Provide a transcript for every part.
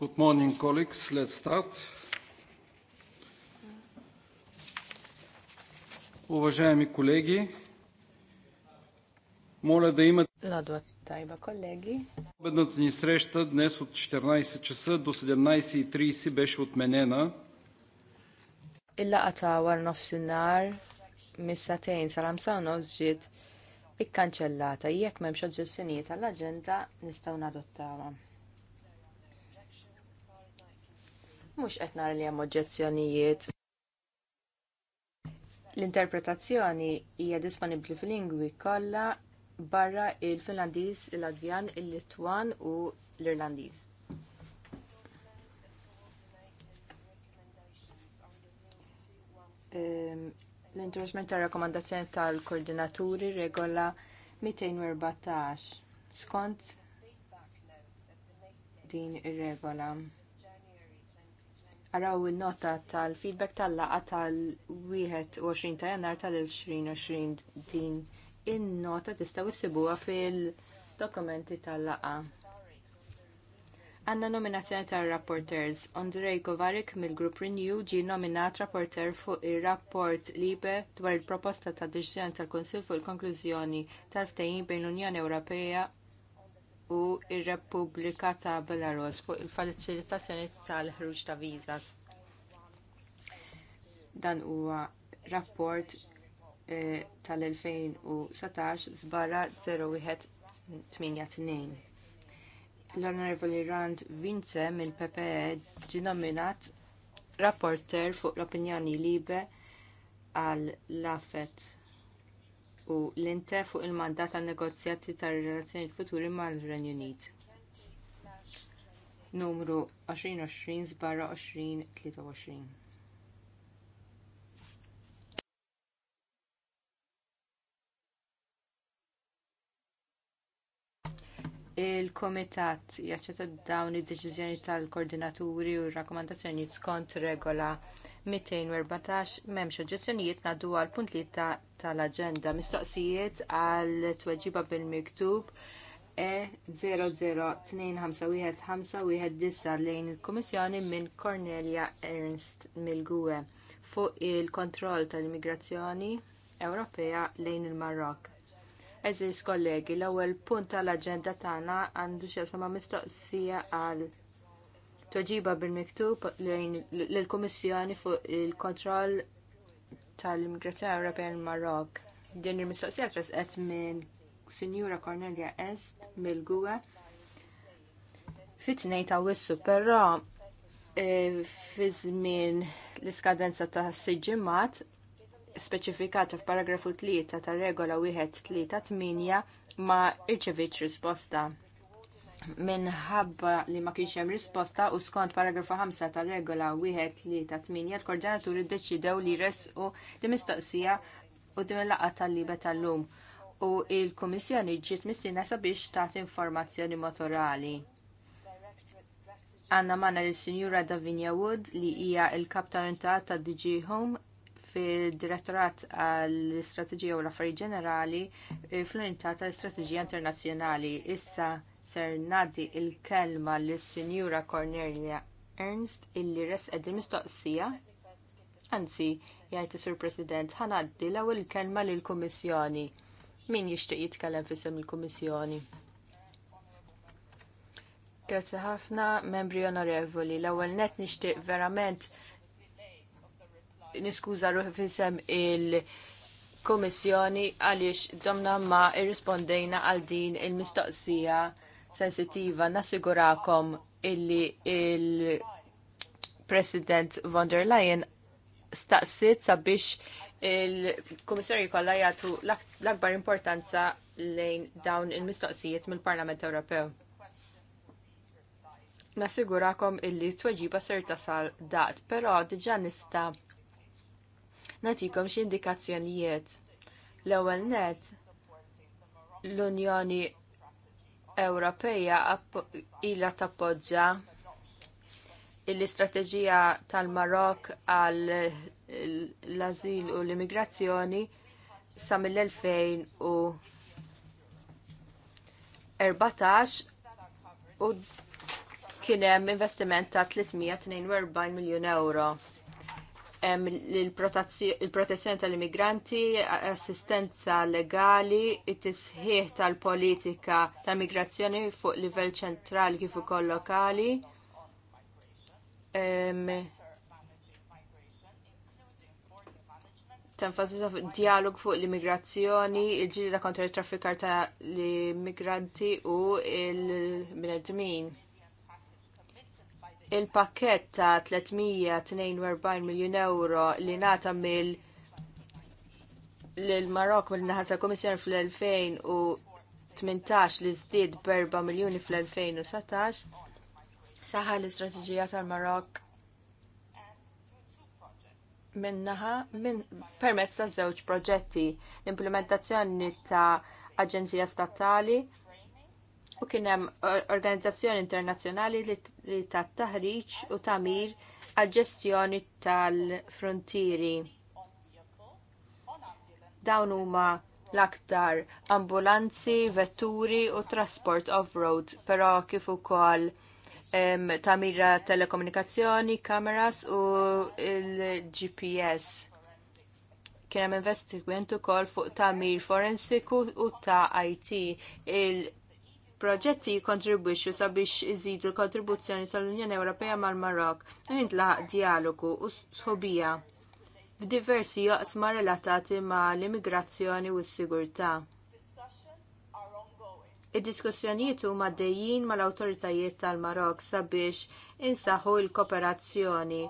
Good morning, colleagues. Let's start. Уважаеми колеги, моля да имате... Ладва Тайба, колеги. Обедната ни среща днес от 14 часа до 17.30 беше отменена. Il-laqa ta' war nofsinhar mis-satejn sal-amsana ġiet ikkanċellata jekk m'hemmx oġġezzjonijiet għall-aġenda nistgħu nadottawha. Mhux qed nara li hemm oġġezzjonijiet. L-interpretazzjoni hija disponibbli fil-lingwi kollha barra il-Finlandiż, il-Latvjan, il-Litwan u l-Irlandiż. Ehm, l introduzment ta' rakomandazzjoni tal-koordinaturi regola 214 skont din ir-regola Araw il-nota tal-feedback tal-laqa tal-21 ta' jannar tal-2020 din in-nota tista' issibuha fil-dokumenti tal-laqa. Għanna nominazzjoni tal-rapporters. Andrej Kovarik mill-Grupp Renew ġi nominat rapporter fuq ir-rapport libe dwar il-proposta ta' deċizjoni tal-Konsil fuq il-konklużjoni tal-ftehim bejn l-Unjoni Ewropea u ir-Repubblika ta' Belarus fuq il-faċilitazzjoni tal-ħruġ ta' viżas. Dan huwa rapport eh, tal-2017 żbarra 0182. L-Onorevoli Rand Vince mill-PPE ġi nominat rapporter fuq l-opinjoni libe għal afet u l-inte fuq il-mandat tan negozjati tar relazzjonijiet futuri mal-Renju Unit. Numru 2020 barra 2023. Il-Komitat jaċċetta dawn id-deċiżjoni tal-koordinaturi u r rakkomandazzjonijiet skont regola 214 m'hemmx oġġezzjonijiet ngħaddu għal punt li tal-aġenda. Mistoqsijiet għal tweġiba bil-miktub E0025519 lejn il-Kummissjoni minn Cornelia Ernst Milgue fuq il-kontroll tal-immigrazzjoni Ewropea lejn il-Marok. Eżis kollegi, l-ewwel punt tal-aġenda tagħna għandu xi mistoqsija għal toġiba bil-miktub l-Komissjoni fuq il-kontroll tal-Immigrazzjoni Ewropea l-Marok. Din il-mistoqsija trasqet minn Sinjura Cornelia Est mill-Gwe. Fit-tnejn wissu, però e, fi żmien l-iskadenza ta' siġimat speċifikata f'paragrafu 3 ta' regola 1 3 8 ma irċeviċ risposta minħabba li ma kienx hemm risposta u skont paragrafu 5 tar-regola wieħed li ta' 8 l-koordinaturi ddeċidew li jressqu din mistoqsija u din il laqgħa tal-liba tal-lum u il-Kummissjoni ġiet missina sabiex tagħti informazzjoni motorali. Għanna manna l-Sinjura Davinia Wood li hija il-kap tal-unità ta' DG Home fil-Direttorat għall-Istrateġija u l-Affarijiet Ġenerali eh, fl-Unità tal-Istrateġija Internazzjonali. Issa ser nadi il-kelma lis sinjura Cornelia Ernst illi resqed il-mistoqsija. Anzi, jgħid sur President, ħanaddi l-ewwel kelma lill kummissjoni Min jixtieq jitkellem f'isem il-Kummissjoni? Grazzi ħafna, membri onorevoli. L-ewwel net nixtieq verament niskuża ruħi f'isem il- Kummissjoni għaliex domna ma irrispondejna għal din il-mistoqsija sensitiva nassigurakom illi il-President von der Leyen staqsit sabiex il-Komissarju kollha jagħtu l-akbar importanza lejn dawn il-mistoqsijiet mill-Parlament Ewropew. Nassigurakom illi t-tweġiba ser tasal dat, però diġà nista natikom xi indikazzjonijiet. L-ewwel net l-Unjoni Ewropeja ilha tappoġġa l-istrateġija tal-Marok għal l-azil u l-immigrazzjoni sa mill-2014 u kien hemm investiment ta' 342 miljun euro il-protezzjoni tal-immigranti, assistenza legali, it-tisħiħ tal-politika tal-migrazzjoni fuq livell ċentrali kif ukoll lokali. tenfasisa fuq dialog fuq l-immigrazzjoni, il-ġilda kontra il-traffikar ta' l-immigranti u il-bnedmin il-pakket ta' 342 miljon euro li nata mill lil marok mill naħat ta' komissjoni fl-2018 li zdid berba miljoni fl-2017 saħa l-istrateġija tal-Marok minnaħa min, permezz ta' żewġ proġetti l-implementazzjoni ta' aġenzija statali u kien hemm organizzazzjoni internazzjonali li tat taħriġ u tamir għal ġestjoni tal-frontieri. Dawn huma l-aktar ambulanzi, vetturi u trasport off-road, però kif ukoll tamira telekomunikazzjoni, kameras u il-GPS kien hemm investiment ukoll fuq ta'mir forensiku u ta' IT proġetti jikontribwixxu sabiex iżidu l-kontribuzzjoni tal-Unjoni Ewropea mal-Marok u jintlaħaq dialogu u sħobija f'diversi joqsma relatati ma' l-immigrazzjoni u s-sigurtà. Id-diskussjonijiet huma dejjin mal-awtoritajiet tal-Marok sabiex insaħħu l-kooperazzjoni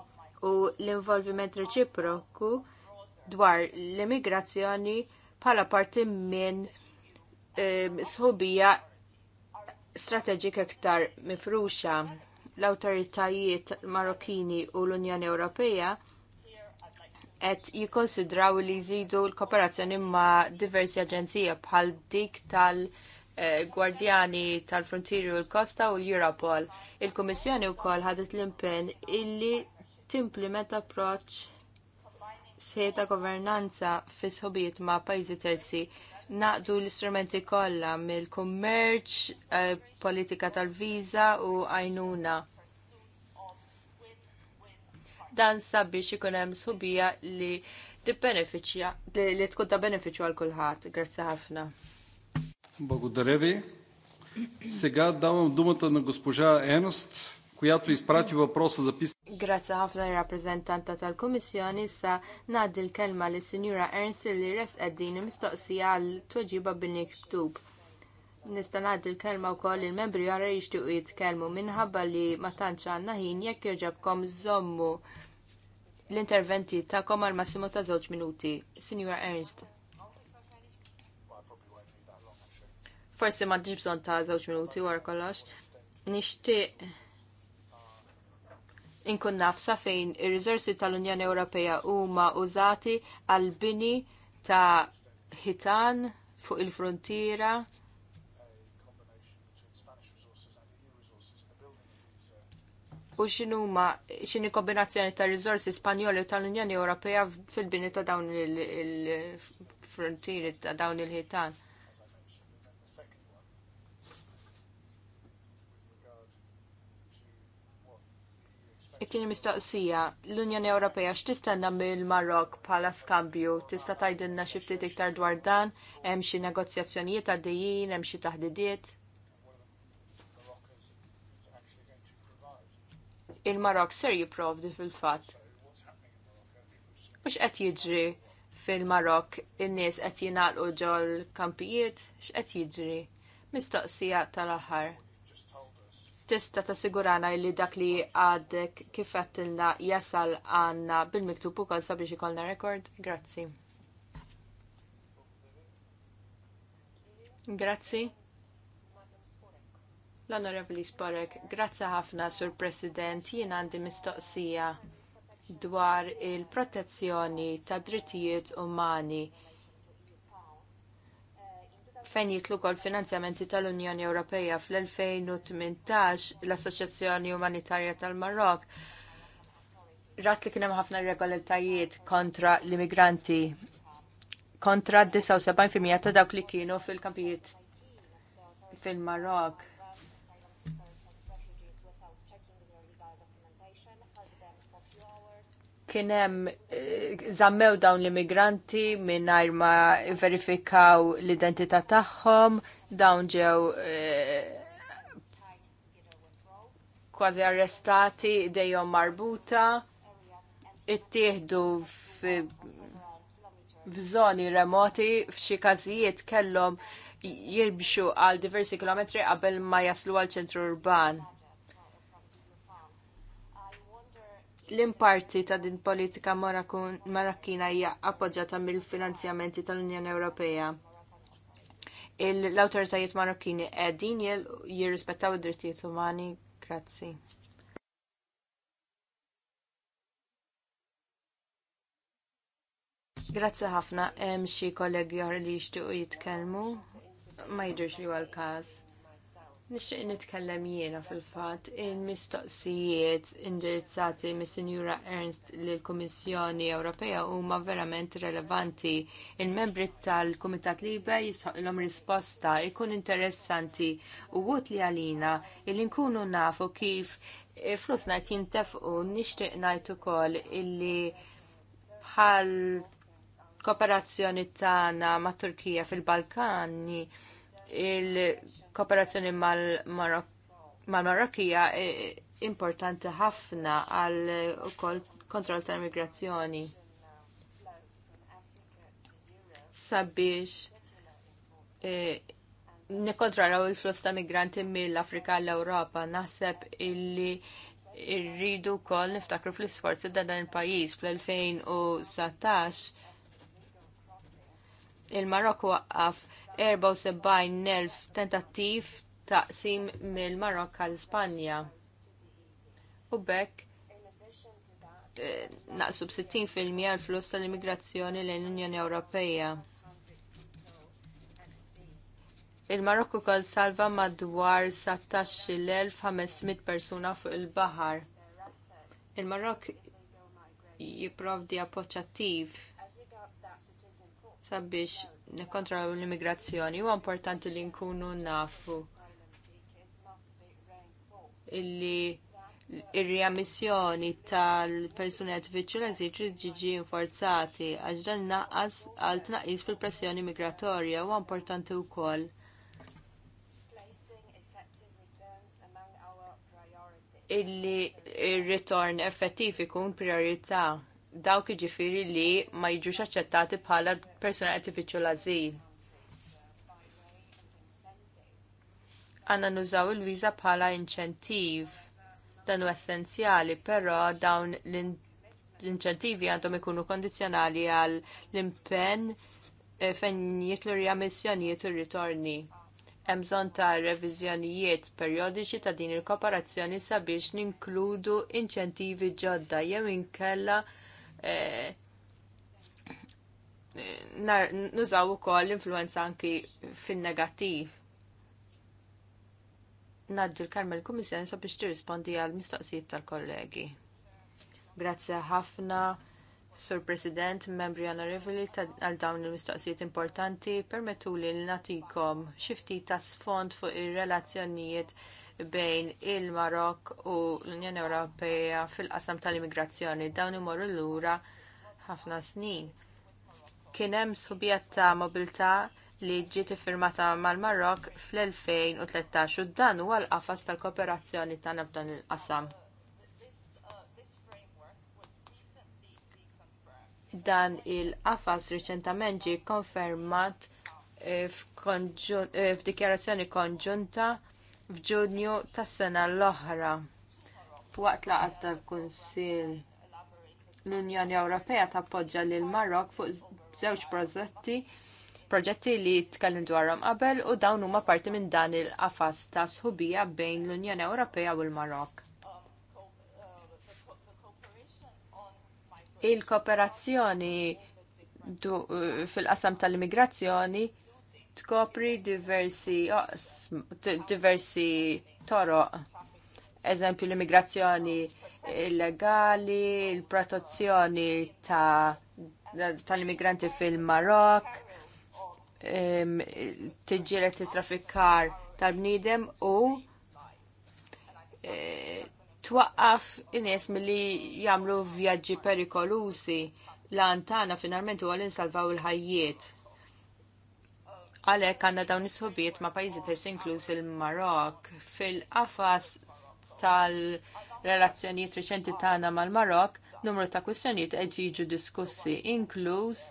u l-involviment reċiproku dwar l-immigrazzjoni bħala parti minn eh, sħobija sħubija strategik iktar mifruxa l-autoritajiet Marokkini u l-Unjoni Ewropea qed jikkonsidraw li jżidu l-kooperazzjoni ma' diversi aġenzija bħal dik tal-Gwardjani tal-Frontieri u l-Kosta u l-Europol. Il-Kummissjoni wkoll ħadet l-impenn illi timplementa approċċ sejta governanza fis-ħobiet ma' pajjiżi terzi naqdu l-istrumenti kollha mill-kummerċ, eh, politika tal-viża u għajnuna. Dan sabiex ikun hemm sħubija li tibbenefiċja li tkun ta' benefiċċju għal kulħadd. Grazzi ħafna. Bogu darevi. Sigad давам думата на госпожа Еност която изпрати въпроса за Grazie ħafna rappresentanta tal-Kummissjoni sa ngħaddi l-kelma li Sinjura Ernst li res din mistoqsija għal tweġiba bilni Nista' ngħaddi l-kelma wkoll il-membri jara jixtiequ jitkellmu minħabba li ma tantx għandna ħin jekk jogħġobkom żommu l-interventi tagħkom għal massimo ta' żewġ minuti. Sinjura Ernst. Forsi m'għandix bżonn ta' żewġ minuti wara kollox. Nixtieq inkun nafsa fejn ir-riżorsi tal-Unjoni Ewropea huma użati għal bini ta' ħitan fuq il-frontiera u x'inhuma x'inhi kombinazzjoni ta' riżorsi Spanjoli u tal-Unjoni Ewropea fil-bini ta' dawn il-frontieri ta' dawn il-ħitan. it-tieni mistoqsija, l-Unjoni Ewropea x'tistenna mill-Marok bħala skambju? Tista' tgħidilna xi ftit iktar dwar dan? Hemm xi negozjazzjonijiet għaddejjin, hemm xi taħdidiet? Il-Marok ser jipprovdi fil-fatt. Mhux qed jiġri fil-Marok in-nies qed jingħalqu ġol kampijiet, x'qed jiġri? Mistoqsija tal-aħħar tista tassigurana li dak li għadek kif għattilna jasal għanna bil-miktub ukoll sabiex ikollna rekord? Grazzi. Grazzi. L-Onorevoli Sporek, grazzi ħafna, Sur President, jien għandi mistoqsija dwar il-protezzjoni ta' drittijiet umani fejn jitlu kol finanzjamenti tal-Unjoni Ewropeja fl-2018 l-Assoċjazzjoni Umanitarja tal-Marok rat li kien hemm ħafna regolitajiet kontra l-immigranti kontra 79% ta' dawk li kienu fil-kampijiet fil-Marok kienem eh, zammew dawn l-immigranti mingħajr ma verifikaw l-identità tagħhom, dawn ġew eh, kważi arrestati dejjom marbuta, ittieħdu f'żoni remoti f'xi każijiet kellhom jirbxu għal diversi kilometri qabel ma jaslu għal ċentru urban l-imparti ta' din politika marakkina hija appoġġjata mill-finanzjamenti tal-Unjoni Ewropea. L-awtoritajiet marokkini qegħdin jirrispettaw id-drittijiet umani. Grazzi. Grazzi ħafna, hemm xi kollegi oħra li jixtiequ jitkellmu ma jidhirx li huwa l-każ. Nixtieq nitkellem jiena fil-fatt il-mistoqsijiet indirizzati mis-Sinjura Ernst lill-Kummissjoni Ewropea huma verament relevanti. Il-membri tal-Kumitat Libe jisħoqlhom risposta jkun interessanti u wut li għalina il nkunu nafu kif flusna qed jintefqu nixtieq ngħid ukoll illi bħal kooperazzjoni tagħna mat Turkija fil-Balkani il-kooperazzjoni mal-Marokija eh, importanti ħafna għal eh, kontroll tal immigrazzjoni Sabiex eh, nekontrollaw il-flus ta' migranti mill-Afrika l-Europa, naħseb illi irridu kol niftakru fl-isforzi da' dan il-pajis fl-2017 il-Marokku waqqaf 74.000 tentattiv taqsim mill marokk għal Spanja. U bekk eh, naqsu b-60% l-flus tal-immigrazzjoni lejn l-Unjoni Ewropeja. Il-Marokku kol salva madwar 16.500 persuna fuq il-bahar. il marokk jiprovdi appoċattiv sabiex nikkontrollaw l-immigrazzjoni huwa importanti li nkunu nafu illi ir-riammissjoni tal-persuni artificiali ġiġi forzati għax dan naqqas għal tnaqqis fil-pressjoni migratorja huwa importanti wkoll. Illi ir-ritorn effettiv ikun priorità dawk iġifiri li ma jiġux aċċettati bħala persuna qed ifittxu azil Għanna nużaw il-viża bħala inċentiv dan u essenzjali, però dawn l-inċentivi għandhom ikunu kondizjonali għal l-impenn eh, fejn jitlu rja missjonijiet u ritorni hemm bżonn ta' reviżjonijiet perjodiċi ta' din il-kooperazzjoni sabiex ninkludu inċentivi ġodda jew inkella Eh, eh, nużaw ukoll l-influenza anki fin-negattiv. Naddu l-Karmel Kummissjoni biex tirrispondi għal mistoqsijiet tal-kollegi. Grazzi ħafna, Sur President, membri onorevoli għal dawn il-mistoqsijiet importanti, permettu li natikom xifti ta' sfond fuq ir relazzjonijiet bejn il-Marok u l-Unjoni Ewropea fil-qasam tal-immigrazzjoni dawn imorru lura ħafna snin. Kien hemm subija ta' mobilità li ġiet iffirmata mal-Marok fl-2013 u dan huwa l-qafas tal-kooperazzjoni tagħna f'dan il-qasam. dan il-qafas riċentament ġie konfermat eh, eh, f'dikjarazzjoni konġunta f'Ġunju tas-sena l-oħra. Waqt laqgħat tal-Kunsill l-Unjoni Ewropea tappoġġa lil Marok fuq żewġ proġetti proġetti li tkellim dwarhom qabel u dawn huma parti minn dan il-qafas ta' sħubija bejn l-Unjoni Ewropea u l-Marok. Il-kooperazzjoni fil-qasam tal-immigrazzjoni tkopri diversi, diversi toroq, eżempju l-immigrazzjoni illegali, il-protezzjoni tal-immigranti ta fil-Marok, tiġġiret it-traffikar tal-bnidem u eh, twaqqaf mill milli jagħmlu vjaġġi perikolusi l-Antana finalment huwa li nsalvaw il-ħajjiet Għalhekk għandna dawn is-sobiet ma' pajjiżi terzi inkluż il-Marok fil-qafas tal-relazzjonijiet riċenti tagħna mal-Marok, numru ta' kwistjonijiet qed jiġu diskussi inkluż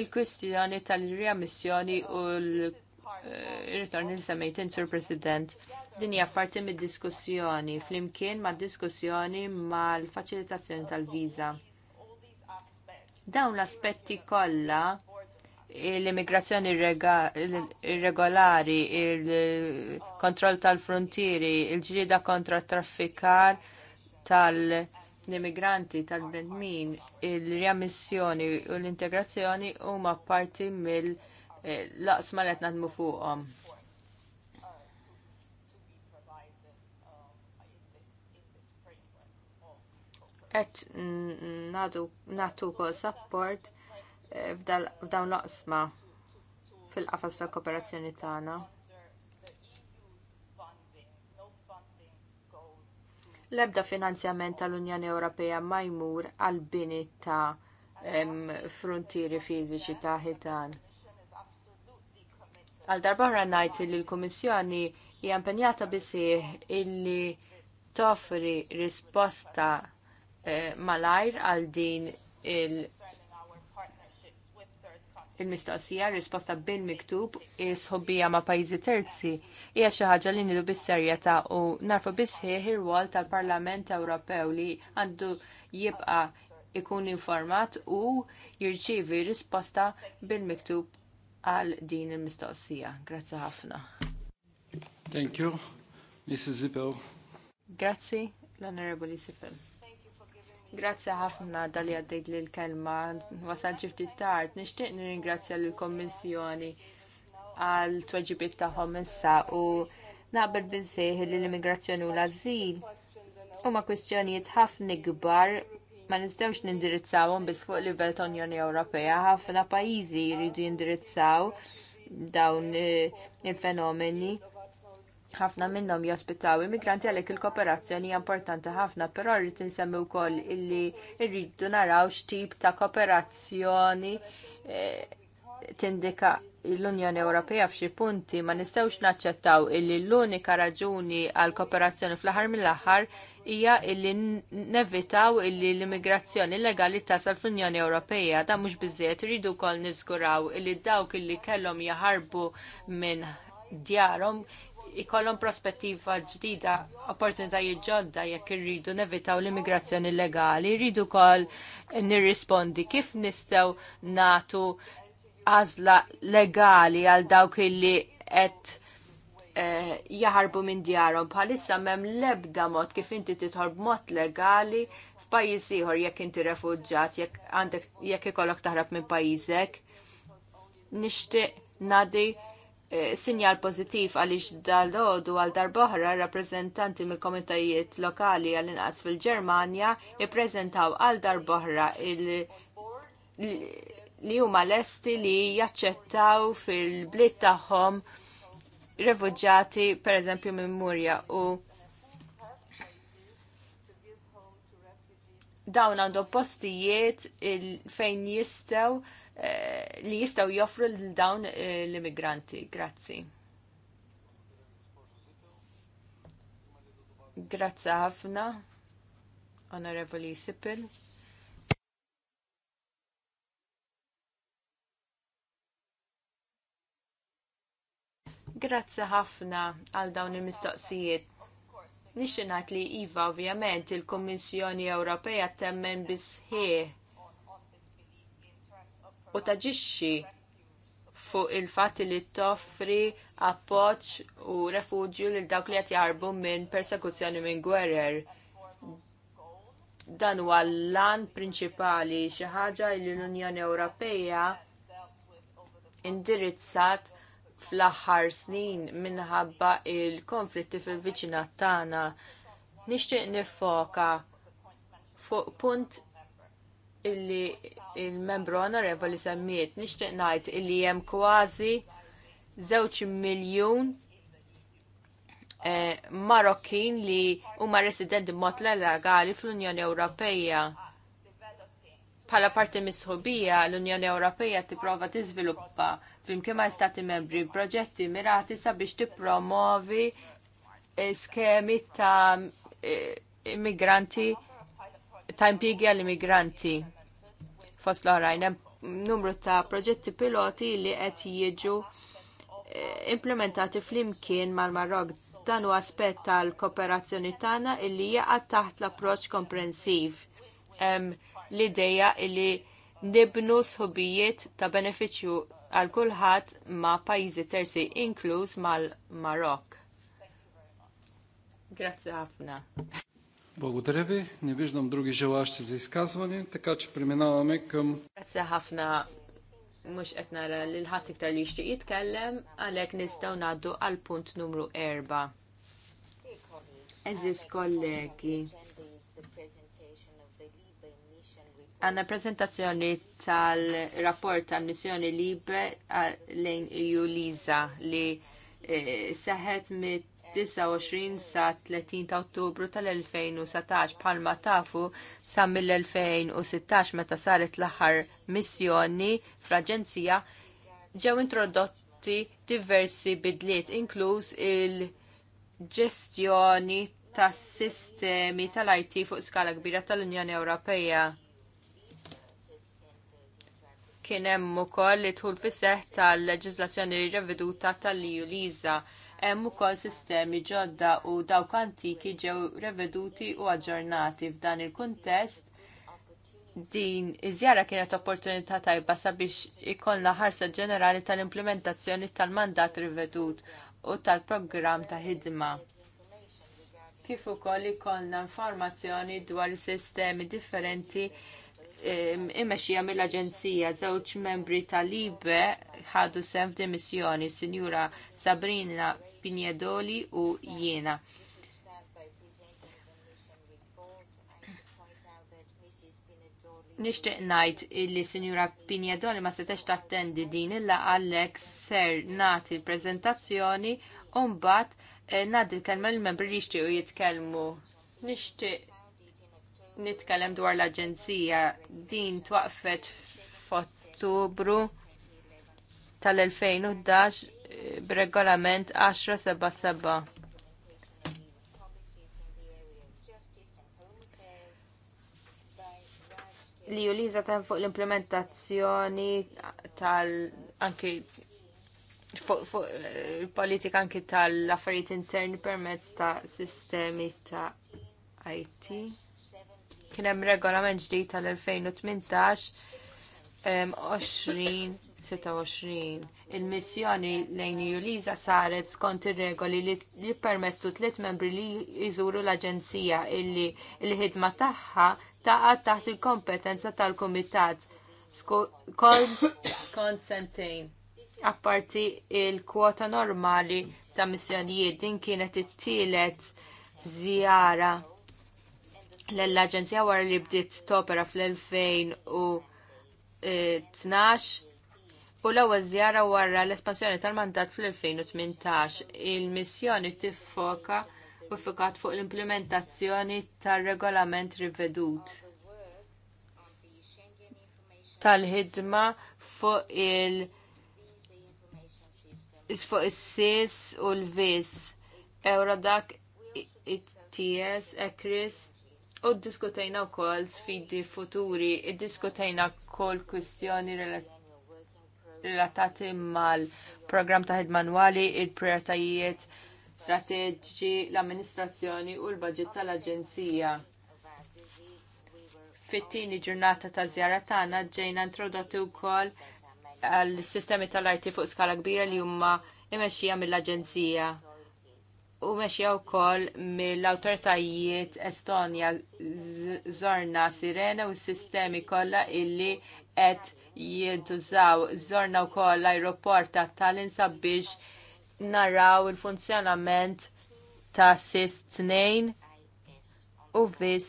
il-kwistjoni tal-riammissjoni u l-ritorn li semmejt Sur President. Din hija parti mid-diskussjoni flimkien mad-diskussjoni mal-faċilitazzjoni tal-viża. Dawn l-aspetti kollha l-immigrazzjoni irregolari, il-kontroll tal-frontieri, il-ġrida kontra traffikar tal-immigranti, tal-bnedmin, il-riammissjoni u l-integrazzjoni huma parti mill-laqsma li qed nadmu fuqhom. et natu kol support f'dawn l fil-qafas ta' kooperazzjoni tagħna. L-ebda finanzjament tal-Unjoni Ewropea ma jmur għal bini ta' frontieri fiżiċi ta' ħitan. Għal darba ngħid li l-Kummissjoni hija impenjata bisih illi toffri risposta eh, malajr għal din il- il-mistoqsija risposta bil-miktub is ma' pajjiżi terzi hija xi ħaġa li nilu bis-serjetà u narfu bisħieħ ir-rwol tal-Parlament Ewropew li għandu jibqa' ikun informat u jirċievi risposta bil-miktub għal din il-mistoqsija. Grazzi ħafna. Thank you, Mrs. Zippel. Grazzi, l-Onorevoli Zippel. Grazzi ħafna dalli għaddejt li l-kelma, wasal ġifti tard, nishtiq nirringrazzja l-Kommissjoni għal tweġibit tagħhom issa u naqbel binsejħ li l-immigrazzjoni u l-azil huma kwistjonijiet ħafna kbar ma nistgħux nindirizzawhom biss fuq livell ta' Unjoni Ewropea, ħafna pajjiżi jridu jindirizzaw dawn eh, il-fenomeni. il fenomeni ħafna minnhom jospitaw immigranti għalhekk il-kooperazzjoni hija importanti ħafna, però rrid insemmi wkoll illi rridu naraw x'tip ta' kooperazzjoni eh, tindika l-Unjoni Ewropea f'xi punti ma nistgħux naċċettaw illi l-unika raġuni għal kooperazzjoni fl-aħħar mill-aħħar hija illi nevitaw illi l-immigrazzjoni illegali tasal fl-Unjoni Ewropea da mhux biżżejjed iridu wkoll niżguraw illi dawk illi kellhom jaħarbu minn djarhom ikollhom prospettiva ġdida, opportunitajiet ġodda jekk irridu nevitaw l-immigrazzjoni legali, irridu wkoll nirrispondi kif nistgħu natu għażla legali għal dawk illi qed eh, jaħarbu minn djarhom bħalissa m'hemm l-ebda mod kif inti titħorb b'mod legali f'pajjiż ieħor jekk inti refuġġat jekk għandek jekk ikollok taħrab minn pajjiżek. Nixtieq nadi Eh, sinjal pozittiv għaliex dal-ħodu għal darboħra rappresentanti mill-komitajiet lokali għal inqas fil-Ġermanja ippreżentaw għal darboħra li huma lesti li jaċċettaw fil blit tagħhom refuġġati pereżempju minn Murja u dawn għandhom postijiet fejn jistgħu Eh, li jistaw joffru l-dawn eh, l-immigranti. Grazzi. Grazzi ħafna, Onorevoli Sipil. Grazzi ħafna għal dawn il-mistoqsijiet. Nixinat li Iva, ovvjament, il-Kommissjoni Ewropea temmen bisħieħ u taġixxi fuq il fat li toffri appoġġ u refugju lil dawk li qed jarbu minn persekuzzjoni minn gwerer. Dan huwa l-lan prinċipali xi ħaġa li l-Unjoni Ewropea indirizzat fl-aħħar snin minħabba il-konflitti fil-viċinat tagħna. Nixtieq nifoka fuq punt illi il-membru onorevoli semmiet nixtieq ngħid illi hemm kważi żewġ miljun eh, Marokkin li huma residenti b'mod legali fl-Unjoni Ewropea. Pala parti misħubija l-Unjoni Ewropea tipprova tiżviluppa flimkien ma' stati membri proġetti mirati sabiex tippromovi skemi ta' eh, immigranti ta' impjiegi għall-immigranti fost l-oħrajn numru ta' proġetti piloti li qed jiġu eh, implementati flimkien mal-Marok dan huwa aspett tal-kooperazzjoni tagħna illi jaqa' taħt l-approċċ komprensiv. L-idea illi nibnu sħubijiet ta' benefiċċju għal kulħadd ma' pajjiżi terzi inkluż mal-Marok. Grazzi ħafna. Благодаря ви. Не виждам други желащи за изказване, така че преминаваме към... Grazie ħafna mux etnara l ħatik tal li jitkellem għalek nistaw naddu għal punt numru 4. Eżis kollegi. Għanna prezentazzjoni tal-rapport tal-missjoni Libe lejn Juliza li eh, seħet mit 29 sa 30 ta' Ottubru tal-2017 bħalma tafu sa mill-2016 meta saret l-aħħar missjoni fl-Aġenzija ġew introdotti diversi bidliet inkluż il-ġestjoni tas sistemi tal-IT fuq skala kbira tal-Unjoni Ewropea. Kien hemm ukoll li tħul fis seħħ tal-leġiżlazzjoni riveduta tal-EU Liza. Hemm ukoll sistemi ġodda u dawk antiki ġew reveduti u aġġornati f'dan il-kuntest din iżjara kienet opportunità tajba sabiex ikollna ħarsa ġenerali tal-implementazzjoni tal-mandat rivedut u tal-programm ta' ħidma. Kif ukoll ikollna informazzjoni dwar sistemi differenti imexxija mill-Aġenzija żewġ membri tal-IBE ħadu sem f'dimissjoni, Sinjura Sabrina Pinjedoli u jiena. Nishtiq najt illi Sinjura Pinjedoli ma setax tattendi din illa għallek ser nati prezentazzjoni bat nad eh, il kelma l-membri li u jitkelmu. Nishtiq nitkellem dwar l-Aġenzija din twaqfet f'Ottubru tal-2011 b'regolament 1077. Li u liża tem fuq l-implementazzjoni tal anki fuq fu, eh, politika anki tal-affarijiet interni permezz ta' sistemi ta' IT. Kien hemm regolament ġdid tal-2018 2026 Il-missjoni lejn Juliza saret skont ir-regoli li jippermettu tliet membri li jżuru l-Aġenzija illi l-ħidma tagħha taqgħad taħt il-kompetenza tal-Kumitat skont sentejn. Apparti il-kwota normali ta' missjonijiet din kienet it-tielet żjara l-Aġenzija wara li bdiet topera fl-2012 U l-ewwel żjara wara l-espansjoni tal-mandat fl-2018, il-missjoni tiffoka u fukat fuq l-implementazzjoni tar-regolament rivedut tal-ħidma fuq il- fuq is-sis u l-vis. Eurodac ITS, ECRIS, u diskutejna wkoll sfidi futuri, iddiskutejna kol kwistjoni relatati relatati mal-program ta' manwali, il-prioritajiet strateġiċi, l-amministrazzjoni u l-budget tal-Aġenzija. Fit-tieni ġurnata ta' żjara tagħna ġejna introdotti wkoll għall-sistemi tal-IT fuq skala kbira li huma imexxija mill-Aġenzija u mexja wkoll mill awtoritajiet Estonja Zorna Sirena u s-sistemi kollha illi qed jintużaw u wkoll l-ajruport ta' Tallinn sabiex naraw il-funzjonament ta' sis tnejn u vis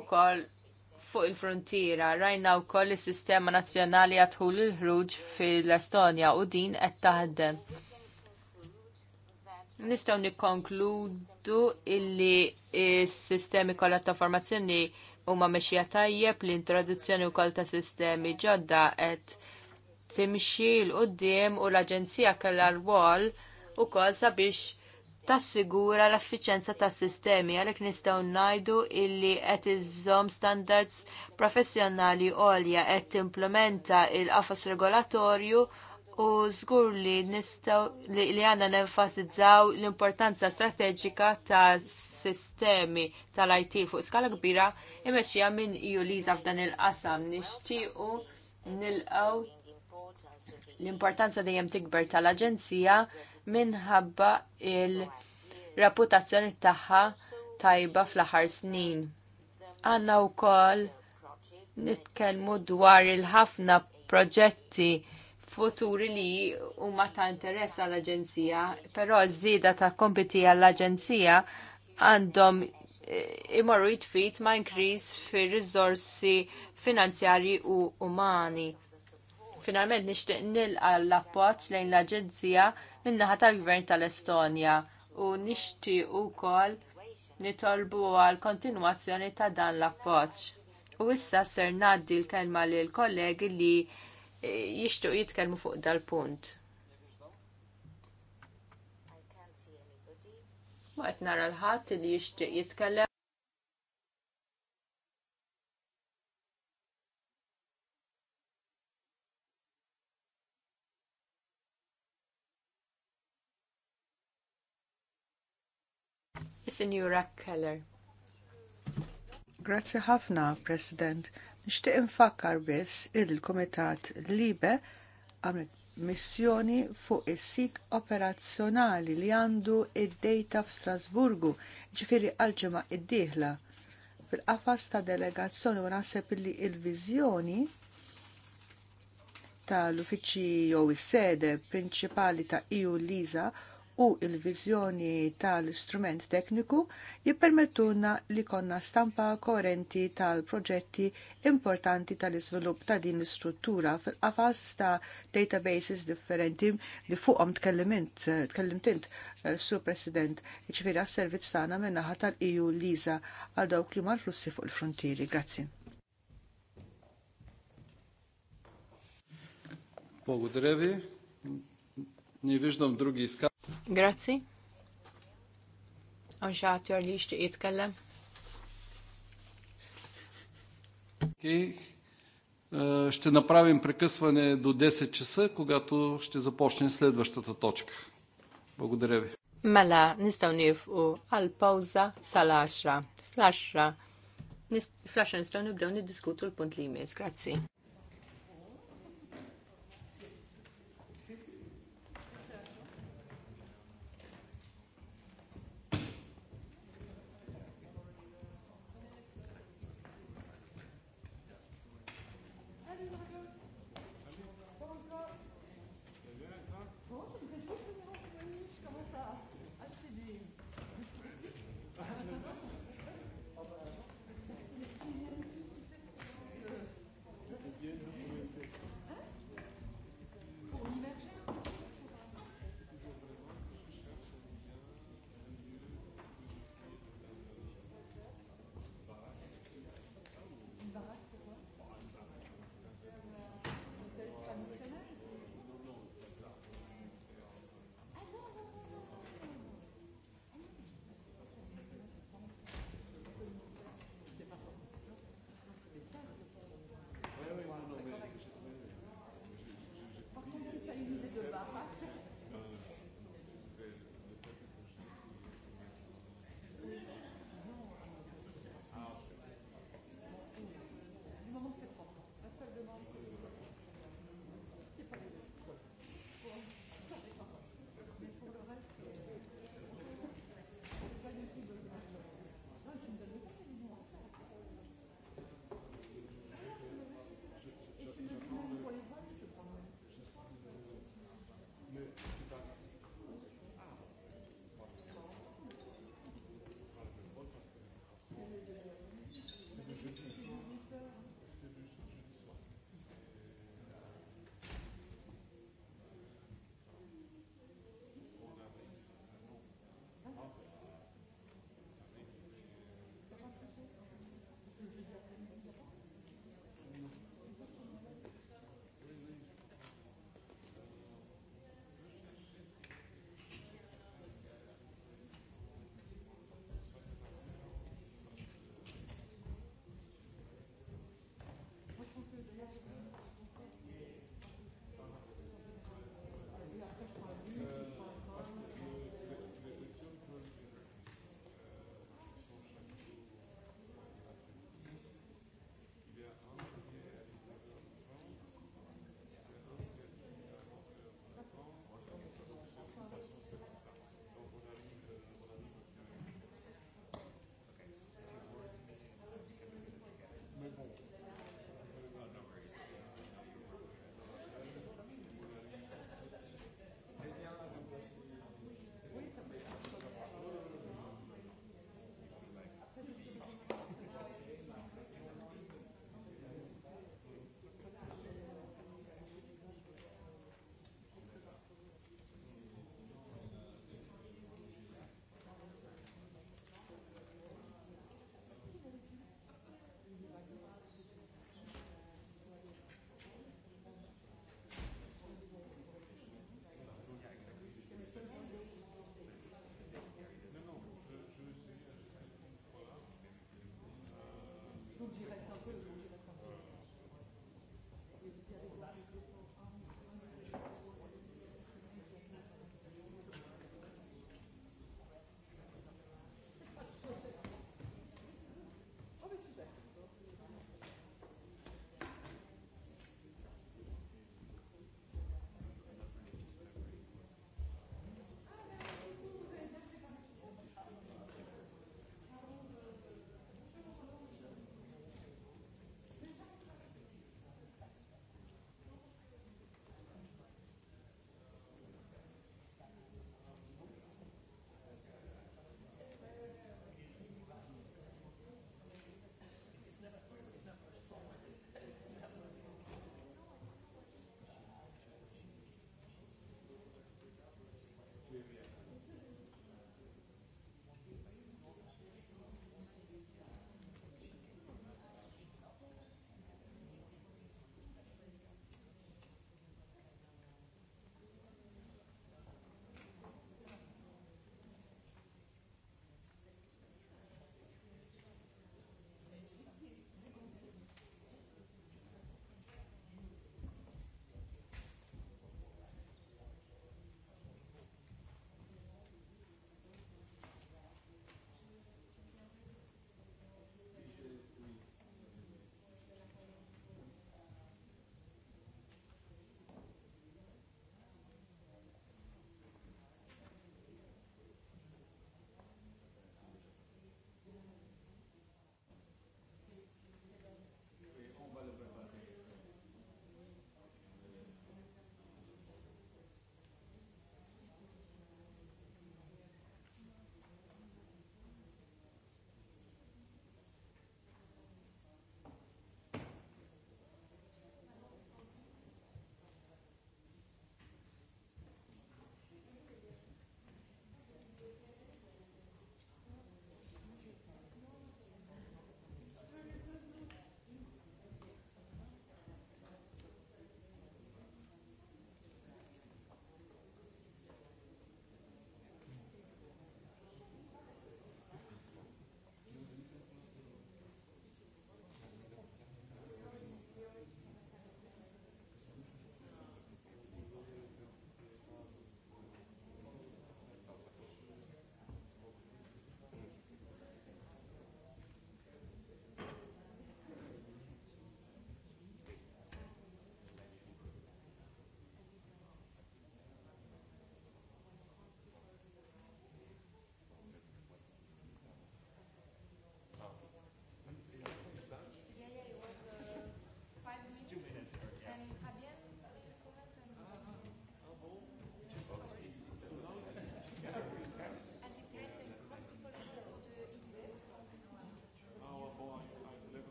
ukoll fuq il-frontiera rajna wkoll is-sistema nazzjonali għatħul il-ħruġ fil-Estonja u din qed taħdem. Nistgħu nikkonkludu illi s-sistemi kollha ta' formazzjoni huma mexxija tajjeb l-introduzzjoni wkoll ta' sistemi ġodda qed timxi l qoddim u l-Aġenzija kellha u kol sabiex tassigura l affiċenza tas sistemi għalhekk nistgħu ngħidu illi qed iżżomm standards professjonali għolja qed timplementa l qafas regolatorju u żgur li nistgħu li, għanna għandna nenfasizzaw l-importanza strateġika ta' sistemi tal-IT fuq skala kbira imexxija minn ju liża f'dan il-qasam nixtiequ nilqgħu l-importanza dejjem tikber tal-Aġenzija minħabba il-reputazzjoni tagħha tajba fl-aħħar snin. Għanna wkoll nitkellmu dwar il-ħafna proġetti futuri li huma ta' interess għall-Aġenzija, però żieda ta' kompiti għall-Aġenzija għandhom e, imorru jitfit ma' inkriż fir riżorsi finanzjarji u umani. Finalment nixtieq nilqa l-appoġġ lejn l-Aġenzija min-naħa tal-Gvern tal-Estonja u nixtieq ukoll nitolbu għal kontinwazzjoni ta' dan l-appoġġ. U issa ser ngħaddi l-kelma lill kollegi li jixtuq jitkellmu fuq dal-punt. Waqt nara l ħat li jixtieq jitkellem. Signora Keller. Grazzi ħafna, President. Nixtieq infakkar biss il-Kumitat Libe għamlet missjoni fuq is-sit operazzjonali li għandu id-dejta f'Strasburgu, ġifiri għalġema id-dieħla. Fil-qafas ta' delegazzjoni u naħseb li il-viżjoni tal-uffiċċji jew is-sede prinċipali ta' EU Liza u il-vizjoni tal-istrument tekniku jippermettuna li konna stampa korenti tal-proġetti importanti tal-iżvilupp ta' din l-istruttura fil-qafas ta' databases differenti li fuqhom tkellimtint eh, su President iċifieri għas-servizz tagħna min-naħa tal-EU Liza għal dawk li marflussi flussi fuq il-frontieri. Grazzi. Благодаря ви. Не виждам други изказвания. Grazzi. Għan xaħat jor li jishtiq jitkellem. Okay. xti eh, napravim prekisvane прекъсване 10 часа, kogatu xti започне следващата точка. Благодаря ви. Mela, nistaw u għal pauza sal-10. Fl-10 nistaw nibdew niddiskutu l-punt li jimis. Grazzi.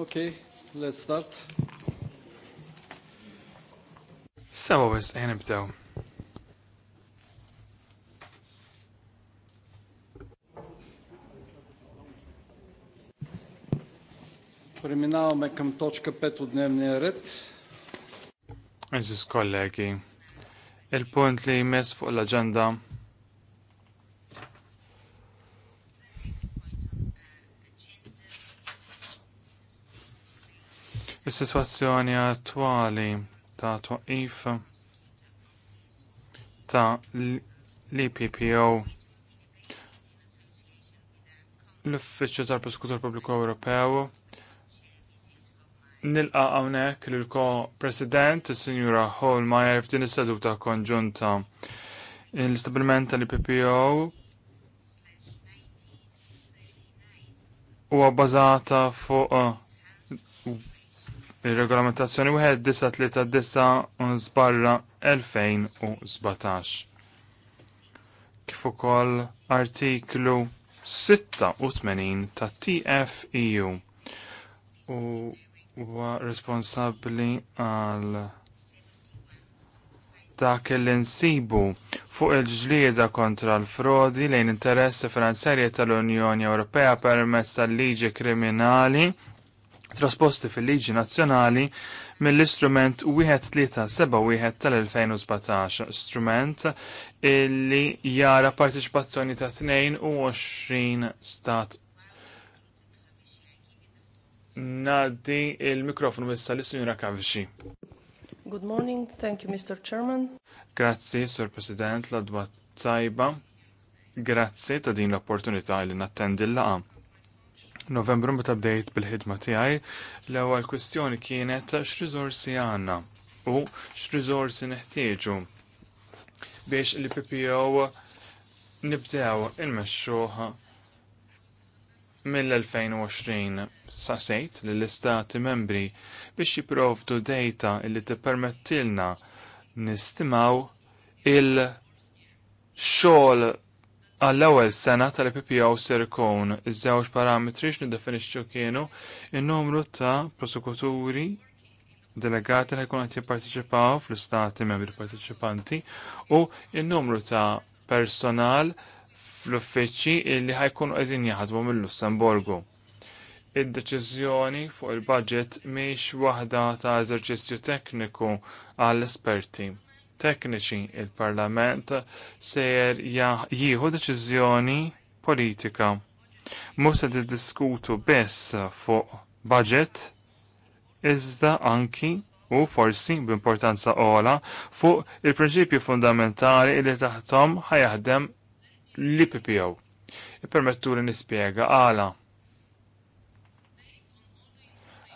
Okay, let's start. Sewa wist, għen ibdew. Преминаваме към точка 5 от дневния ред. Езис колеги, il-punt li jmess fuq l-agenda Is-sitwazzjoni attwali ta' twaqif ta' l-IPPO l-Uffiċċju tal-Prosekutur Pubbliku Ewropew nilqa' hawnhekk lil ko-President is-Sinjura Holmeyer f'din is-seduta konġunta. L-istabilment tal-IPPO huwa bbażata fuq Il-regolamentazzjoni wieħed disa tlieta disa żbarra 2017. Kif ukoll artiklu 86 ta' TFEU u huwa responsabbli għal dak li insibu fuq il-ġlieda kontra l-frodi lejn interessi finanzjarji tal-Unjoni Ewropea permezz tal-liġi kriminali trasposti fil-liġi nazzjonali mill-istrument 1371 tal-2017, strument illi jara partiċipazzjoni ta' 22 stat Naddi il-mikrofonu wissa l-Sinjura Kavxi. Good morning, thank you Mr. Chairman. Grazzi, Sir President, l-adwa tajba. Grazzi ta' din l-opportunità li nattendi l-laqa. Novembru meta bdejt bil-ħidma tiegħi, l-ewwel kwistjoni kienet x'riżorsi għandna u x'riżorsi neħtieġu biex li PPO nibdew inmexxuh mill-2020 sa sejt lill-istati membri biex jipprovdu data li tippermettilna nistimaw il-xogħol Għall-ewwel sena tal-PPO ser ikun iż-żewġ parametri x'niddefinixxu kienu in-numru ta' prosekuturi delegati li jkun qed jipparteċipaw fl-istati membri parteċipanti u in-numru ta' personal fl-uffiċċji li ħajkunu qegħdin jaħdmu mill-Lussemburgu id-deċiżjoni fuq il-budget miex waħda ta' eżerċizzju tekniku għall esperti tekniċi il-Parlament sejjer jieħu deċiżjoni politika. Mhux se diskutu biss fuq budget iżda anki u forsi b'importanza ola fuq il-prinċipju fundamentali li taħtom ħajaħdem l-IPPO. Ippermettu li nispjega għala.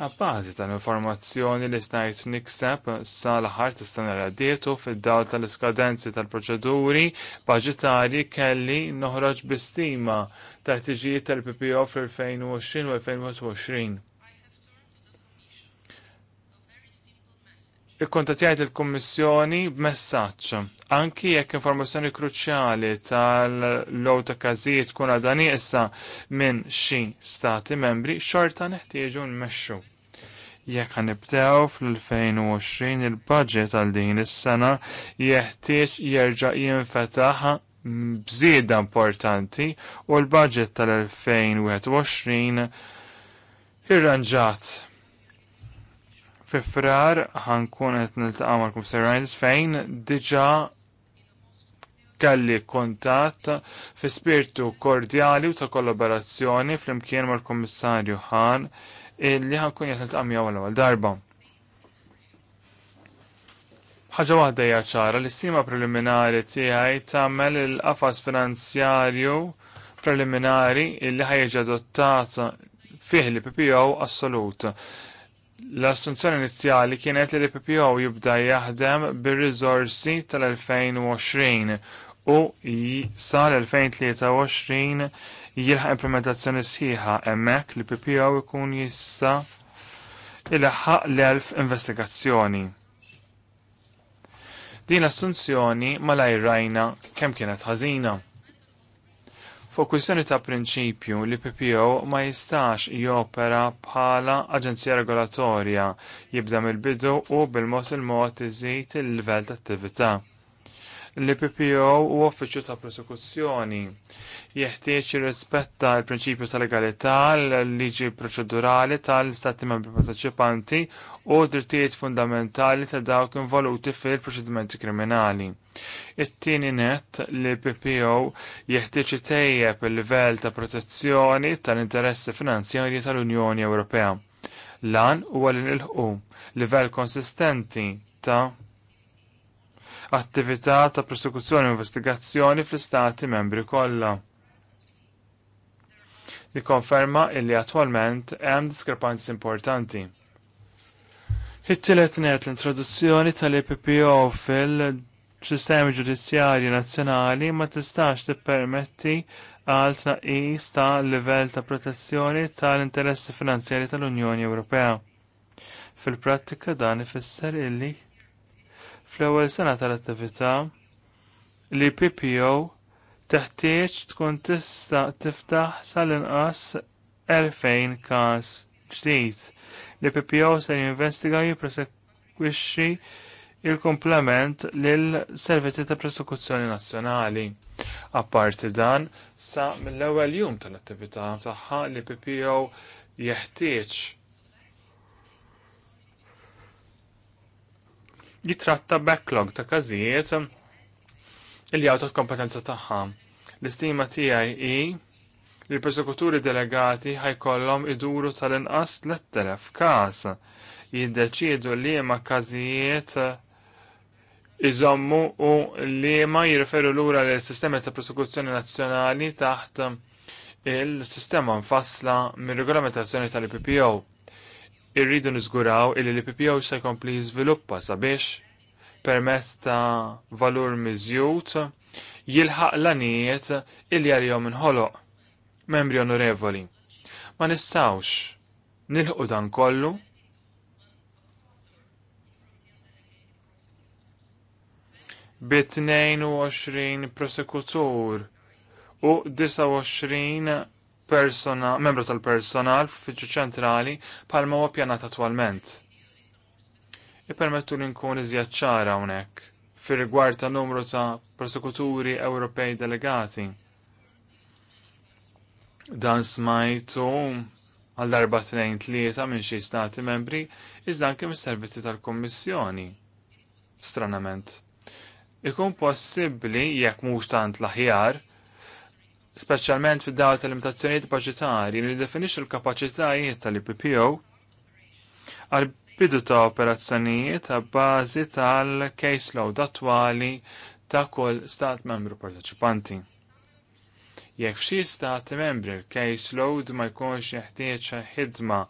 Għabbażi tal-informazzjoni li stajt niksab sal-ħar tistan radietu fid-dawl tal-iskadenzi tal-proċeduri budgetari kelli noħroġ bistima ta' tiġijiet tal-PPO fil 2020 u Il-kontatijajt il-Kommissjoni b'messaġġ anki jekk informazzjoni kruċjali tal-low ta' każijiet kuna dani issa minn xi stati membri xorta neħtieġu nmexxu. Jekk ħanibdew fl-2020 il-budget għal din is-sena jeħtieġ jerġa' jinfetaħ bżieda importanti u l-budget tal-2021 irranġat. Fi frar ħankun qed niltaqa' mal-Kumissar fejn diġà kelli kontatt fi spirtu kordjali u ta' kollaborazzjoni fl-imkien mal-Kummissarju Hahn li ħankun jasnet għamja għal għal darba. ħaġa waħda hija ċara li stima preliminari tiegħi tagħmel il-qafas finanzjarju preliminari illi ħajġi adottat fih li PPO assolut. L-assunzjoni inizjali kienet li l-PPO jibda jaħdem bir-riżorsi tal-2020 u sal-2023 jilħaq implementazzjoni sħiħa emmek li PPO ikun jista il l-elf investigazzjoni. Din l-assunzjoni ma jirrajna kem kienet ħażina. Fuq kwistjoni ta' prinċipju li PPO ma jistax jopera bħala aġenzija regolatorja jibda mill-bidu u bil-mod il-mod iżid il-livell tat attività l-PPO u uffiċu ta' prosekuzzjoni. Jeħtieġ rispetta l-prinċipju ta' legalità, l-liġi proċedurali tal-Stati membri partecipanti u drittijiet fundamentali ta' dawk involuti fil-proċedimenti kriminali. It-tieni net li PPO jeħtieġ tejjeb il-livell ta' protezzjoni tal-interessi finanzjarji tal-Unjoni Ewropea. Lan huwa li nilħu livell konsistenti ta' attività ta' prosekuzzjoni u investigazzjoni fl-istati membri kollha. Li konferma illi attwalment hemm diskrepanzi importanti. It-tielet net l-introduzzjoni tal-EPPO fil-sistemi ġudizzjarji nazzjonali ma tistax tippermetti għal tnaqqis ta' livell ta' protezzjoni tal-interessi finanzjari tal-Unjoni Ewropea. Fil-prattika dan ifisser illi fl-ewwel sena tal-attività li PPO teħtieġ tkun tista' tiftaħ sal-inqas 2000 każ ġdid li PPO se jinvestiga jipprosekwixxi il-komplement lil servizzi ta' prosekuzzjoni nazzjonali. Apparti dan, sa mill-ewwel jum tal-attività tagħha li PPO jeħtieġ jitratta backlog ta' każijiet li għawtot kompetenza tagħha. L-istima tiegħi i li l-persekuturi delegati ħajkollhom iduru tal-inqas 3000 każ jiddeċiedu li ma każijiet iżommu u li ma l lura l sistemi ta' prosekuzzjoni nazzjonali taħt il-sistema mfassla mir regolamentazzjoni tal-IPPO irridu niżguraw illi l-PPO se jkompli jizviluppa sabiex permezz ta' valur miżjut jilħaq l-anijiet illi għal-jom inħoloq. Membri onorevoli, ma nistawx nilħu dan kollu b 22 prosekutur u 29 persona, membru tal-personal f'uffiċċju ċentrali bħalma huwa pjanat attwalment. Ipermettu li nkun iżjat ċara hawnhekk fir-rigward ta' numru ta' prosekuturi Ewropej delegati. Dan smajtu għal darba tnejn tlieta minn xi stati membri iżda anke mis-servizzi tal-Kummissjoni. Stranament. Ikun possibbli jekk mhux tant l-aħjar specialment fid dawl tal-limitazzjonijiet budgetari li definix il-kapacitajiet tal-IPPO għal bidu ta' operazzjonijiet ta' bazi tal-caseload attwali ta' kull stat membru parteċipanti. Jekk xi stat membri l-caseload ma jkunx jeħtieġ ħidma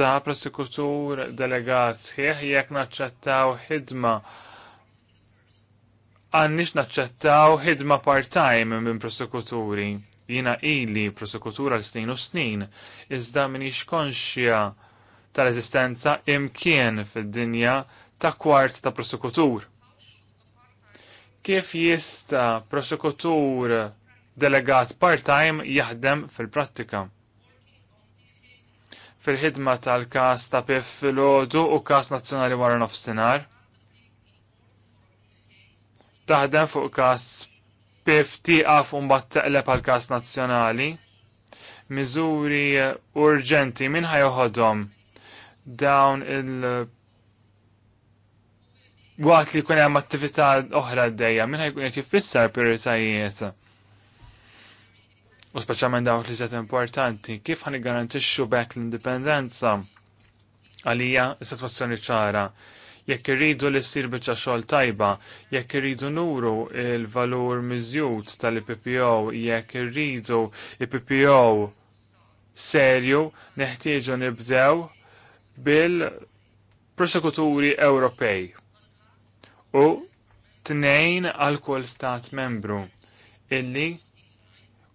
ta' prosekutur delegat sħiħ jekk naċċettaw ħidma għannix naċċettaw ħidma part-time minn prosekuturi. Jina ili prosekutura l-snin u snin, iżda minix konxja tal-eżistenza imkien fid-dinja ta' kwart ta' prosekutur. Kif jista prosekutur delegat part-time jaħdem fil-prattika? Fil-ħidma tal-kas ta' PF fil u kas nazzjonali wara nofsinar, taħdem fuq kas PIF tiqaf un bat għal kas nazzjonali. Miżuri urġenti minn ħajoħodom dawn il- waqt li jkun hemm attività oħra d-dejja, minn ħajkun qed jiffissar prioritajiet. U speċjalment dawk li set importanti, kif ħan garantixxu bekk l-indipendenza għalija s-sitwazzjoni ċara jekk irridu li ssir biċċa xogħol tajba, jekk irridu nuru il-valur miżjud tal-PPO, jekk irridu il-PPO serju, neħtieġu nibdew bil-prosekuturi Ewropej u tnejn għal kull stat membru illi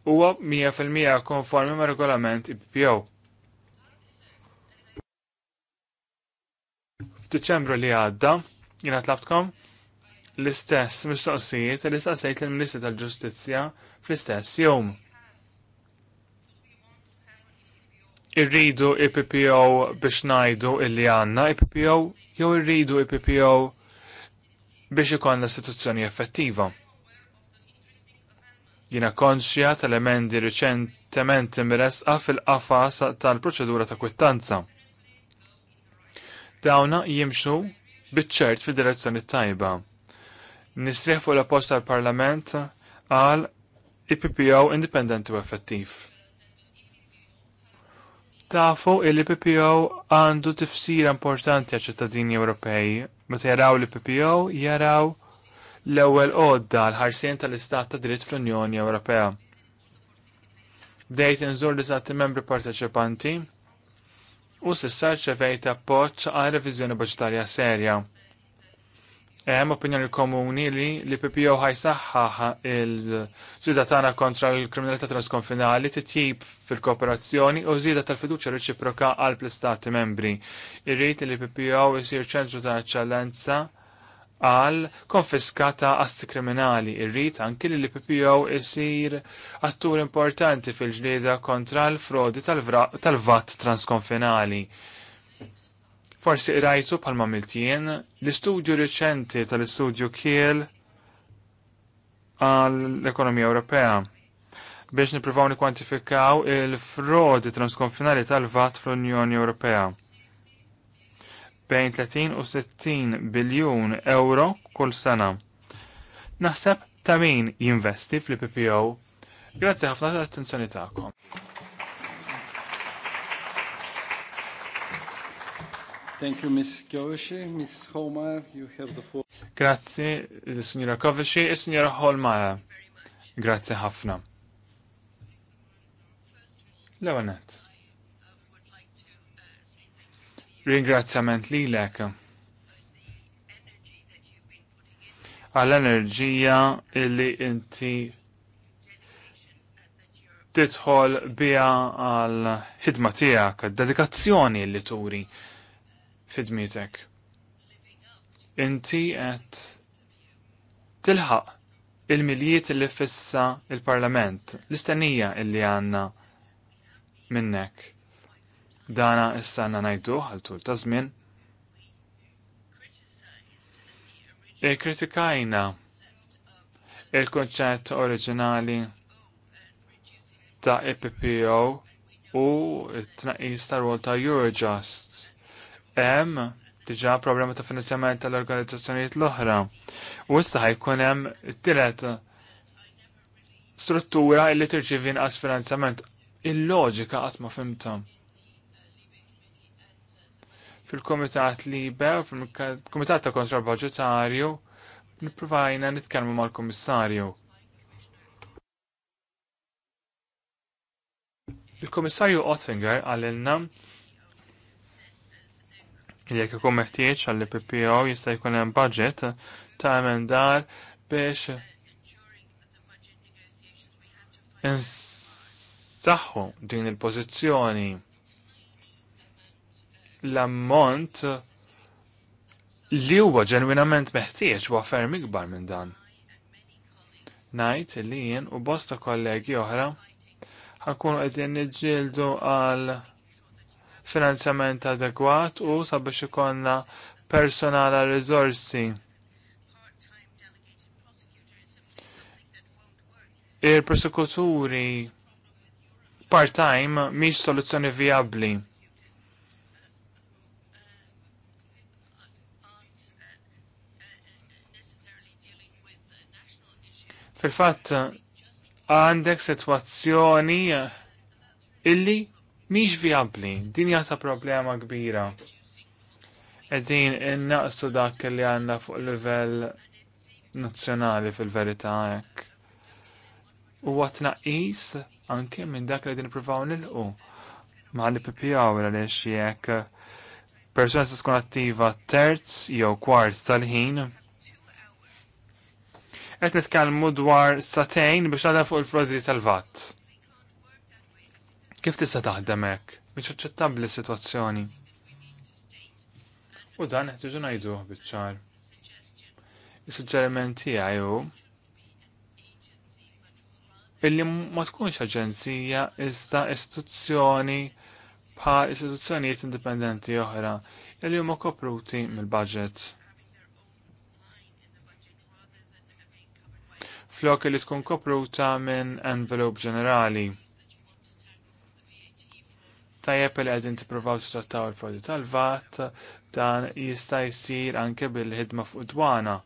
huwa 100% konformi ma' regolament IPPO. F'Diċembru li għadda, jiena tlabtkom l-istess mistoqsijiet li staqsejt lill ministri tal-Ġustizzja fl-istess jum. Irridu IPPO biex ngħidu illi għandna IPPO jew irridu IPPO biex ikollna istituzzjoni effettiva. Jiena konxja tal-emendi riċentement imresqa fil-qafas tal-proċedura ta' kwittanza dawna jimxu bitċert fil-direzzjoni tajba. Nisriħ fuq l apost tal-Parlament għal IPPO indipendenti u effettiv. Tafu il-IPPO għandu tifsira importanti għal ċittadini Ewropej. Meta jaraw l-IPPO jaraw l-ewwel għodda l-ħarsien tal-istat ta' dritt fl-Unjoni Ewropea. Dejt nżur li satti membri parteċipanti u s'issa ċevejt appoġġ għal reviżjoni budgetarja serja. Hemm opinjoni komuni li li PPO ħajsaħħaħ il-ġida tagħna kontra l-kriminalità transkonfinali titjib fil-kooperazzjoni u żieda tal-fiduċja reċiproka għal pl-istati membri. Irrid li PPO jsir ċentru ta' eċċellenza għal konfiskata għast kriminali irrit anki li l-PPO isir attur importanti fil-ġlieda kontra l-frodi tal-vat transkonfinali. Forsi irajtu palma miltien l-istudju reċenti tal-istudju kiel għall-ekonomija Ewropea biex niprofaw nikwantifikaw il-frodi transkonfinali tal-vat fl-Unjoni Ewropea bejn 30 u 60 biljun euro kull sena. Naħseb ta' min jinvesti fl-PPO. Grazzi ħafna ta' attenzjoni ta'kom. Thank you, Ms. Kovici. Ms. Holmeyer, you have the floor. Grazzi, signora Kovici e signora Holmeyer. Grazzi ħafna. Lewanet. Ringrazzjament lilek. Għall-enerġija illi inti titħol biha għal ħidma tiegħek, dedikazzjoni li turi fidmietek. Inti qed tilħaq il-miljiet li fissa il-Parlament, l-istennija illi għanna minnek. Dana issa najdu għal-tul ta' żmien. Kritikajna il-konċett oriġinali ta' EPPO u t-tnaqis ta' rol ta' Eurojust. Hemm diġà problema ta' finanzjament tal-organizzazzjonijiet l-oħra. U issa ħajkun hemm it-tielet struttura li tirċivi inqas finanzjament. Il-loġika qatt ma fimta fil-Komitat li u fil-Komitat ta' Kontra Budgetarju niprovajna nitkellmu mal-Komissarju. Il-Komissarju Ottinger għalilna li jekk ikun meħtieġ għall PPO jista' jkun hemm budget ta' emendar biex insaħħu din il-pożizzjoni l-ammont li huwa ġenwinament meħtieġ huwa ferm ikbar minn dan. Najt li jien u bosta kollegi oħra ħakunu qegħdin niġġieldu għal finanzjament adegwat u sabiex ikonna personala rizorsi. Il-prosekuturi part-time mi soluzzjoni viabli fil-fatt għandek situazzjoni illi miex viabli, din jata problema kbira. Edin innaqsu dak li għanda fuq livell nazzjonali fil-verità hekk. U għatnaqis anke minn dak li din provaw nilqu ma' li PPO għaliex xiek persona tkun attiva terz jew kwart tal-ħin qed nitkellmu dwar satejn biex nagħlem fuq il-frodi tal-vatt. Kif tista' taħdem hekk? Mhix aċċettabbli s-sitwazzjoni. U dan qed iġu ngħidu biċ-ċar. Is-suġġeriment tiegħi hu illi ma tkunx aġenzija iżda istituzzjoni bħal istituzzjonijiet indipendenti oħra illi huma kopruti mill-budget. flok li tkun kopruta minn envelope ġenerali. Tajjeb li għedin t-provaw t tattaw il fodi tal-vat, dan jista' jisir anke bil-ħidma fuq dwana.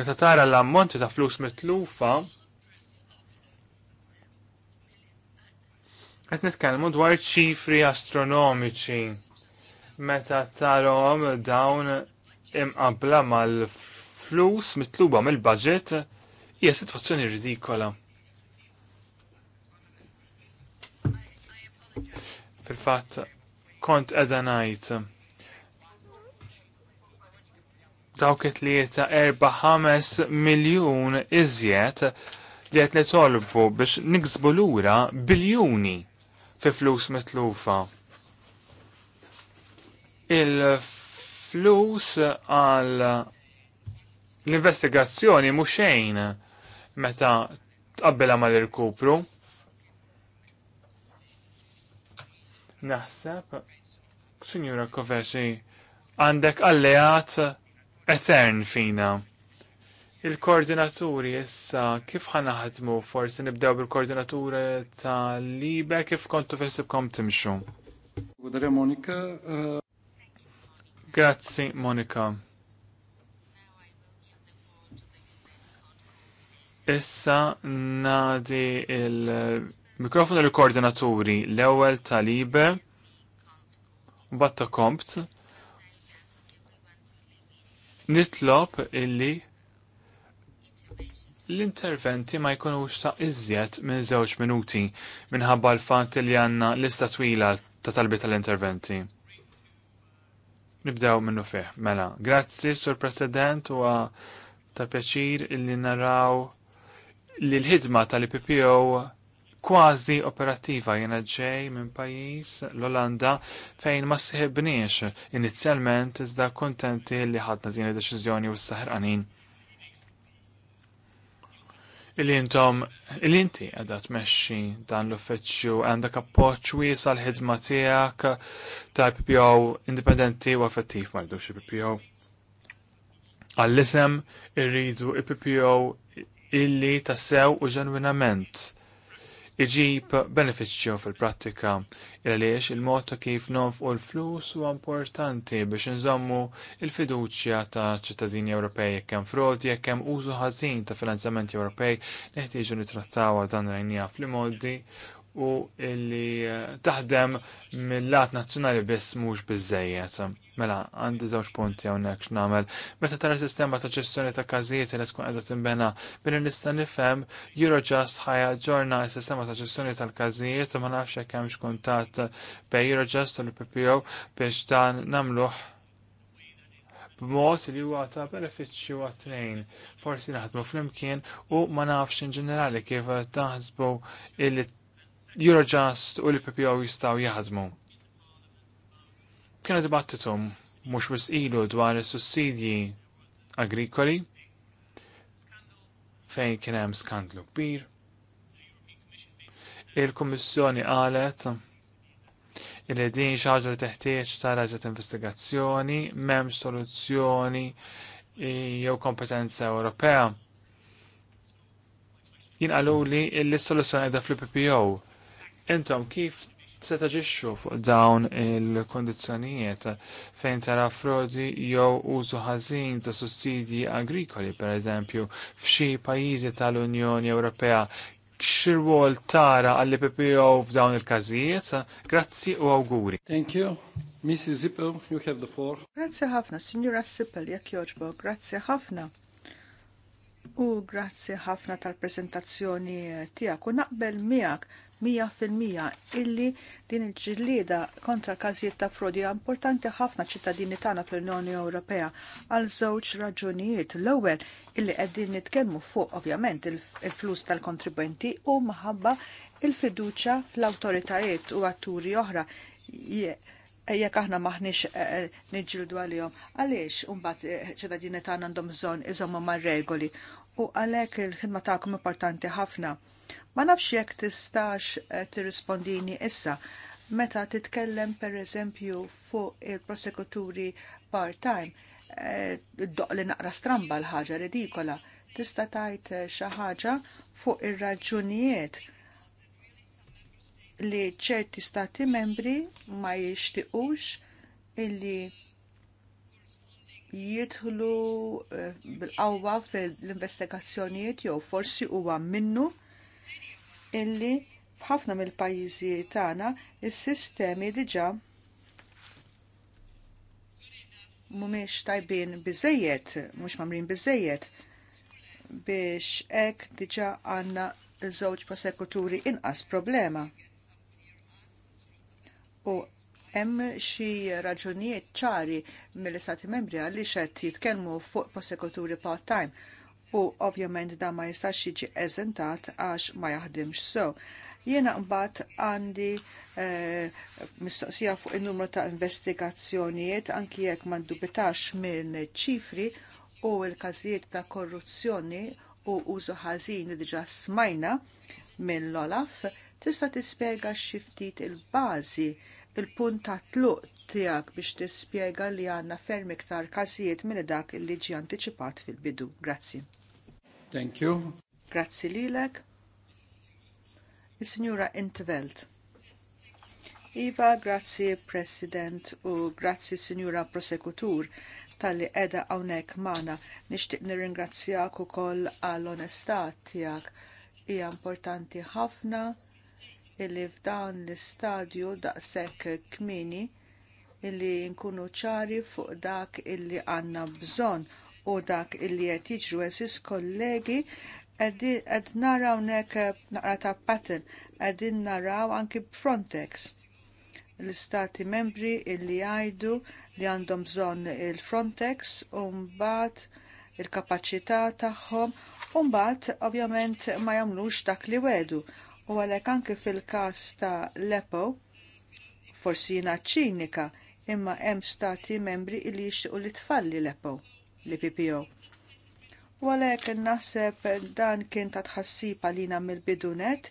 Meta tara l-ammonti ta' flus mitlufa, Qed nitkellmu dwar ċifri astronomiċi meta tarom dawn imqabla mal-flus mitluba mill-budget hija sitwazzjoni ridikola. Fil-fatt kont qiegħda ngħid dawk it-tlieta erba' 5 miljun iżjed li qed nitolbu biex niksbu lura biljuni fi flus mitlufa. il flus għal l-investigazzjoni mhux xejn meta ma l-rkupru. Naħseb, Sinjura Koveċi, għandek alleat etern fina. Il-koordinaturi issa kif ħanaħdmu forsi nibdew bil-koordinaturi ta' libe kif kontu fil timxu? Monika. Grazzi, Monika. Issa nadi il-mikrofonu l-koordinaturi l-ewel talibe. u batta kompt. Nitlob illi l-interventi ma jkunux ta' iżjed minn żewġ minuti minħabba l-fatt li għanna lista twila ta' talbi tal-interventi. Nibdew minnu fih. Mela, grazzi sur President u ta' pjaċir illi naraw li l-ħidma tal-IPPO kważi operattiva jena ġej minn pajis l-Olanda fejn ma sħibniex inizjalment iżda kontenti li ħadna din id-deċiżjoni u s-saħranin Illi intom, illi inti għedha tmexxi dan l-uffiċċju għandek appoġġ wiesa l-ħidma tiegħek ta' PPO indipendenti u effettiv ma l-duċi PPO. Għall-isem irridu PPO illi tassew u ġenwinament iġib benefiċċju fil-prattika il-għaliex il-mod kif nof u l-flus u importanti biex nżommu il-fiduċja ta' ċittadini Ewropej jekk hemm frodi jekk hemm użu ħażin ta' finanzjamenti Ewropej neħtieġu nitrattaw dan rajnija fl-modi u illi eh, taħdem mill-lat nazzjonali biss mhux biżejjed. Mela, għandi żewġ punti hawnhekk x'namel. Meta tara sistema ta' ġestjoni ta' każijiet li tkun qiegħda tinbena billi nista' nifhem Eurojust ħajaġġorna s-sistema ta' ċessjoni tal-każijiet ma nafx hekk hemm x'kuntatt bej Eurojust u l-PPO biex dan nagħmluh b'mod li huwa ta' benefiċċju għat-tnejn. Forsi naħdmu flimkien u ma nafx in ġenerali kif taħsbu illi Eurojust u l-PPO jistaw jaħdmu. Kienu dibattitum mux ilu dwar is-sussidji agrikoli fejn kien hemm skandlu kbir. Il-Kummissjoni qalet il din xaġa li teħtieġ tara ġet investigazzjoni, m'hemm soluzzjoni jew kompetenza Ewropea. Jinqalu li l-soluzzjoni qiegħda fl-PPO Intom kif se taġixxu fuq dawn il kondizjonijiet fejn tara frodi jew użu ħażin ta' sussidji agrikoli, pereżempju, f'xi pajjiżi tal-Unjoni Ewropea xirwol tara għall PPO f'dawn il-każijiet. Grazzi u auguri. Thank you. Mrs. Zippel, you have the floor. Grazzi ħafna, Signora Zippel, jek joġbo, grazzi ħafna. U grazzi ħafna tal-prezentazzjoni tiegħek u naqbel miegħek mija illi din il-ġillida kontra każijiet ta' frodi importanti ħafna ċittadini tagħna fl-Unjoni Ewropea għal żewġ raġunijiet. L-ewwel illi qegħdin nitkellmu fuq ovvjament il-flus tal-kontribwenti u maħabba il-fiduċja fl-awtoritajiet u atturi oħra jekk aħna maħniex eh, eh niġġildu għalihom. Għaliex imbagħad eh, ċittadini tagħna għandhom bżonn iżommu mar-regoli u għalhekk il-ħidma tagħkom importanti ħafna Ma nafx jekk tistax eh, tirrispondini issa meta titkellem per eżempju fuq il-prosekuturi part-time, eh, id-doq li naqra stramba l-ħaġa ridikola, tista' tajt eh, xi ħaġa fuq ir-raġunijiet li ċerti stati membri ma jishtiqux illi jidħlu bil-qawwa fil-investigazzjonijiet jew forsi huwa minnu illi f'ħafna mill-pajjiżi tagħna is-sistemi diġà mhumiex tajbin biżejjed, mhux mamrin biżejjed biex hekk diġà għandna żewġ prosekuturi inqas problema. U hemm xi raġunijiet ċari mill-Istati Membri għaliex qed jitkellmu fuq prosekuturi part-time u ovvjament da ma jistax jiġi eżentat għax ma jaħdimx so. Jena mbagħad għandi eh, mistoqsija fuq in-numru ta' investigazzjonijiet anki jekk ma ndubitax minn ċifri u l-każijiet ta' korruzzjoni u użu ħażin li diġà smajna minn l-Olaf tista' tispjega xi ftit il-bażi il-punt ta' tluq tiegħek biex tispjega li għandna ferm iktar każijiet minn dak li ġie antiċipat fil-bidu. Grazzi. Thank you. Grazzi lilek. Il-Signora Intveld. Iva, grazzi President u grazzi Signora Prosekutur tal-li edha għawnek mana nishtiq nirringrazzjak u koll għall-onestà tijak. Ija importanti ħafna illi f'dan l-istadju daqshekk kmini illi nkunu ċari fuq dak illi għanna bżon u dak illi qed jiġru eżis kollegi qed naraw nek eh, naqra ta' pattern qegħdin naraw anki b'Frontex. L-istati membri illi jgħidu li għandhom bżonn il-Frontex u mbagħad il-kapaċità tagħhom u mbagħad ovvjament ma jagħmlux dak li wedu. U għalhekk anke fil-każ ta' Lepo forsi jina ċinika imma hemm stati membri li jixtiequ li tfalli Lepo l-PPO. U għalhekk naħseb dan kien ta' tħassib għalina mill-bidunet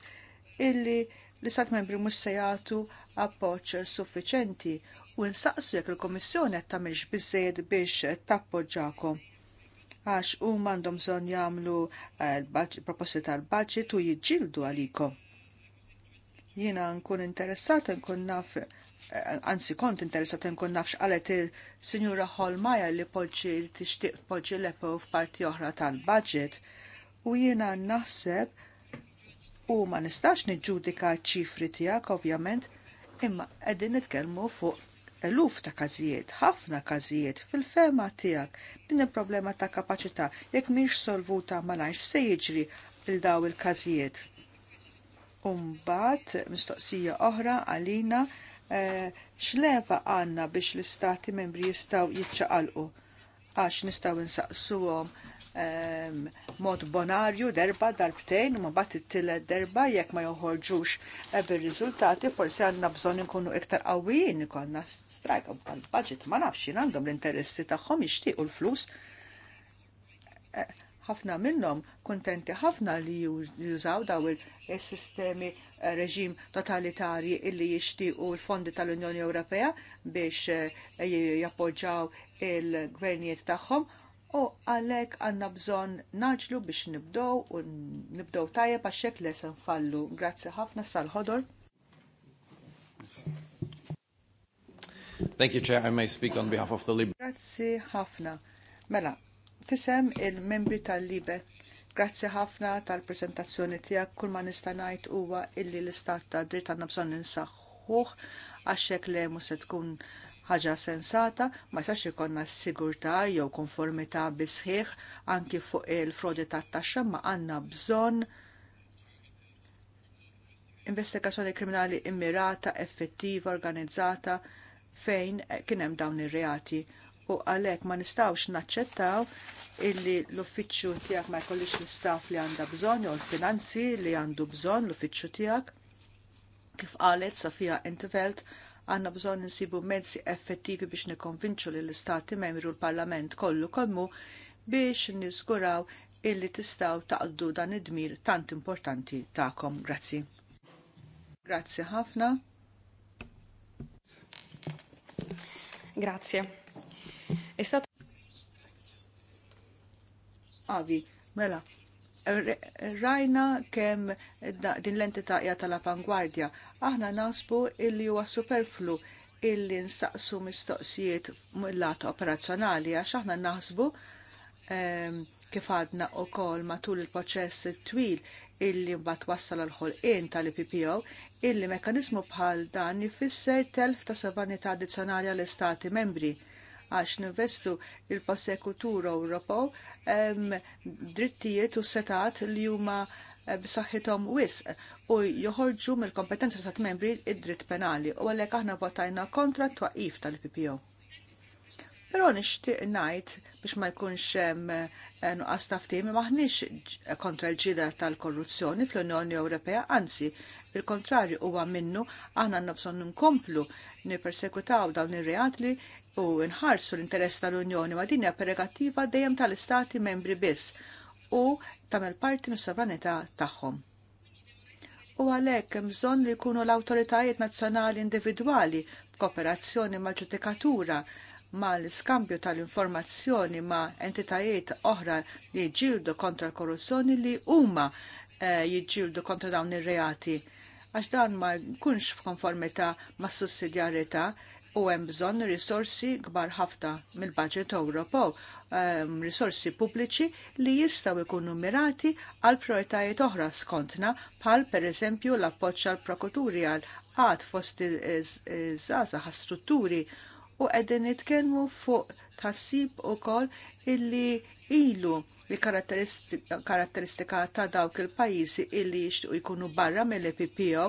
illi l-istat membri mhux se jagħtu appoġġ suffiċenti u nsaqsu jekk il-Kommissjoni qed tagħmilx bizzejed biex tappoġġakom għax u mandom bżonn jagħmlu eh, proposti tal-budget u jiġġieldu għalikom. Jiena nkun interessat nkun naf anzi kont interesat nkun nafx għalet il-Sinjura Holmaja li poġġi tixtieq poġġi lepo f'parti oħra tal-budget u jiena naħseb u ma nistax niġġudika ċifri tiegħek ovvjament imma qegħdin nitkellmu fuq eluf ta' każijiet, ħafna każijiet fil ferma tiegħek din il-problema ta' kapaċità jekk mhix solvuta ma malajr se jiġri il daw il-każijiet. Umbat mistoqsija oħra għalina Eh, xleva għanna biex l-istati membri jistaw jitċaqalqu għax nistaw nsaqsuhom ehm, mod bonarju derba darbtejn u bat it tile derba jekk ma joħorġux bir-riżultati forsi għandna bżonn inkunu iktar qawwijin ikollna strajk għal budget ma nafx għandhom l-interessi tagħhom jixtiequ l-flus eh, ħafna minnhom kuntenti ħafna li jużaw daw il-sistemi eh, reġim totalitarji illi jixtiequ l-fondi tal-Unjoni Ewropea biex eh, jappoġġaw il-gvernijiet tagħhom u għalhekk għandna bżonn naġlu biex nibdow u nibdow tajjeb għax les fallu. Grazzi ħafna sal-ħodor. Thank you, Chair. I may speak on behalf of the Lib. Grazzi ħafna. Mela, tisem il-membri tal-Libe. Grazzi ħafna tal presentazzjoni tiegħek kull ma nista' ngħid huwa illi l-istat ta' dritt għandna bżonn insaħħuh għaxek li mhux se tkun ħaġa sensata ma sax ikonna s-sigurtà jew konformità bisħiħ anki fuq il-frodi tat-taxxa ma għandna bżonn investigazzjoni kriminali immirata, effettiva, organizzata fejn kien hemm dawn ir-reati u għalhekk ma nistgħux naċċettaw illi l-uffiċċju tiegħek ma jkollix l-istaff li għandha bżonn jew l-finanzi li għandu bżonn l-uffiċċju tiegħek. Kif qalet Sofija Entevelt, għanna bżon nsibu mezzi effettivi biex nikonvinċu li l-istati membri u l-parlament kollu kommu biex nisguraw illi tistaw taqdu dan id-dmir tant importanti ta'kom. Grazzi. Grazzi ħafna. Grazie. È Avi, mela, rajna kem din l-entità hija tal-avangwardja. Aħna nasbu illi huwa superflu illi nsaqsu mistoqsijiet mill-lat operazzjonali għax aħna naħsbu ehm, kif għadna u kol matul il-proċess twil illi mbagħad wassal għal ħolqien tal-IPPO illi mekanizmu bħal dan jfisser telf ta' sovranità addizzjonali għall istati membri għax ninvestu il-passekutur Ewropew drittijiet u setat li huma eh, b'saħħithom wisq u joħorġu mill-kompetenza ta' membri id-dritt penali u għalhekk aħna votajna kontra t twaqif tal-PPO. Pero nixtieq najt biex ma jkunx eh, nuqqas taftim maħniex kontra l-ġida tal-korruzzjoni fl-Unjoni Ewropea, anzi, il-kontrarju huwa minnu aħna nabson nkomplu nipersekutaw dawn ir-reat li u nħarsu l-interess tal-Unjoni ma dinja prerogattiva dejjem tal-Istati membri biss u tagħmel parti mis-sovranità tagħhom. U għalhekk hemm bżonn li jkunu l-awtoritajiet nazzjonali individwali f'kooperazzjoni mal-ġudikatura mal-iskambju skambju tal-informazzjoni ma entitajiet oħra li jġildu kontra l-korruzzjoni li huma eh, jġildu kontra dawn ir-reati għax dan ma jkunx f'konformità ma' sussidjarjetà u hemm bżonn risorsi kbar ħafna mill-budget Ewropew, um, risorsi pubbliċi li jistgħu jkunu mirati għal prioritajiet oħra skontna bħal pereżempju l-appoġġ għal prokuturi għal għad fost iż-żgħażagħ strutturi u qegħdin nitkellmu fuq tassib ukoll illi ilu li karatteristika ta' dawk il-pajjiżi illi jixtiequ jkunu barra mill-EPPO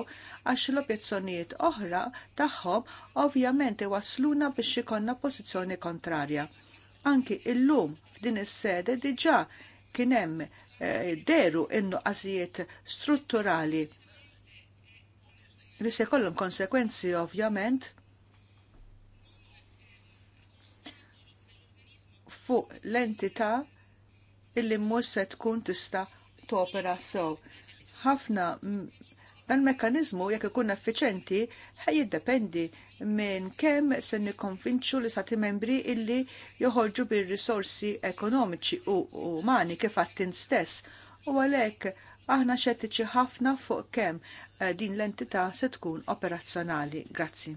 għax l-objezzjonijiet oħra tagħhom ovvjament iwassluna biex ikonna pożizzjoni kontrarja. Anki illum f'din is-sede diġà kien hemm eh, deru in-nuqqasijiet strutturali li se jkollhom konsekwenzi ovvjament fuq l-entità illi mhux se tkun tista' topera sew. Ħafna dan mekkanizmu jekk ikun effiċenti ħaj jiddependi minn kemm se nikkonvinċu li sati membri illi joħorġu bir-risorsi ekonomiċi u umani kif għattin stess. U għalhekk aħna xettiċi ħafna fuq kemm eh, din l-entità se tkun operazzjonali. Grazzi.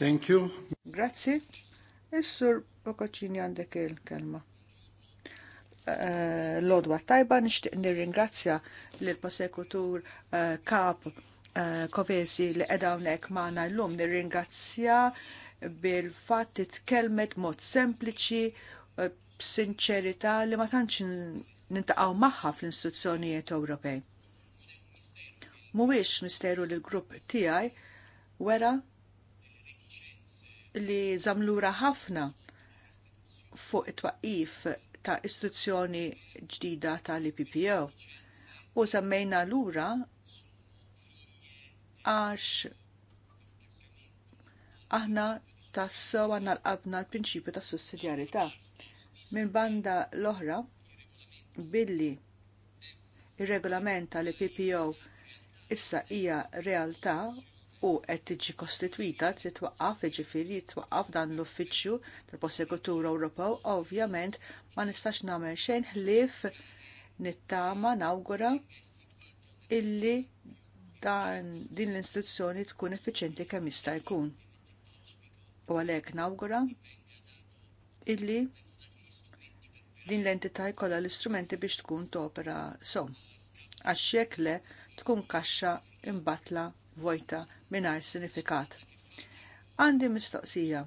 Thank you. Grazzi. Is-sur Bokoċini għandek il-kelma. Eh, l-odwa tajba nixtieq nirringrazzja lill-prosekutur eh, kap eh, Kovesi li maħna hawnhekk magħna llum nirringrazzja bil-fatt kelmet mod sempliċi b'sinċerità li ma tantx nintaqgħu magħha fl-istituzzjonijiet Ewropej. Mhuwiex misteru l-grupp tiegħi wera li żamlura ħafna fuq it-twaqif ta' istruzzjoni ġdida tal-IPPO. U semmejna lura għax aħna tassew għanna l-qabna l-prinċipju ta' sussidjarità. Minn banda l-oħra, billi ir-regolament tal ippo issa hija realtà u qed tiġi kostitwita trid twaqqaf iġifieri twaqqaf dan l-uffiċċju tal-Prosekutur Ewropew ovvjament ma nistax nagħmel xejn ħlief nittama nawgura illi dan din l-istituzzjoni tkun effiċenti kemm jista' jkun. U għalhekk nawgura illi din l-entità jkollha l-istrumenti biex tkun topera som. Għax jekk le tkun kaxxa imbatla vojta mingħajr sinifikat. Għandi mistoqsija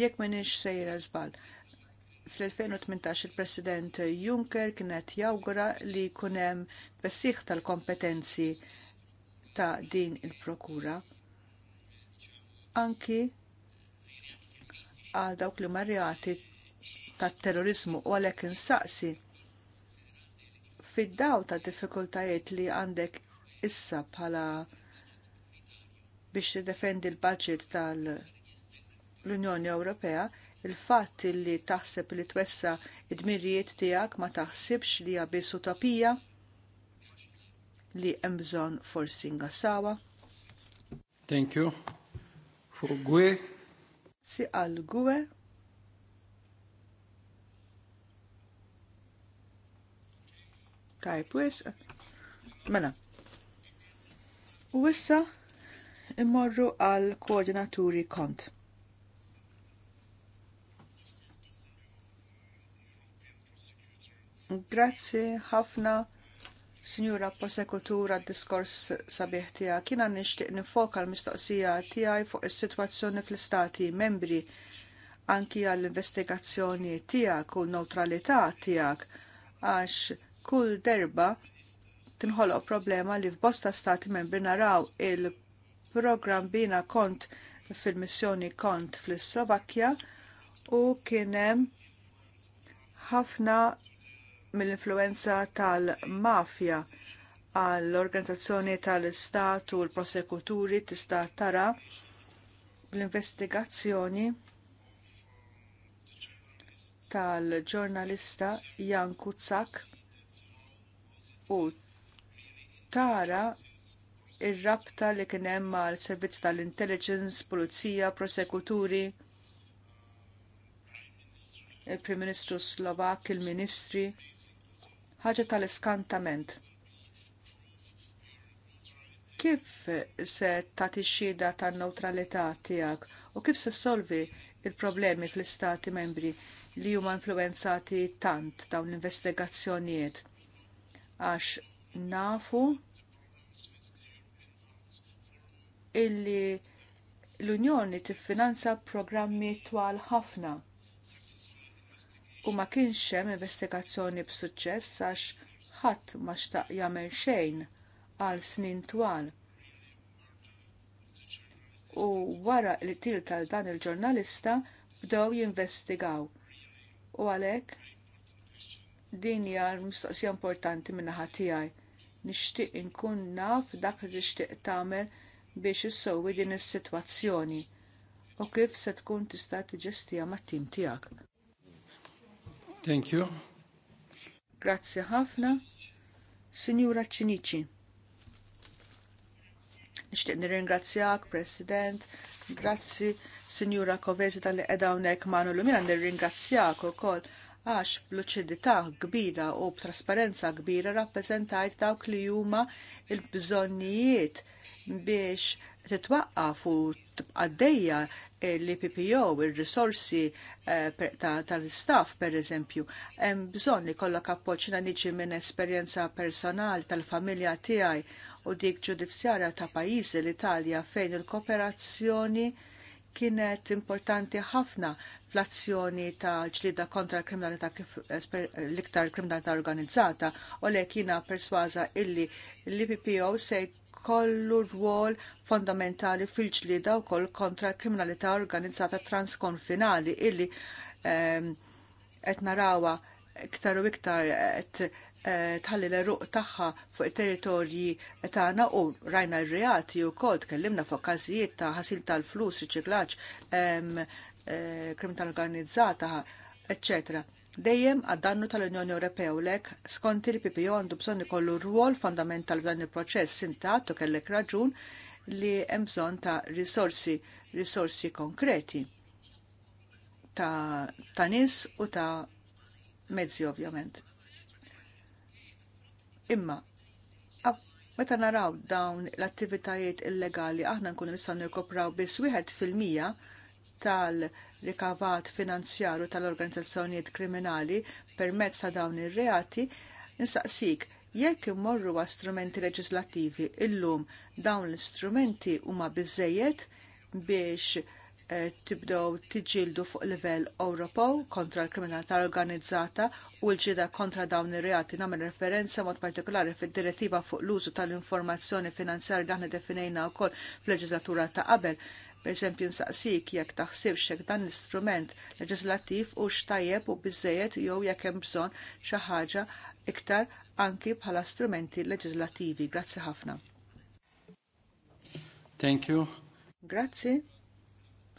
jekk nix sejra żball. Fl-2018 il-President Juncker kienet jawgura li jkun hemm tal-kompetenzi ta' din il-prokura. Anki għal dawk li marjati tat terrorizmu u għalhekk insaqsi fid-daw ta' diffikultajiet li għandek issa bħala biex tiddefendi l-budget tal l-Unjoni Ewropea il-fatt li taħseb li twessa id-dmirijiet tiegħek ma taħsibx li hija biss utopija li hemm bżonn forsi ngassawa. Thank you. Fu gwe. Si għal gwe. Tajb wis. Mela. U issa immorru għal koordinaturi kont. Grazzi ħafna Signora Prosekutura d-diskors sabiħ tiegħek. Kina nishtiq nifoka l-mistoqsija tiegħi fuq is-sitwazzjoni fl-istati membri anki għall-investigazzjoni tiegħek u neutralità tiegħek għax kull derba tinħoloq problema li f'bosta stati membri naraw il-programm bina kont fil-missjoni kont fl-Slovakkja u kien hemm ħafna mill-influenza tal-mafja għall-organizzazzjoni tal-istat u l-prosekuturi tista' tara bl-investigazzjoni tal-ġurnalista Jan Kuzak u tara ir-rabta li kien hemm mal servizz tal-intelligence, pulizija, prosekuturi, il-Prim Ministru Slovak, il-Ministri, ħaġa tal-iskantament. Kif se tagħti xhieda tan-newtralità tiegħek u kif se solvi il-problemi fl-istati membri li huma influenzati tant dawn l-investigazzjonijiet għax nafu illi l-Unjoni tiffinanza programmi twal ħafna u ma kienx hemm investigazzjoni b'suċċess għax ħadd ma xtaq jagħmel xejn għal snin twal. U wara li til tal dan il-ġurnalista bdew jinvestigaw. U għalhekk din hija mistoqsija importanti min-naħa tiegħi. Nixtieq inkun naf dak li tixtieq tagħmel biex issowwi din is-sitwazzjoni u kif se tkun tista' tiġestija mat-tim tiegħek. Thank you. Grazzi ħafna. Signora Cinici. Nishtiq nirringrazzjak, President. Grazzi, Signora Kovezi tal-li edawnek manu l umina nirringrazzjak u kol għax bluċidità kbira u b'trasparenza kbira rappresentajt dawk li huma il-bżonnijiet biex titwaqqaf u għaddejja l-PPO, il-risorsi eh, tal-staff per eżempju. Hemm bżonn li kollok appoċina niġi minn esperjenza personali tal-familja tiegħi u dik ġudizzjarja ta' pajjiżi l-Italja fejn il-kooperazzjoni kienet importanti ħafna fl-azzjoni ta' ġlida kontra l-kriminalità l-iktar kriminalità organizzata u lek jiena persważa illi l-IPPO se kollu rwol fondamentali fil-ġlida u koll kontra kriminalità organizzata transkonfinali illi ehm, qed narawa iktar u iktar eh, tħalli l-eruq tagħha fuq it-territorji tagħna u rajna r-reati u kod kellimna fuq każijiet ta' ħasil tal-flus, riċiklaġġ, ehm, eh, kriminalità organizzata, eccetera dejjem għad-dannu tal-Unjoni Ewropea u lek skont il-PPO għandu bżonn ikollu rwol fondamental f'dan il-proċess sinta għattu kellek raġun li hemm bżonn ta' risorsi, risorsi konkreti ta', ta nis u ta' mezzi ovvjament. Imma Meta naraw dawn l-attivitajiet illegali aħna nkunu nistgħu nirkopraw biss wieħed fil-mija tal- rikavat finanzjaru tal-organizzazzjonijiet kriminali permezz ta' dawn ir-reati, insaqsik jekk imorru għal strumenti leġislattivi illum dawn l-istrumenti huma biżejjed biex eh, tibdow tiġildu fuq livell Ewropew kontra l-kriminalità organizzata u l-ġida kontra dawn ir-reati nagħmel referenza mod partikolari fid-direttiva fuq l-użu tal-informazzjoni finanzjarja li aħna definejna wkoll fil-leġislatura ta' qabel Pereżempju nsaqsik jekk taħsibx jekk dan l-istrument leġislattiv u xtajjeb u biżejjed jew jekk hemm bżonn xi ħaġa iktar anki bħala strumenti leġislattivi. Grazzi ħafna. Thank you. Grazzi,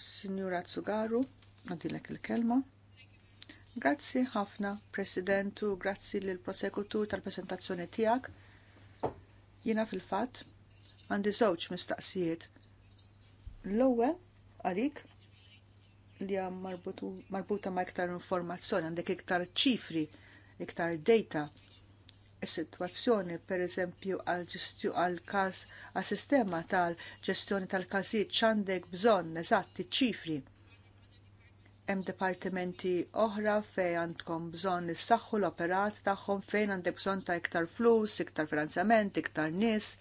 Signora Tsugaru, għadilek il-kelma. Grazzi ħafna, Presidentu, grazzi lill prosekutur tal-presentazzjoni tiegħek. Jiena fil fatt għandi żewġ mistaqsijiet L-ewwel għalik li hemm marbuta ma' iktar informazzjoni għandek iktar ċifri, iktar data. Is-sitwazzjoni pereżempju eżempju għal każ għal sistema tal-ġestjoni tal-każijiet x'għandek bżonn iċ ċifri. Hemm dipartimenti oħra fejn għandkom bżonn issaħħu l-operat tagħhom fejn għandek bżonn ta' iktar flus, iktar finanzjament, iktar nies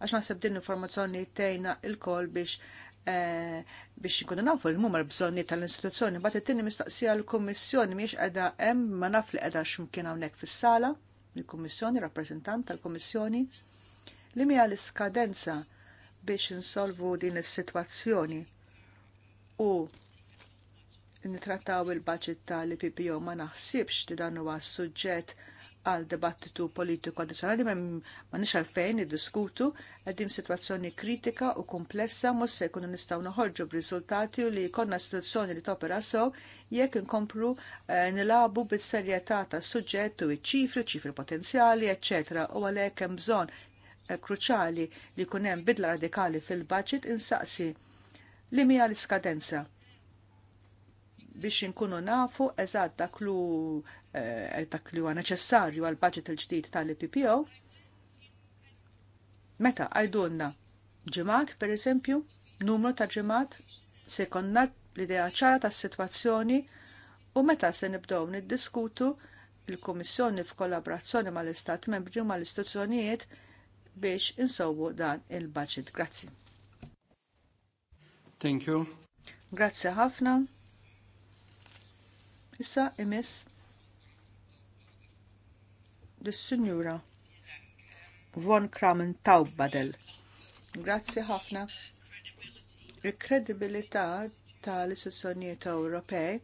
għax naħseb din l-informazzjoni tgħinna il biex Eh, biex nkunu nafu l-mumar bżonni tal-istituzzjoni, bat it-tini mistaqsija l-Kommissjoni miex edha hemm ma naf li edha x'imkien hawnhekk fis-sala, il-Kommissjoni, rappreżentant tal-Kommissjoni, li mija l-iskadenza biex insolvu din is-sitwazzjoni u nitrattaw il baġit tal-PPO ma naħsibx li dan huwa suġġett għal dibattitu politiku addizzjonali ma nix għalfejn id-diskutu għaddin situazzjoni kritika u komplessa mos se jkunu nistaw noħorġu b'riżultati li konna situazzjoni li topera so jekk inkomplu eh, nilabu bit-serjetà ta' suġġett u ċifri, ċifri potenzjali, eccetera, u għalhekk hemm bżonn eh, kruċali li kunem hemm bidla radikali fil-budget insaqsi li mija l-iskadenza biex inkunu nafu eżatt daklu lu eh, dak li huwa neċessarju għal budget il-ġdid tal-IPPO. Meta għajdunna ġimgħat, per eżempju, numru ta' ġimgħat, se konna l-idea ċara ta' situazzjoni u meta se nibdew niddiskutu il-Kummissjoni f'kollaborazzjoni mal-Istat membri u mal-istituzzjonijiet biex insowwu dan il-budget. Grazzi. Thank you. Grazzi ħafna. Issa imiss l-Sinjura Von Kramen Taubbadel. Grazzi ħafna. Il-kredibilità tal-istituzzjonijiet Ewropej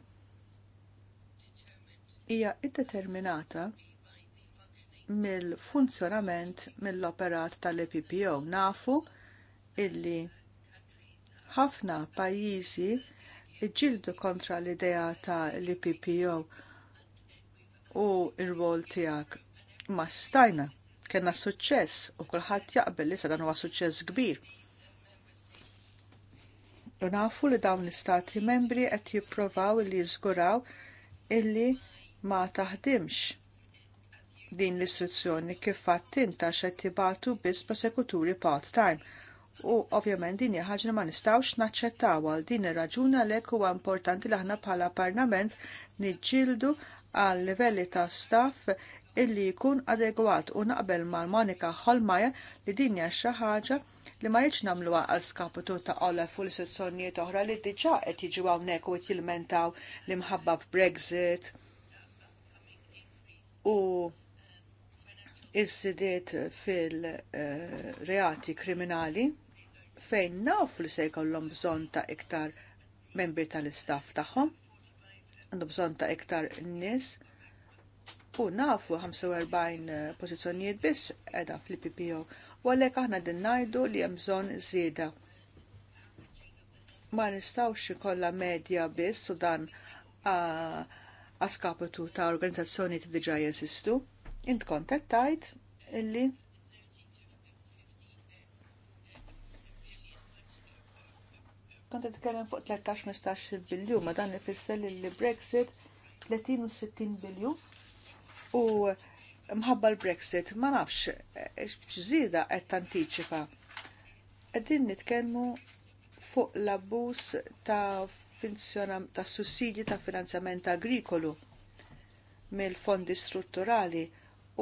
hija iddeterminata mill-funzjonament mill-operat tal-EPPO. Nafu illi ħafna pajjiżi iġġieldu kontra l-idea ta' l-PPO u r-rwol tiegħek ma stajna kena suċċess u kulħadd jaqbel li dan huwa suċċess kbir. U nafu li dawn l-istati membri qed jippruvaw li jiżguraw illi ma taħdimx din l-istruzzjoni kif fatt inta xed tibatu biss prosekuturi part-time U ovvjament din hija ħaġa ma nistgħux naċċettaw għal din ir-raġuni għalhekk huwa importanti li aħna bħala Parlament niġġieldu għal livelli ta' staff illi jkun adegwat u naqbel mal Monika Holmaja li din hija xi ħaġa li ma jiġ nagħmluha għal skaputu ta' Olaf u l-sezzjonijiet oħra li diġà qed jiġu hawnhekk u qed jilmentaw li mħabba f'Brexit u iż-żidiet fil-reati eh, kriminali fejn nafu li se jkollhom bżonn ta' iktar membri tal-istaff tagħhom, għandhom bżonn ta' iktar nies u nafu 45 eh, pożizzjonijiet biss qiegħda fl-PPO u għalhekk aħna din ngħidu li hemm bżonn żieda. Ma nistgħux ikollha medja biss u dan għaskapitu ta' organizzazzjoni diġà jeżistu. Int kontettajt illi Kont titkellem fuq 13-15 bilju, ma dan ifisser li Brexit 30 60 bilju. u mħabba l-Brexit ma nafx x'żieda eh, qed tantiċipa. Qegħdin nitkellmu fuq l-abbuż ta' ta' sussidji ta' finanzjament agrikolu mill-fondi strutturali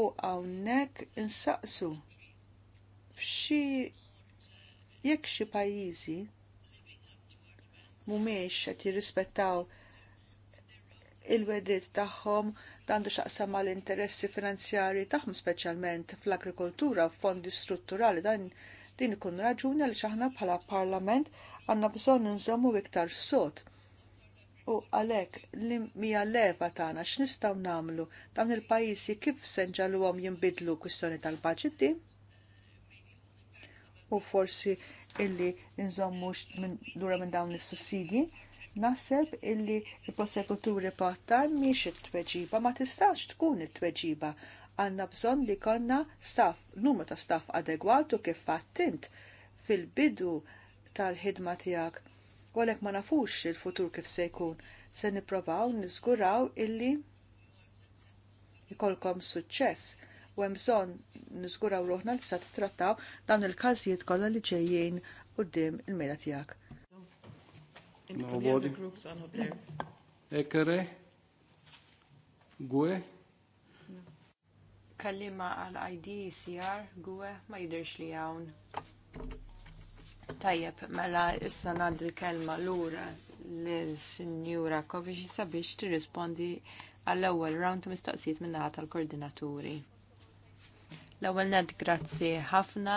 u hawnhekk insaqsu f'xi jekk xi pajjiżi mhumiex qed jirrispettaw il-wedit tagħhom għandu xaqsam mal interessi finanzjari tagħhom speċjalment fl-agrikoltura u fondi strutturali dan din ikun raġuni għaliex aħna bħala parlament għandna bżonn nżommu iktar sot. U għalhekk li mija leva tagħna x'nistgħu nagħmlu dawn il-pajjiżi kif se nġalluhom jinbidlu kwistjoni tal baġiti U forsi illi nżommu dura minn dawn is-sussidji. Naħseb illi il-prosekuturi pattar miex it-tweġiba, ma tistax tkun it-tweġiba. Għanna bżon li konna staff, numru ta' staff adegwatu kif fattint fil-bidu tal-ħidma tijak. Għalek ma nafux il-futur kif se jkun, se niprovaw nizguraw illi ikolkom suċċess u hemm bżonn niskuraw ruħna li sa titrattaw dawn il-każijiet kollha li ġejjin quddiem il-mejda tiegħek. Ekere, gwe. Kallima għal ID CR, gwe, ma jidirx li hawn. Tajjeb, mela issa nad il-kelma lura l-Sinjura Kovici sabiex tirrispondi għall-ewwel round ta' mistoqsijiet minn naħa tal-koordinaturi. L-ewwel ned grazzi ħafna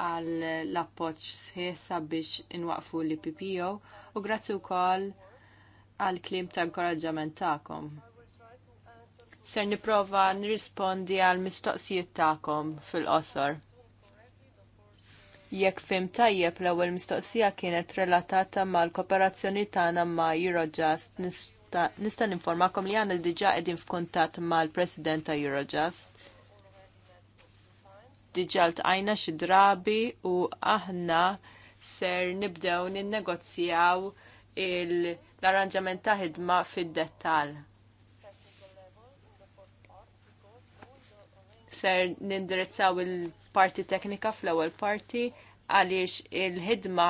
għal l-appoġġ sħiħsa biex inwaqfu l PPO u grazzi wkoll għal klim ta' inkoraġġament tagħkom. Ser nipprova nirrispondi għal mistoqsijiet tagħkom fil-qosor. Jekk fim tajjeb l-ewwel mistoqsija kienet relatata mal-kooperazzjoni tagħna ma' Eurojust nista' ninformakom li għandna diġà qegħdin f'kuntatt mal-President ta' Eurojust diġalt għajna xi drabi u aħna ser nibdew ninnegozjaw l-arranġament ta' ħidma fid-dettall. Ser nindirizzaw il-parti teknika fl-ewwel parti għaliex il-ħidma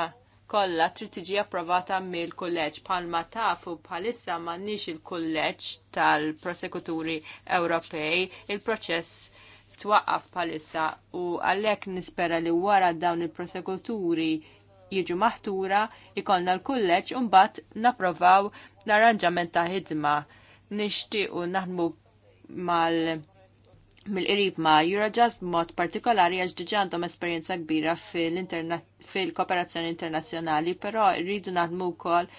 kollha trid tiġi approvata mill-kulleġġ bħalma tafu bħalissa m'għandniex il-kulleġġ tal-prosekuturi Ewropej, il-proċess twaqqaf palissa u għalhekk nispera li wara dawn il-prosekuturi jiġu maħtura ikonna l kulleċ u mbagħad napprovaw l-arranġament ta' ħidma. Nixtiequ naħdmu mal mill-qrib ma' Eurojust b'mod partikolari għax diġà għandhom esperjenza kbira fil-kooperazzjoni internazzjonali, però rridu naħdmu wkoll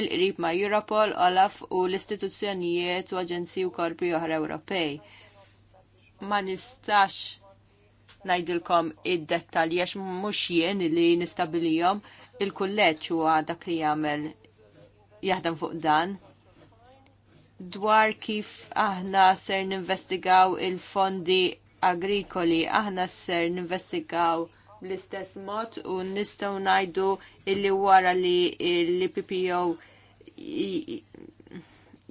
mill-qrib ma' Europol, Olaf u l-istituzzjonijiet u aġenziji u korpi oħra Ewropej ma nistax najdilkom id-dettalji għax mhux jien li nistabilijom il-kulleġġ huwa dak li jagħmel jaħdem fuq dan dwar kif aħna ser ninvestigaw il-fondi agrikoli aħna ser ninvestigaw bl-istess mod u nistgħu ngħidu illi wara li l-PPO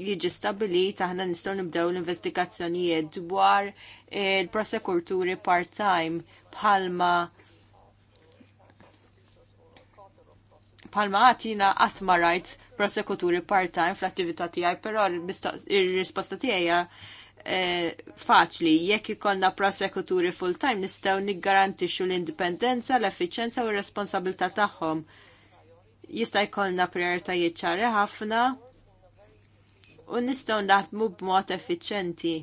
jiġi stabilit aħna nistgħu nibdew l-investigazzjonijiet dwar eh, il-prosekurturi part-time bħalma palma għatina għatma rajt prosekuturi part-time fl-attività tijaj, pero il-risposta tijaja eh, faċli, jekk ikonna prosekuturi full-time nistaw niggarantixu l-indipendenza, l efficienza u r-responsabilità tagħhom. Jista' jkollna prioritajiet ċari ħafna u nistgħu naħdmu b'mod effiċjenti.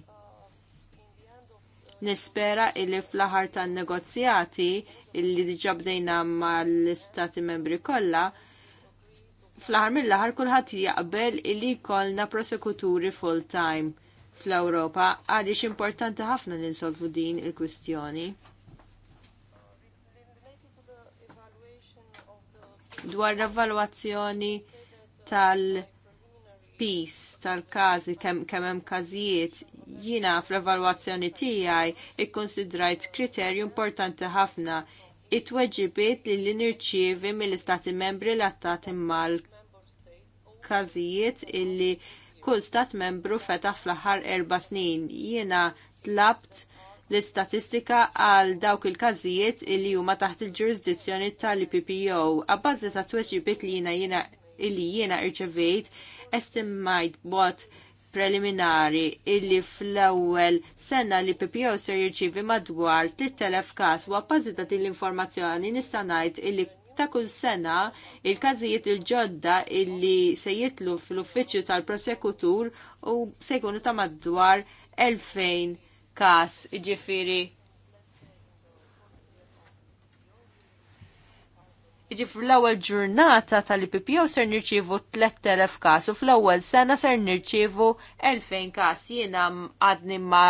Nispera illi fl-aħar tan-negozjati illi diġà bdejna mal-istati membri kollha, fl-aħar mill-aħar kulħadd jaqbel illi jkollna prosekuturi full-time fl-Ewropa għaliex importanti ħafna li nsolvu din il-kwistjoni. Dwar l-evalwazzjoni tal- pis tal kazi kemm kemm hemm każijiet jiena fl-evalwazzjoni tiegħi ikkonsidrajt kriterju importanti ħafna it-tweġibiet li li nirċievi mill-istati membri l-attat immal każijiet illi kull stat membru fetaħ fl-aħħar erba' snin. Jiena tlabt l-istatistika għal dawk il-każijiet li huma taħt il-ġurisdizzjoni tal-IPPO. Abbażi ta' tweġibiet li jiena jiena illi jiena irċevejt estimajt bot preliminari illi fl-ewwel sena li PPO ser jirċivi madwar 3000 każ u appożita din l-informazzjoni nista' ngħid illi ta' kull sena il-każijiet il-ġodda illi se jitlu fl-uffiċċju tal-prosekutur u se jkunu ta' madwar 2000 każ, iġifieri Iġi fl-ewwel ġurnata tal-IPPO ser nirċievu 3000 każ u fl-ewwel sena ser nirċievu 2000 każ jiena għadni ma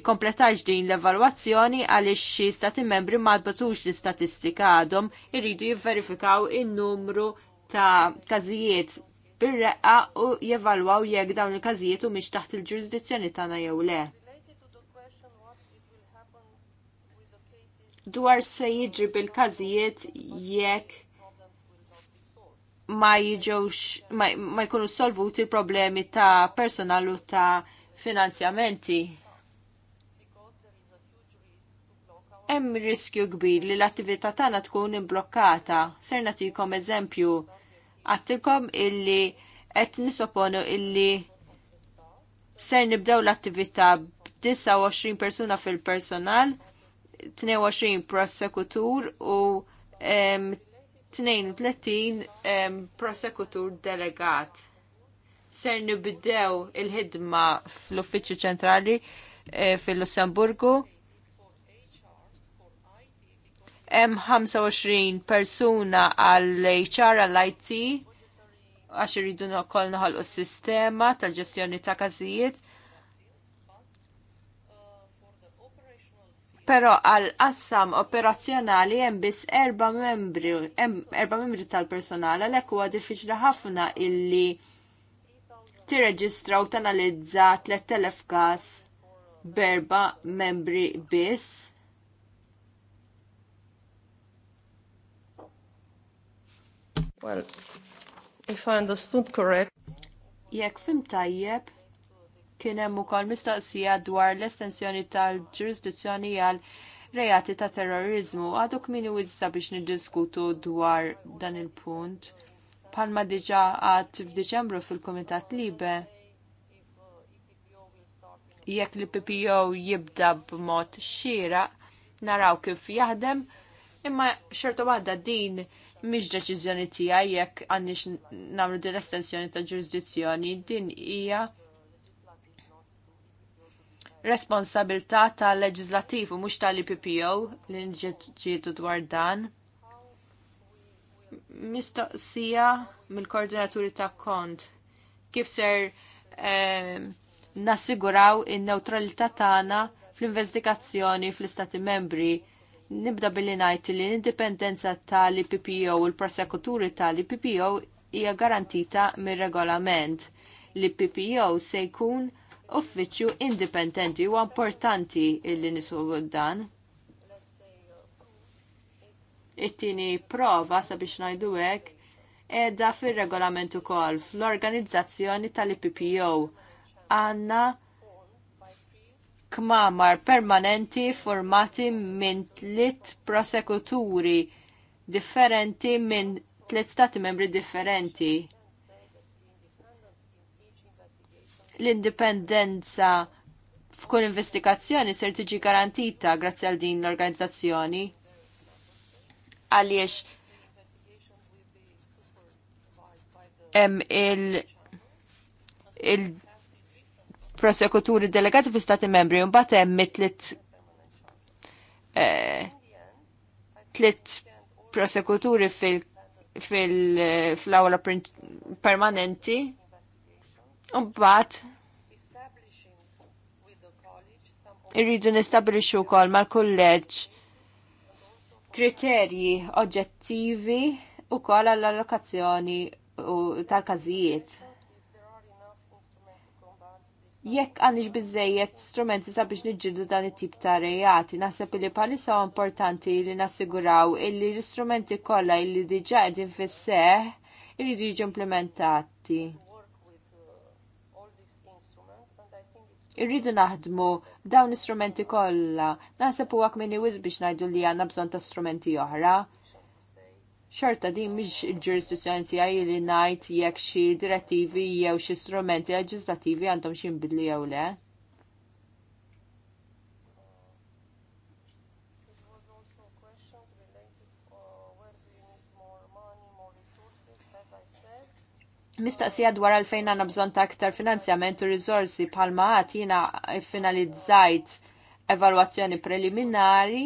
ikkompletax din l-evalwazzjoni għaliex xi stati membri ma tbatux l-istatistika għadhom irridu jivverifikaw in-numru ta' każijiet bir-reqqa u jevalwaw jekk dawn il-każijiet u mhix taħt il-ġurisdizzjoni tagħna jew le. dwar se jiġri bil-każijiet jekk ma jiġux ma, ma jkunu solvuti problemi ta' personal u ta' finanzjamenti. Hemm riskju kbir li l-attività tagħna tkun imblokkata. Ser nagħtikom eżempju għattilkom illi qed nisoponu illi ser nibdew l-attività b'29 persuna fil-personal 22 prosecutor u 32 prosekutur delegat. Ser nibdew il-ħidma fl-Uffiċċju Ċentrali eh, fil-Lussemburgu. Hemm 25 persuna għall-HR għall-IT għax irridu kol noħolqu s-sistema tal-ġestjoni ta' każijiet Pero għal qassam operazzjonali hemm biss erba membri, erba membri tal-personal, għalhekk huwa diffiċli ħafna illi tirreġistra u tanalizza 3000 każ berba membri biss. Well, if I understood correct. Jekk fim tajjeb, Kien hemm ukoll mistoqsija dwar l-estensjoni tal-ġurisdizzjoni għal reati ta' terrorizmu. Għadu kmini wizza biex niddiskutu dwar dan il-punt. Palma diġa għad f'Diċembru fil-Komitat Libe, jekk li PPO jibda b'mod xira, naraw kif jaħdem, imma xertu għadda din mhix deċiżjoni tiegħi jekk għandix nagħmlu din l-estensjoni ta' ġurisdizzjoni, din hija responsabilità tal-leġislativ u mhux tal-IPPO li nġietu dwar dan. Mistoqsija mill-koordinaturi ta' kont kif ser eh, nassiguraw in-neutralità tagħna fl-investigazzjoni fl-Istati membri nibda billi najt li l-indipendenza tal-IPPO u l-prosekuturi tal-IPPO hija garantita mir-regolament. L-IPPO se jkun uffiċċju indipendenti u importanti illi nisu dan. It-tieni prova sabiex ngħidu hekk edha fir-regolament ukoll fl-organizzazzjoni tal-IPPO għandna kmamar permanenti formati minn tliet prosekuturi differenti minn tliet stati membri differenti l-indipendenza f'kull investigazzjoni ser tiġi garantita grazzi għal din l-organizzazzjoni. Għaliex hemm il il prosekuturi delegati fi stati membri un bat hemm mitlit eh, tlit prosekuturi fil fil-awla permanenti U irridu nistabilixu kol mal-kulleġ kriterji oġġettivi u kol għall-allokazzjoni tal-kazijiet. Jekk għandix bizzejiet strumenti sabiex nġildu dan it-tip ta' rejati, naħseb li bħalissa importanti li nassiguraw illi l-istrumenti kollha illi diġa qegħdin fis-seħ irridu jiġu implementati. irridu naħdmu dawn istrumenti kollha. Naħseb huwa kmini wiz biex ngħidu li għandna bżonn ta' strumenti oħra. Xorta din mhix il-ġurisdizzjoni tiegħi li ngħid jekk xi direttivi jew xi strumenti leġislattivi għandhom xi jinbidli jew le. Mistaqsija dwar għalfejn għanna bżon ta' aktar finanzjament u rizorsi palma għat jina finalizzajt evalwazzjoni preliminari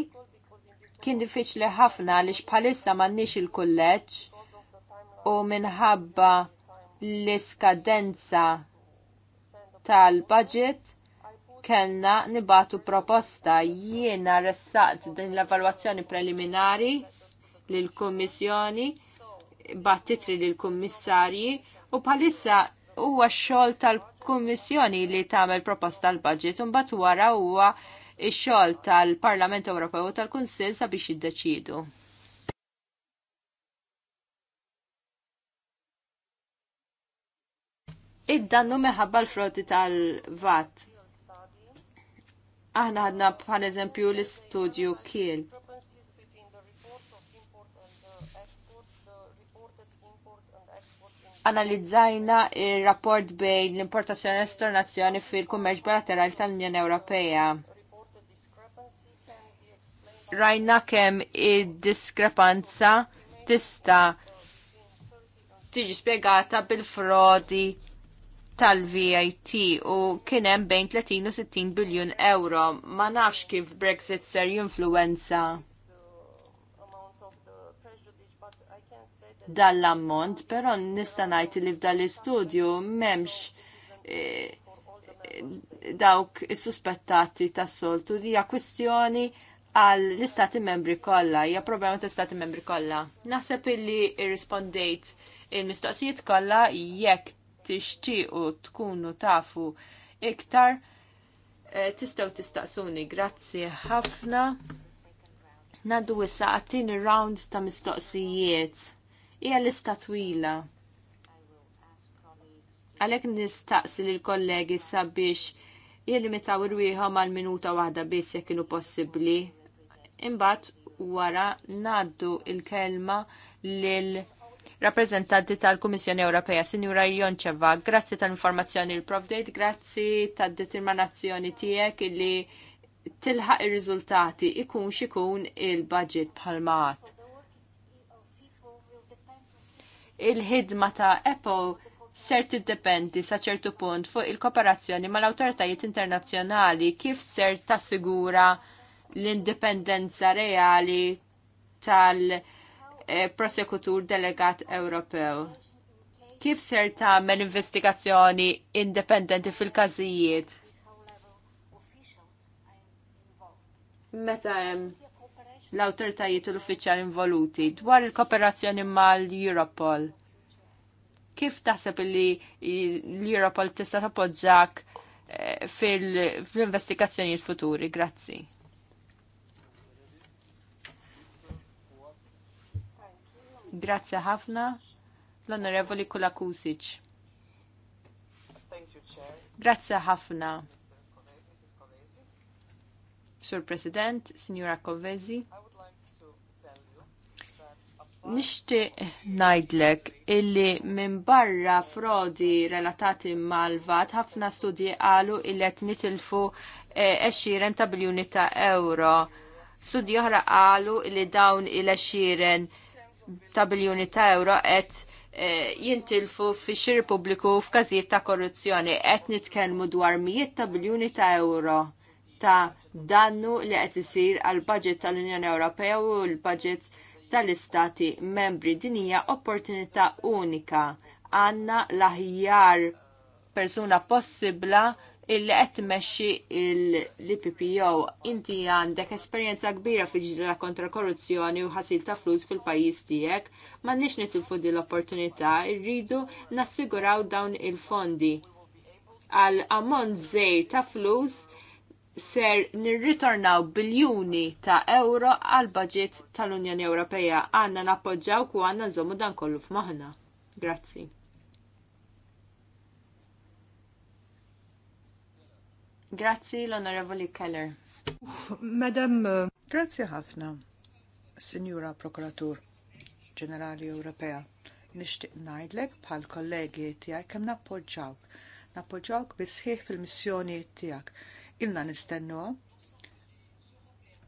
kien diffiċli ħafna li xbħalissa mannix il-kulleġġ u minħabba l-iskadenza tal-budget kellna nibatu proposta jiena ressaqt din l-evalwazzjoni preliminari lill-Kummissjoni battitri lill-Kummissarji U bħalissa huwa x-xogħol tal-Kummissjoni li tagħmel proposta tal-budget u mbagħad wara huwa x-xogħol tal-Parlament Ewropew u tal-Kunsill sabiex jiddeċiedu. Id-dannu meħabba l-frodi tal-VAT. Aħna ħadna bħal eżempju l-istudju kiel analizzajna il-rapport bejn l-importazzjoni u esternazzjoni fil-kummerċ bilaterali tal-Unjoni Ewropea. Rajna kemm id-diskrepanza tista' tiġi spiegata bil-frodi tal-VAT u kien hemm bejn 30 u 60 biljun euro. Ma nafx kif Brexit ser jinfluwenza dan l-ammont, però nista' ngħid li f'dan l-istudju m'hemmx e, dawk is-suspettati tas-soltu hija kwistjoni għal l-istati membri kollha, hija problema ta' istati membri kollha. Naħseb illi irrispondejt il-mistoqsijiet kollha jekk tixtiequ tkunu tafu iktar e, tistgħu tistaqsuni. Grazzi ħafna. Naddu issa għattin round ta' mistoqsijiet hija lista twila. Għalhekk nistaqsi lill kollegi sabiex jelimitaw irwiħom għal minuta waħda biss jekk kienu possibbli. Imbagħad wara ngħaddu il-kelma lil rappresentanti tal-Kummissjoni Ewropea, Sinjura Jonċeva, grazzi tal-informazzjoni l-Prof Date, grazzi tad-determinazzjoni tiegħek illi tilħaq ir-riżultati ikun xikun il-budget palmat il-ħidma ta' Apple ser tiddependi sa' ċertu punt fuq il-kooperazzjoni mal awtoritajiet internazzjonali kif ser tassigura l-indipendenza reali tal-prosekutur delegat Ewropew. Kif ser tagħmel investigazzjoni indipendenti fil-każijiet? Meta hemm l-autoritajiet u l-uffiċjal involuti dwar il-kooperazzjoni mal-Europol. Kif taħseb li l-Europol tista' tappoġġak eh, fil-investigazzjonijiet futuri? Grazzi. Grazzi ħafna l-Onorevoli Kula Kusic. Grazzi ħafna. Sur President, Signora Covesi. Nixtieq ngħidlek illi minn barra frodi relatati mal-vat ħafna studji qalu illi qed nitilfu eċxiren eh, ta' biljuni ta' euro. Studji oħra qalu illi dawn il eċxiren ta' biljuni ta' euro qed eh, jintilfu fi xir publiku f'każijiet ta' korruzzjoni qed nitkellmu dwar mijiet ta' biljuni ta' euro ta' dannu li qed isir għal budget tal-Unjoni Ewropea u l-budget tal-istati membri. Din hija opportunità unika għandna l-aħjar persuna possibbla illi qed tmexxi l-IPPO. Inti għandek esperjenza kbira fi ġdra kontra korruzzjoni u ħasil ta' flus fil-pajjiż tiegħek, m'għandniex nitilfu din l-opportunità, irridu nassiguraw dawn il-fondi għal ammont żej ta' flus ser nirritornaw biljuni ta' euro għal budget tal-Unjoni Ewropea għanna nappoġġaw ku għanna nżommu dan kollu f'maħna. Grazzi. Grazzi l-Onorevoli Keller. Madam, eh, grazzi ħafna, Signora Prokuratur Ġenerali Ewropea. Nixtieq ngħidlek bħal kollegi tiegħek kemm nappoġġawk. Nappoġġawk bisħiħ fil-missjoni tiegħek ilna nistennu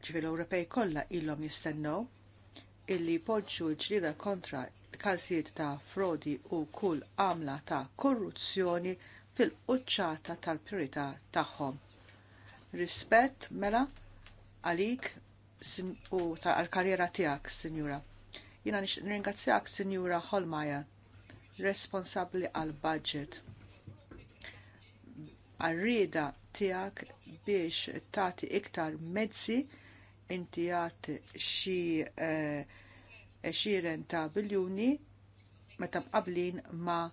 ċivil Ewropej kollha ilhom jistennew illi poġġu l-ġlida kontra każijiet ta' frodi u kull għamla ta' korruzzjoni fil-quċċata tal-priorità tagħhom. Rispett mela għalik u tal-karriera tiegħek, Sinjura. Jiena nirringrazzjak, Sinjura Holmaja, responsabbli għall budget għarrida tijak biex tati iktar mezzi inti għat xie uh, xiren ta' biljuni meta qablin ma'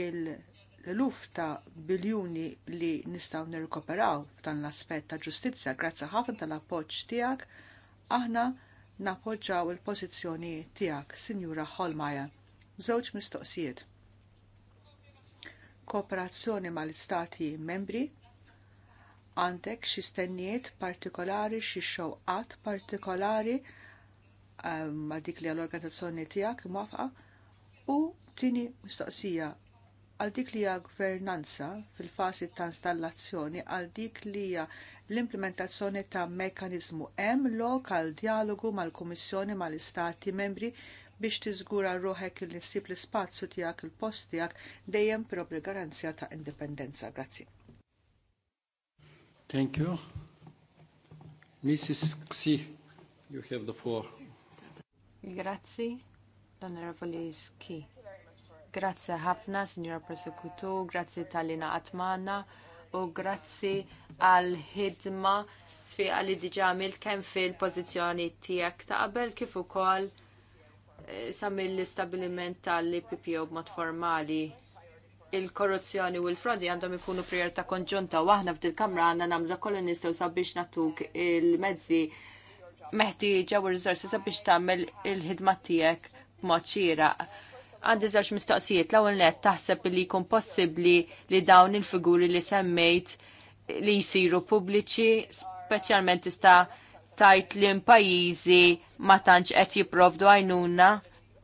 il-luf ta' biljuni li nistaw nirkoperaw f'dan l-aspett ta' ġustizzja grazzi ħafna tal-appoġġ tiegħek aħna napoġġaw il-pożizzjoni tiegħek, Sinjura Holmaja. Żewġ mistoqsijiet. Kooperazzjoni mal-Istati membri għandek xi stennijiet partikolari, xi xewqat partikolari um, ma' dik li għall-organizzazzjoni tiegħek imwafqa u tini mistoqsija għal dik li hija gvernanza fil-fasi ta' installazzjoni għal dik li hija l-implementazzjoni ta' mekkaniżmu hemm lok għal dialogu mal-Kummissjoni mal-Istati membri biex tiżgura ruħek il-nisib l ispazju tiegħek il-post tiegħek dejjem propri garanzja ta' indipendenza. Grazzi. Thank you. Mrs. Xi, you have the floor. Grazzi, l'onorevole Xi. Ski. Grazzi ħafna, Signora Prosekutu, grazzi tal-lina għatmana u grazzi għal-ħidma sfiqa li diġa għamil kemm fil-pozizjoni tijak ta' qabel kif ukoll eh, sammil l-istabiliment tal-PPO b'mod formali il-korruzzjoni u l-frodi għandhom ikunu prijorità konġunta u aħna f'dil kamra għandna nagħmlu kollu nistgħu sabiex nagħtuk il-mezzi meħtieġa u r rizorsi sabiex tagħmel il-ħidma tiegħek b'mod xieraq. Għandi żewġ mistoqsijiet l-ewwel nett taħseb li jkun possibbli li dawn il-figuri li semmejt li jsiru pubbliċi, speċjalment tista' tajt li pajjiżi ma tantx qed jipprovdu għajnuna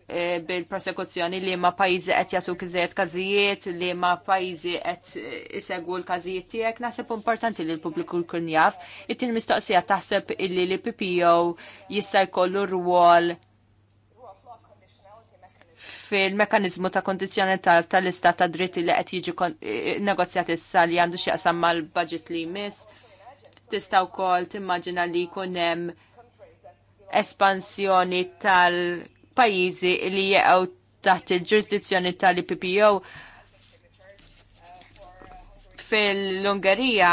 E, bil-prosekuzzjoni li ma pajizi qed jasu kiżejjed każijiet, li ma pajizi qed isegwu l-każijiet tiegħek, naħseb importanti li l-pubbliku jkun jaf. It-tieni mistoqsija taħseb illi li PPO jista' jkollu rwol fil-mekanizmu ta' kondizjoni tal lista ta' dritti li qed jiġi e, e, negozjat issa li għandu xi qasam mal-budget li jmiss. Tista' wkoll timmaġina li jkun hemm espansjoni tal- pajjiżi li jeqgħu taħt il-ġurisdizzjoni tal-IPPO fil-Ungerija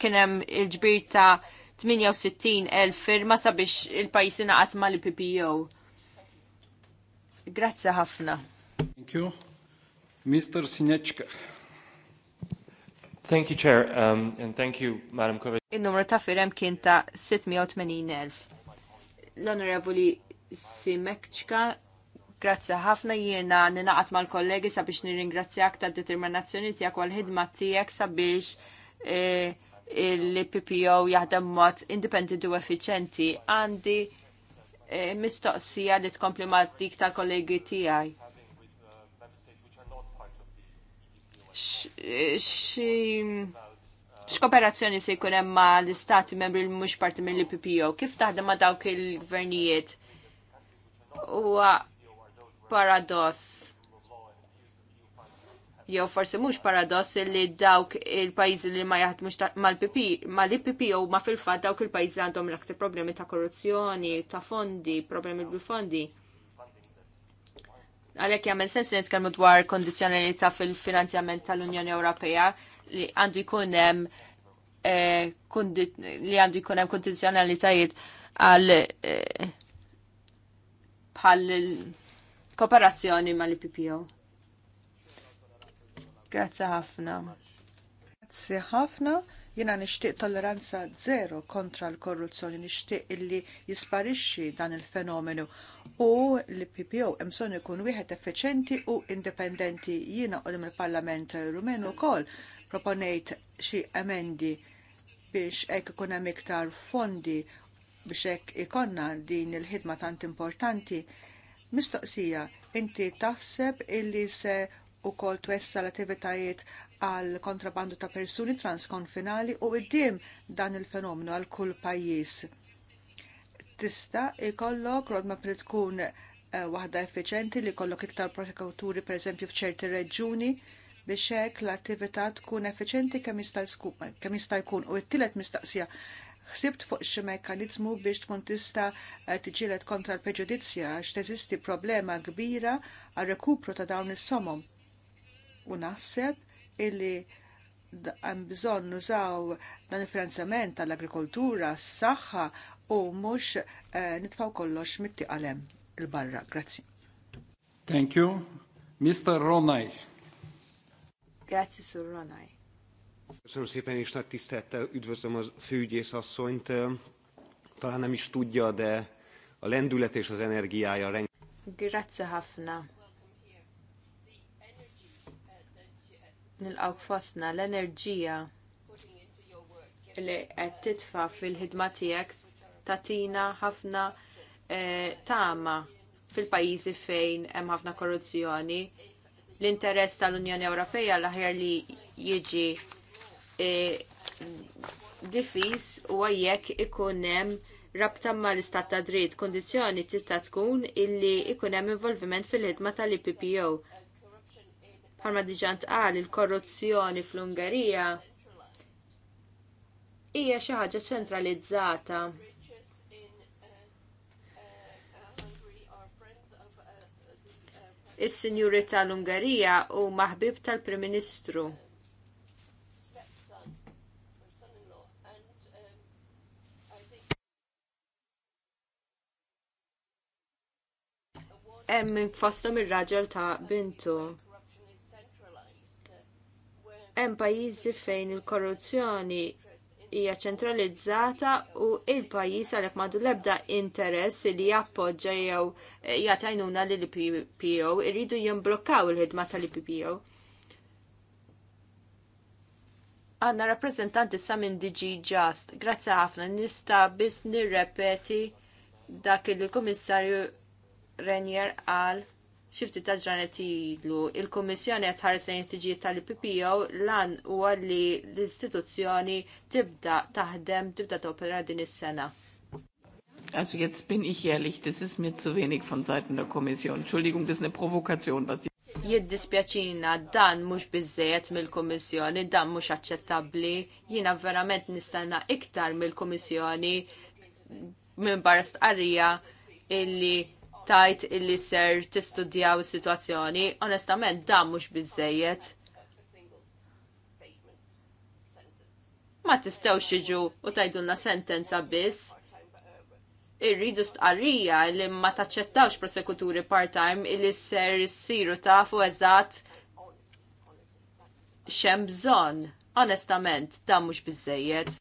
kien hemm il-ġbir ta' 68,000 firma sabiex il-pajis ingħaqad mal-IPPO. Grazzi ħafna. Thank you. Mr. Sinechka. Thank you, Chair, um, and thank you, Madam Kovic. Il-numru ta' firem kien ta' 680,000. L-Onorevoli Simekċka. Grazzi ħafna jiena ninaqat mal-kollegi sabiex nirringrazzjak ta' determinazzjoni tiegħek għal ħidma tiegħek sabiex il-PPO jaħdem mod indipendenti u effiċenti. Għandi mistoqsija li tkompli ma' dik tal-kollegi tiegħi. X'kooperazzjoni se jkun hemm mal istati membri li mhux parti mill-PPO? Kif taħdem ma' dawk il-gvernijiet? huwa paradoss jew forsi mhux paradoss li dawk il-pajjiżi li ma jaħdmux mal-IPP jew ma fil-fatt dawk il-pajjiżi għandhom l-aktar problemi ta' korruzzjoni, ta' fondi, problemi bil-fondi. Għalhekk jagħmel sens li nitkellmu dwar kondizzjonalità fil-finanzjament tal-Unjoni Ewropea li għandu jkun hemm eh, li għandu jkun hemm kondizzjonalitajiet għal eh, bħal kooperazzjoni mal ppo Grazzi ħafna. Grazzi ħafna. Jena nixtieq tolleranza zero kontra l-korruzzjoni, nixtieq illi jisparixxi dan il-fenomenu u l-PPO imson ikun wieħed effiċenti u indipendenti. Jiena qudiem il-Parlament Rumenu wkoll proponejt xi emendi biex hekk ikun hemm iktar fondi biex hekk ikonna din il-ħidma tant importanti. Mistoqsija, inti taħseb illi se wkoll twessa l-attivitajiet għal kontrabandu ta' persuni transkonfinali u id dan il-fenomenu għal kull pajjiż. Tista' ikollok rod ma' tkun eh, waħda effiċenti li jkollok iktar prosekuturi pereżempju f'ċerti reġuni biex hekk l-attività tkun effiċenti kemm jista' jkun. U t-tielet mistaqsija xsibt fuq xi mekkaniżmu biex tkun tista' tiġilet kontra l-preġudizzja għax teżisti problema kbira għal rekupru ta' dawn is-somom. U naħseb illi hemm bżonn nużaw dan il-finanzjament tal-agrikoltura, s-saħħa u mhux eh, nitfgħu nitfaw kollox mit-tiqalem il-barra. Grazzi. Thank you. Mr. Ronaj. Grazzi, Sur Ronaj. Köszönöm szépen, és nagy tisztelettel üdvözlöm a főügyész asszonyt. Talán nem is tudja, de a lendület és az energiája rengeteg. Grazzi ħafna. Nilqawk fostna l-enerġija li qed titfa' fil-ħidma tiegħek tatina ħafna e, tama fil pajizi fejn hemm ħafna korruzzjoni. L-interess tal-Unjoni Ewropea l-aħjar li jiġi E, diffis u għajjek ikunem rabta ma l-istat ta' dritt. Kondizjoni tista' tkun illi ikunem involviment fil-ħidma tal-IPPO. Palma diġant qal il-korruzzjoni fl-Ungarija hija xi ħaġa ċentralizzata. Is-Sinjuri tal-Ungarija u maħbib tal-Prim Ministru. hemm fosthom ir-raġel ta' bintu. Hemm pajjiżi fejn il-korruzzjoni hija ċentralizzata u il-pajjiż għalhekk m'għandu l-ebda interess li jappoġġa jew jagħtajnuna lil PPO irridu jimblokkaw il-ħidma tal-PPO. Għanna rappresentanti sa minn DG Just, grazzi ħafna nista biss nirrepeti dak il-Kummissarju Renier għal xifti ta' ġranet jidlu. il komissjoni għat ħarsajn tiġi tal-PPO lan u li l-istituzzjoni tibda taħdem, tibda topera din is-sena. Also jetzt bin ich ehrlich, das ist mir zu wenig von Seiten der Kommission. Entschuldigung, das ist eine Provokation, was jiddispjaċina dan mhux biżejjed mill-Kummissjoni, dan mhux aċċettabbli. Jiena verament nista'na iktar mill-Kummissjoni minn barra stqarrija illi tajt illi ser tistudjaw is-sitwazzjoni, onestament dan mhux biżejjed. Ma tistgħux tiġu u tajdunna sentenza biss. Irridu stqarrija li ma taċċettawx prosekuturi part-time illi ser issiru tafu eżatt xem bżonn. Onestament, dan mhux biżejjed.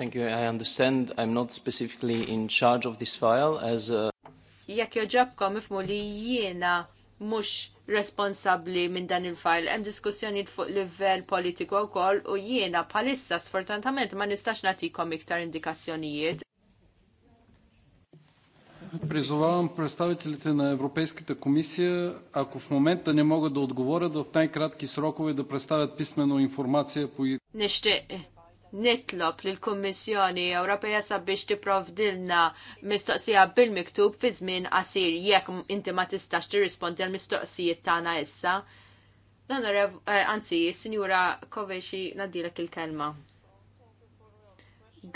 Thank you. I understand I'm not specifically in charge of this file as a... Jekk joġobkom ifmu li jiena mhux responsabbli minn dan il file Hemm diskussjoni fuq livell politiku wkoll u jiena bħalissa sfortunatament ma nistax nagħtikom iktar indikazzjonijiet. Призовавам представителите на Европейската комисия, ако в момента не могат да отговорят, в най-кратки срокове да представят писмено информация по... Нещи nitlob lill kummissjoni Ewropea sabiex tipprovdilna mistoqsija bil-miktub fi żmien qasir jekk inti ma tistax tirrispondi għall mistoqsijiet tagħna issa. L-onorev, eh, anzi, Sinjura Koveċi, nadilek il-kelma.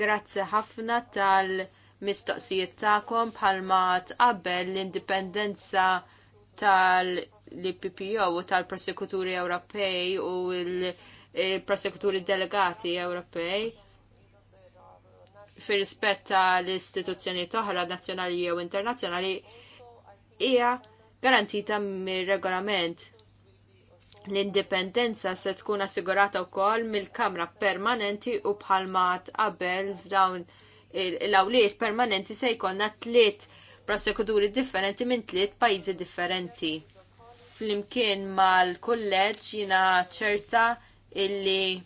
Grazzi ħafna tal-mistoqsijiet tagħkom bħalma tqabbel l-indipendenza tal ippo u tal-Prosekuturi Ewropej u l- il-prosekuturi delegati Ewropej fir rispetta l-istituzzjoni toħra nazzjonali jew internazzjonali hija garantita mir-regolament. L-indipendenza se tkun assigurata wkoll mill-Kamra Permanenti u bħalma qabel f'dawn l-awliet permanenti se jkollna tliet prosekuturi differenti minn tliet pajjiżi differenti. Flimkien mal-kulleġġ jiena ċerta illi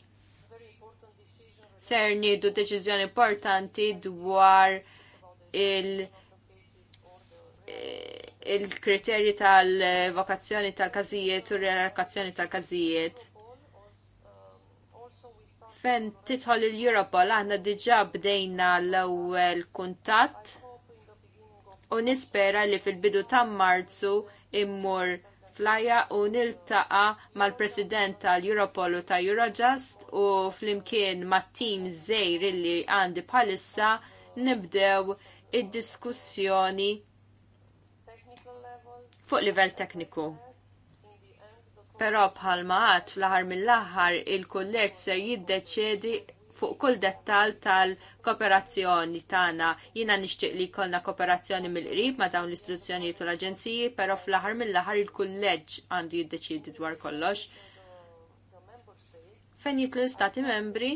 ser nidu deċiżjoni importanti dwar il- il-kriterji tal-vokazzjoni tal-każijiet u relokazzjoni tal-każijiet. Fen titħol il-Europol aħna diġà bdejna l-ewwel kuntatt u nispera li fil-bidu ta' Marzu immur flaja u niltaqa mal-president tal-Europol u ta' Eurojust u flimkien mat-tim zejr illi għandi bħalissa nibdew id-diskussjoni fuq livell tekniku. Però bħalma għad fl-aħħar mill-aħħar il-kulleġġ ser jiddeċiedi fuq kull dettal tal-kooperazzjoni tagħna. Jiena nixtieq li jkollna kooperazzjoni mill-qrib ma' dawn l-istituzzjonijiet u l-aġenziji, però fl-aħħar mill-aħħar il-kulleġġ għandu jiddeċiedi dwar kollox. Fejn jitlu l-istati membri?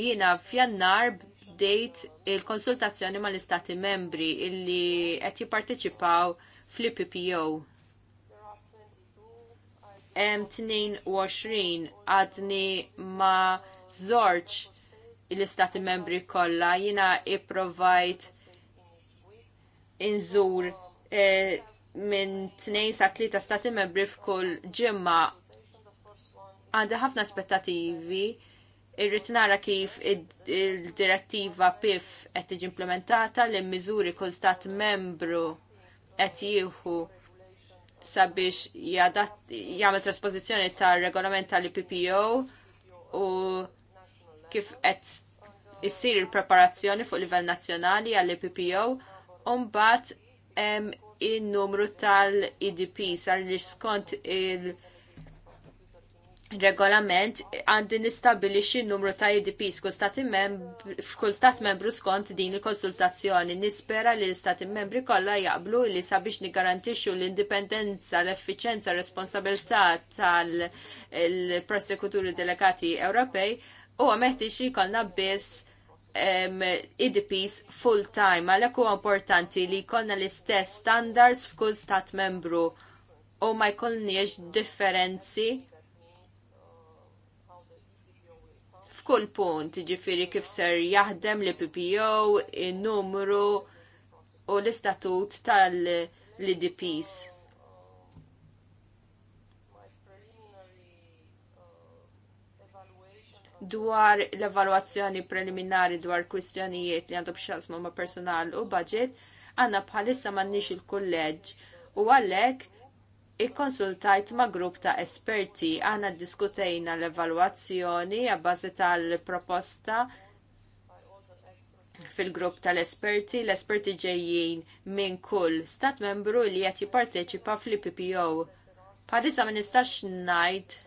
Jiena f'jannar bdejt il-konsultazzjoni mal istati membri illi qed jipparteċipaw fl-IPPO. Hemm 22 għadni ma żorġ l-istati membri kollha jina ipprovajt inżur eh, minn tnejn sa tlieta stati membri f'kull ġimma għandha ħafna aspettativi irrid nara kif il-direttiva PIF qed tiġi implementata li miżuri kull stat membru qed jieħu sabiex jagħmel trasposizzjoni tar-regolament tal-PPO u kif qed issir il-preparazzjoni fuq livell nazzjonali għall ppo u mbagħad in-numru tal-IDP sar li skont il- regolament għandi nistabilixi numru ta' IDPs f'kull stat membru skont din il-konsultazzjoni. Nispera li l-stati membri kollha jaqblu li sabiex nigarantixxu l-indipendenza, l-effiċenza, responsabilità tal-prosekuturi delegati Ewropej u għameħtix xie kollna biss um, IDPs full-time, għalhekk huwa importanti li jkollna l-istess standards f'kull stat membru u ma jkollniex differenzi f'kull punt, ġifiri kif ser jaħdem li PPO, il-numru u l-istatut tal-LDPs. dwar l-evaluazzjoni preliminari dwar kwistjonijiet li għandhom xasma ma' personal u budget, għanna bħalissa mannix il-kolleġ u għallek ikkonsultajt ma' grupp ta' esperti għana diskutejna l-evalwazzjoni għabbażi tal-proposta fil-grupp tal-esperti, l-esperti ġejjin minn kull stat membru li qed jipparteċipa fl-PPO. Parisa ma nistax ngħid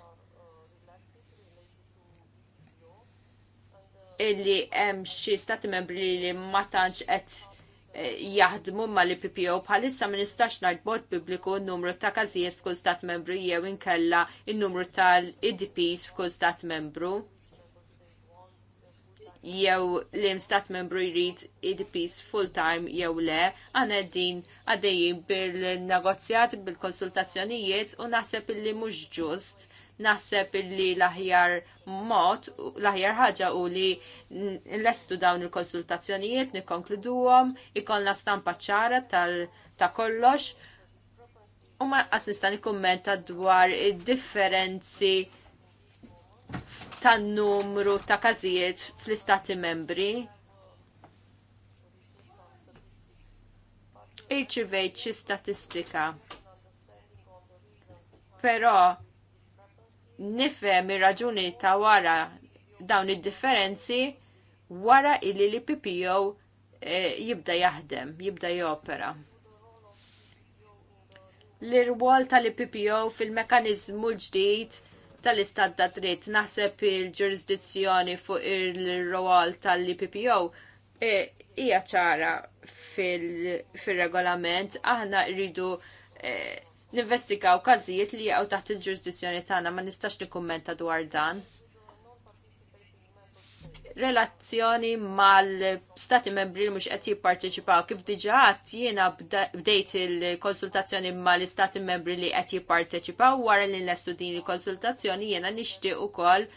illi hemm xi stati membri li ma tantx qed jaħdmu ma li PPO bħalissa ma nistax ngħid bord pubbliku n-numru ta' każijiet f'kull stat membru jew inkella n-numru tal-IDPs f'kull stat membru. Jew li stat membru jrid IDPs full-time jew le, għana din għaddejjin bil-negozjat, bil-konsultazzjonijiet u naħseb illi mhux ġust naħseb illi l-aħjar mod, l-aħjar ħaġa u li l-estu dawn il-konsultazzjonijiet, nikonkluduhom, la stampa ċara ta' kollox. U ma għas nista' nikkummenta dwar id-differenzi tan numru ta' każijiet fl-istati membri. Irċivejt xi statistika. Però nifhem ir-raġuni ta' wara dawn id-differenzi wara illi li PPO eh, jibda jaħdem, jibda jopera. L-irwol tal-PPO fil-mekanizmu l-ġdid tal-istat da dritt naħseb il-ġurisdizzjoni fuq il-rwol tal-PPO eh, hija ċara fil-regolament aħna rridu eh, Nivestigaw każijiet li jgħu taħt il-ġurisdizzjoni tagħna ma nistax nikkummenta dwar dan. Relazzjoni mal-stati membri li mhux qed jipparteċipaw kif diġà jiena bdejt il-konsultazzjoni mal-istati membri li qed jipparteċipaw wara li nlestu din il-konsultazzjoni jiena nixtieq ukoll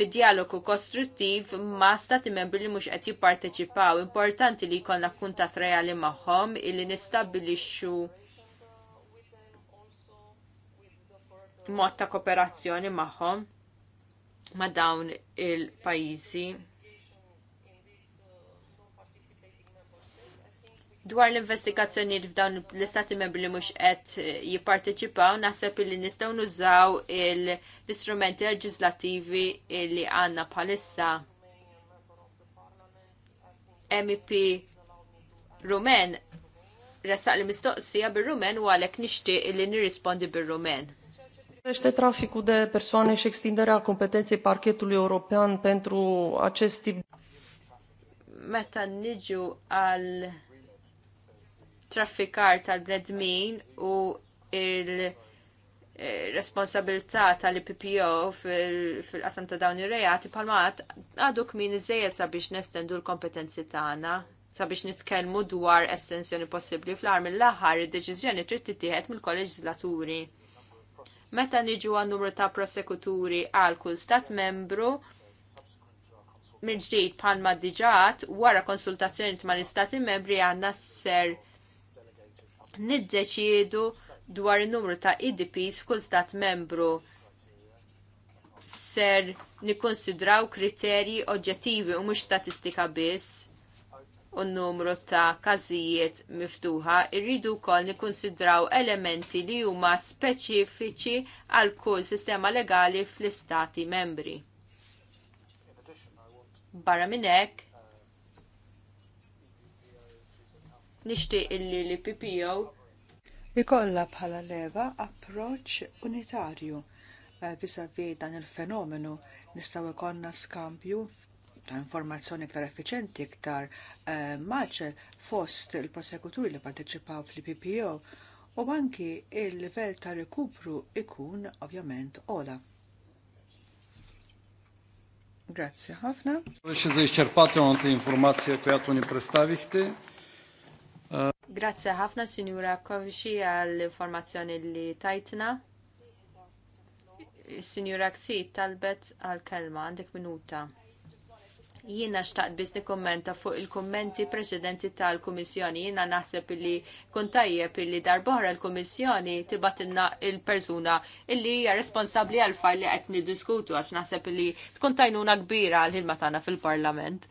b'dialogu kostruttiv ma' stati membri li mhux qed jipparteċipaw. Importanti li jkollna kuntat reali magħhom illi nistabbilixxu mod ta' kooperazzjoni magħhom ma' dawn il-pajjiżi. Dwar l-investigazzjonijiet f'dawn l-istati membri li mhux qed jipparteċipaw, naħseb li nistgħu nużaw l-istrumenti leġislattivi li għandna bħalissa. MEP Rumen resaq li mistoqsija bil-Rumen u għalhekk nixtieq li nirrispondi bil-Rumen. Crește traficul de persoane și extinderea competenței parchetului european pentru acest tip. Meta niġu għal traffikar tal-bnedmin u il-responsabilità eh, tal-PPO fil-qasam ta' dawn ir-rejati palmat għadu kmin iżejjed sabiex nestendu l-kompetenzi tagħna sabiex nitkellmu dwar estensjoni possibbli fl-arm l aħħar id-deċiżjoni trid tittieħed mill-kolleġislaturi. Meta niġu għan numru ta' prosekuturi għal kull stat membru, minn ġdid palma diġat, wara konsultazzjoni ma' l-istati membri għanna ser niddeċiedu dwar il-numru ta' IDPs f'kull stat membru ser nikkonsidraw kriterji oġġettivi u mhux statistika biss u n-numru ta' każijiet miftuħa, irridu wkoll nikkunsidraw elementi li huma speċifiċi għal kull sistema legali fl-istati membri. Barra minn hekk, nixtieq illi li PPO ikollha bħala leva approċċ unitarju eh, vis-a-vis dan il-fenomenu nistgħu jkollna skambju ta' informazzjoni iktar effiċenti, iktar eh, fost il-prosekuturi li parteċipaw fl-PPO u anki il-livell ta' rikupru ikun ovvjament ola. Grazie ħafna. Biex Grazie ħafna, Sinjura Kovici, għall-informazzjoni li tajtna. Sinjura Ksi, talbet għal-kelma, għandek minuta. Jiena xtaqt biss nikkommenta fuq il-kummenti preċedenti tal-Kummissjoni. Jiena naħseb li kun tajjeb li darbohra l-Kummissjoni tibatinna il-persuna illi hija responsabbli għal fajl li qed niddiskutu għax naħseb li tkun tajnuna kbira għal ħilma tagħna fil-Parlament.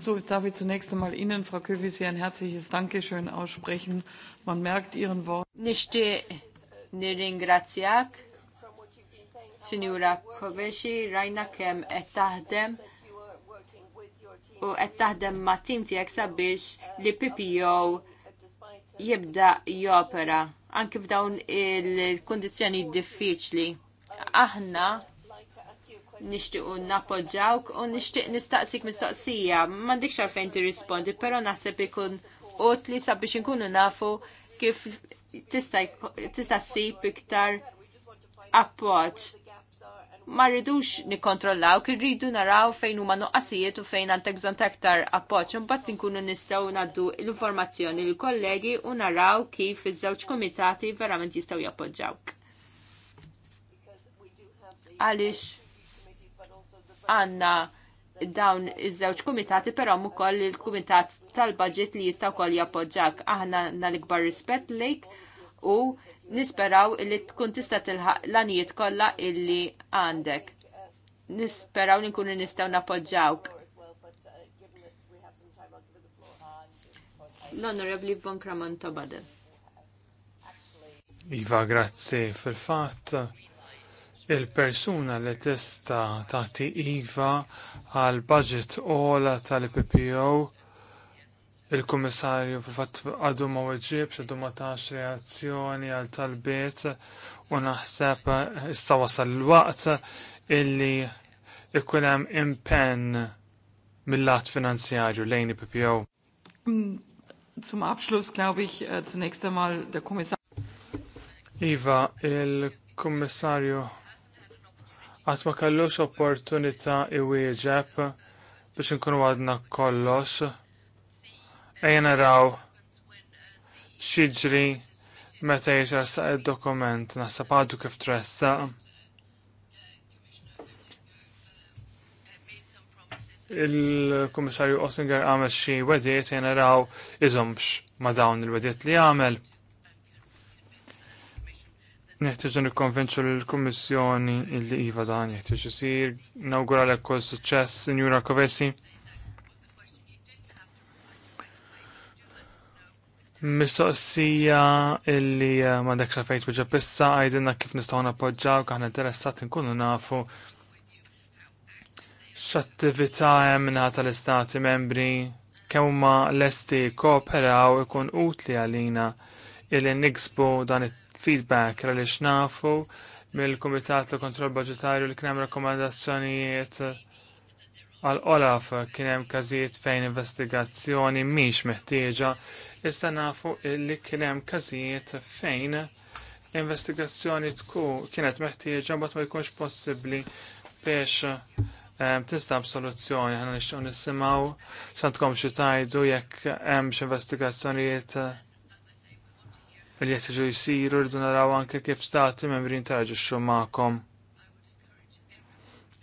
So, jetzt darf ich zunächst einmal Ihnen, Frau Kövis, ein herzliches Dankeschön aussprechen. Man merkt Ihren Worten. Nishti nirringrazzjak, Signora Koveshi, rajna kem et taħdem u qed taħdem ma' tim tiegħek sabiex li PPO jibda jopera anki f'dawn il kundizzjoni diffiċli. Aħna nixtiequ nappoġġawk u nixtieq nistaqsik mistoqsija, m'għandikx għalfejn tirrispondi, però naħseb ikun utli sabiex inkunu nafu kif tista' ssib iktar appoġġ ma rridux nikkontrollaw, kien rridu naraw fejn huma nuqqasijiet u fejn għandek bżonn aktar appoġġ, imbagħad inkunu nistgħu ngħaddu l-informazzjoni l kollegi u naraw kif iż-żewġ komitati verament jistgħu jappoġġawk. Għaliex għandna dawn iż-żewġ kumitati però hemm ukoll il-kumitat tal-budget li jistgħu wkoll jappoġġak. Aħna għandna l-ikbar rispett lejk u nisperaw li tkun tista' tilħaq l-anijiet kollha illi għandek. Nisperaw li nkunu nistgħu napoġġawk. L-Onorevli Von Kramanto Baden. Iva, grazzi. Fil-fatt, il-persuna li tista tagħti Iva għal budget ola tal-PPO il-kummissarju fil-fatt għadu ma weġibx, xaddu ma tax reazzjoni għal talbiet u naħseb issa wasal l-waqt illi ikun hemm impenn mill-lat finanzjarju lejn PPO. Zum Abschluss glaube ich äh, zunächst einmal der Kommissar. Iva, il-Kommissarju għat ma kellux opportunità iwieġeb biex nkunu għadna kollox Ejna naraw xiġri meta jitressaq il-dokument, naħseb għaddu kif tressa. Il-Komissarju Ossinger għamel xi jena raw iżomx ma dawn il wediet li għamel. Neħtieġu nikkonvinċu l-Kummissjoni li iva dan jeħtieġ isir. Nawgura l kull suċċess, Sinjura Kovesi. Mistoqsija illi eh, ma dekx fejt bieġa pissa għajdinna kif nistaw napoġġaw kħan interessat nkunu nafu x'attività hemm minħata tal-istati membri kemm ma lesti kooperaw ikun utli għalina illi niksbu dan it-feedback għaliex nafu mill-Kumitat Kontrol Kontroll Budgetarju li kien hemm rakkomandazzjonijiet għal Olaf kien hemm każijiet fejn investigazzjoni mhix meħtieġa, iżda nafu li kien hemm każijiet fejn investigazzjoni tku kienet meħtieġa mbagħad ma jkunx possibbli biex ehm, tista' soluzzjoni, ħana nixtieq nisimgħu x'għandkom xi tajdu jekk hemm investigazzjonijiet eh, li qed jiġu jsiru rridu naraw anke kif stati membri interaġixxu magħkom.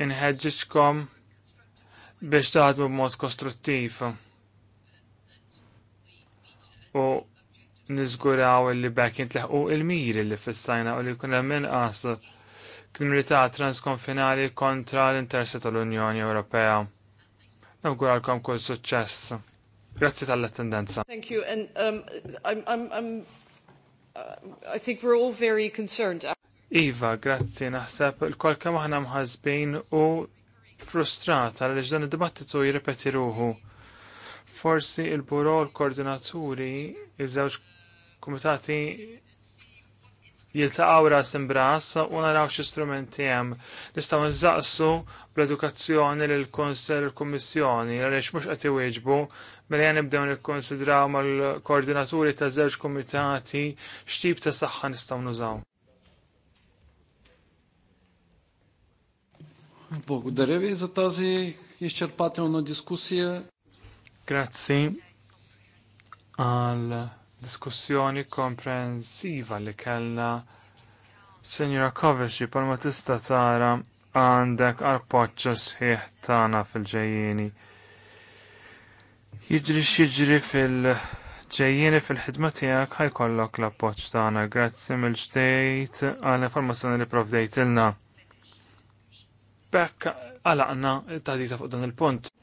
Inħeġġixkom biex taħdmu b'mod kostruttiv. U nizguraw li bekk jintleħqu il-miri li fissajna u li kun hemm inqas kriminalità transkonfinali kontra l-interessi tal-Unjoni Ewropea. Nawguralkom kull suċċess. Grazzi tal-attendenza. Thank you, and um, I'm, I'm, I'm, uh, I think we're all very concerned. Iva, grazzi, naħseb il-kol kemm aħna mħazbin u frustrata li dan id-dibattitu jirrepeti ruħu. Forsi il-buro l-koordinaturi, iż-żewġ komitati jiltaqaw ras imbras u naraw x'istrumenti hemm. Nistgħu nżaqsu bl-edukazzjoni lil konsel l kummissjoni għaliex mhux qed iwieġbu mela jien nibdew nikkonsidraw mal-koordinaturi ta' żewġ komitati x'tip ta' saħħa nistgħu nużaw. Благодаря ви tazi тази изчерпателна Grazzi għal diskussjoni komprensiva li kellna Senjora Kovexi palma tista tara għandek arpoċċa sħiħ tagħna fil-ġejjieni. Jiġri xieġri fil ġejjini fil-ħidma tiegħek ħajkollok l-appoġġ tagħna. Grazzi mill-ġdejt għall informazzjoni li il-na. Bekk għalaqna ta' fuq dan il-punt.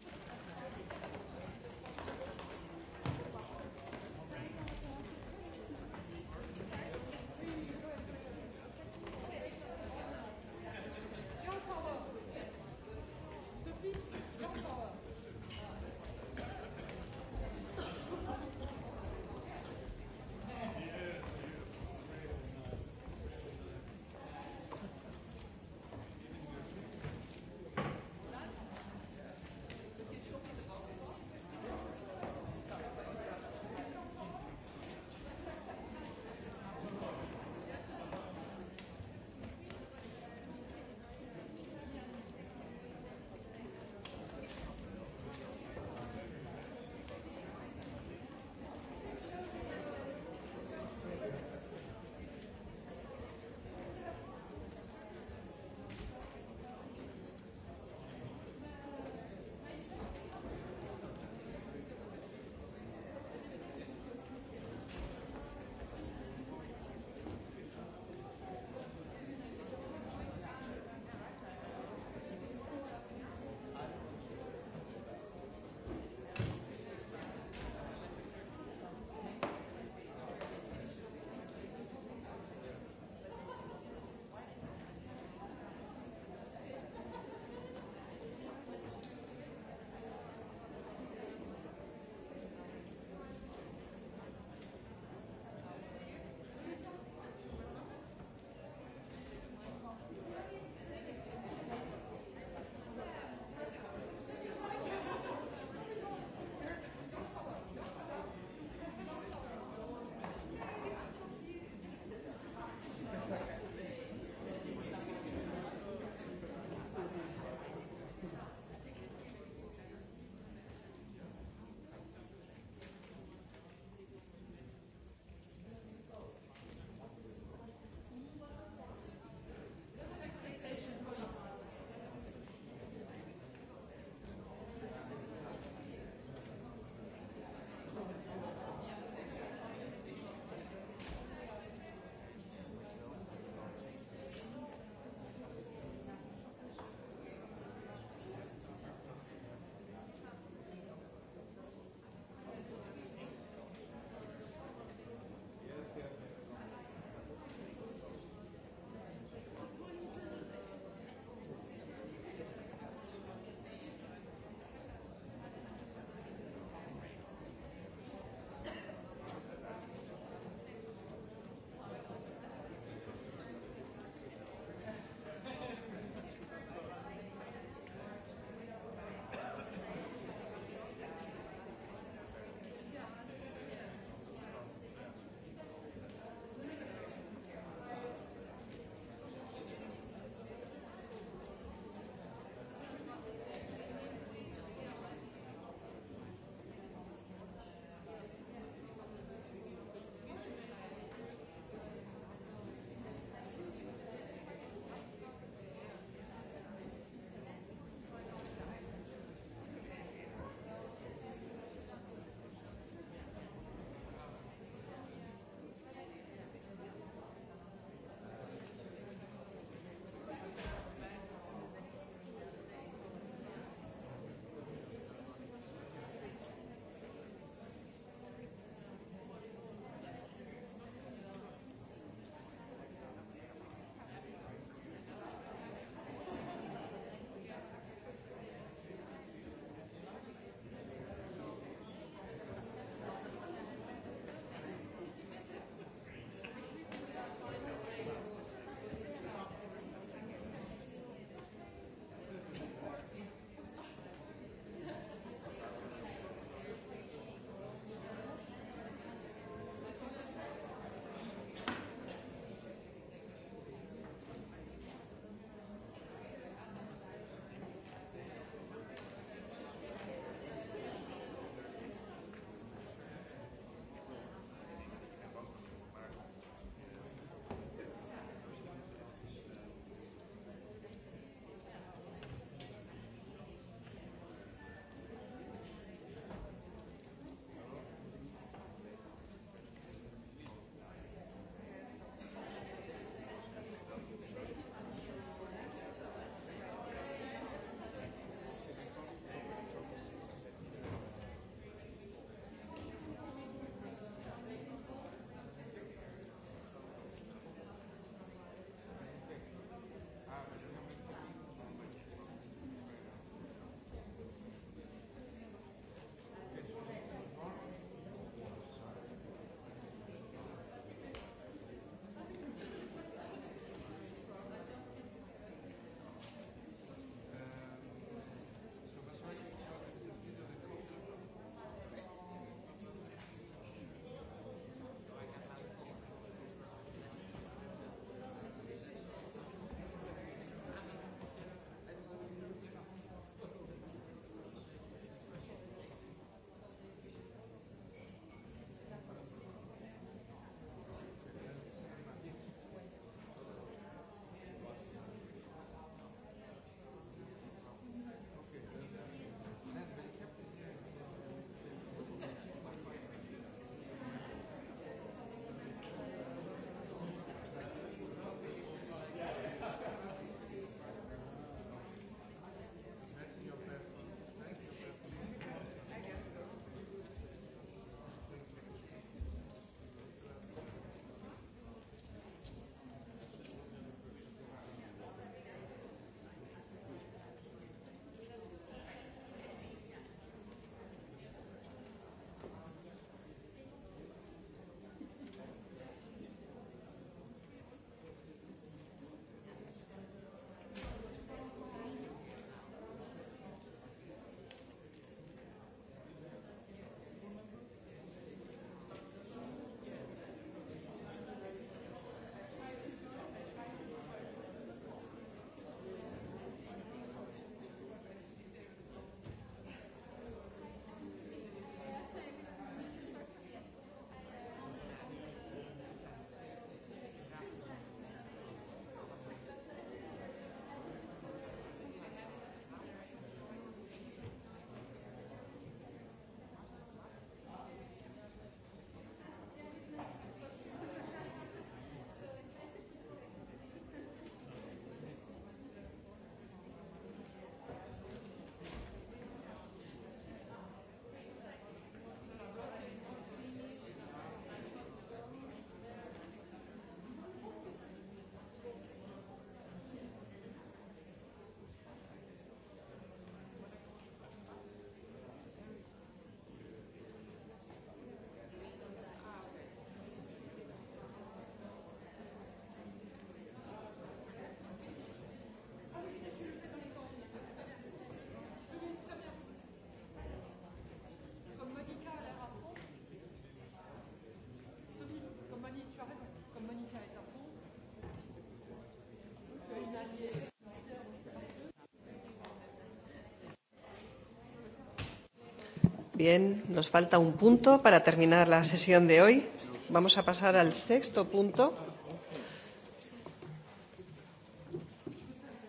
Bien, nos falta un punto para terminar la sesión de hoy. Vamos a pasar al sexto punto.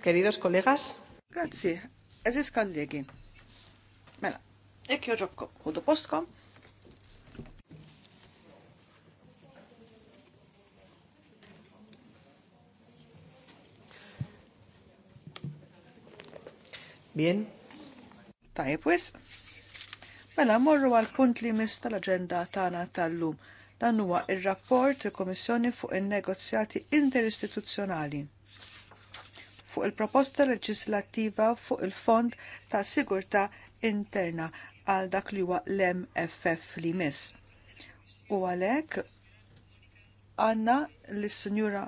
Queridos colegas. Grazie. Eżis kollegi. Mela, ek joġobkom, hudu posto. Bien. Tajib, pues. Mela morru għal punt li mis tal-aġenda tagħna tal-lum. Dan huwa ir-rapport il komissjoni fuq in-negozjati interistituzzjonali fuq il-proposta leġislattiva fuq il-Fond ta' Sigurta Interna għal dak li huwa l-MFF li miss. U għalhekk għandna lis-Sinjura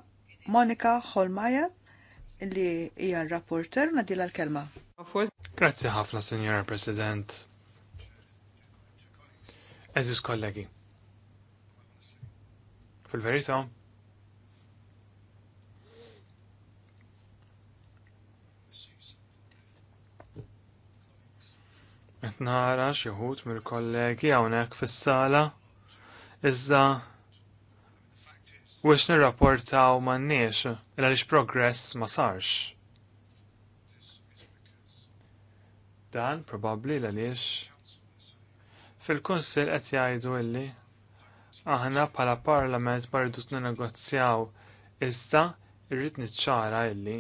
Monika Holmaja li hija rapporter nadila l-kelma. Grazzi ħafna, Sinjora President. Eżis kollegi. fil verita Etnara xieħut mir kollegi hawnhekk fil sala Iżda wiex nirrapportaw m'għandniex il għalix progress ma sarx. Dan probabli l-għalix fil kunsill qed jgħidu illi aħna bħala Parlament ma rridux negozjaw iżda irrid niċċara illi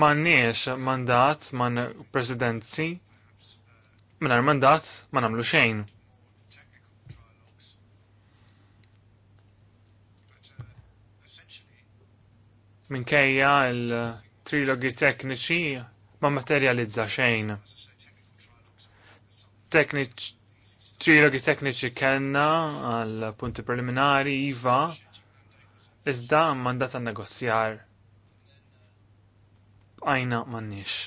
Manniex mandat man presidenzi, minar mandat ma namlu xejn. minkejja il-trilogi tekniċi ma materializza xejn. Tekniċ trilogi tekniċi kellna għal punti preliminari IVA iżda mandat għan negozjar għajna mannix.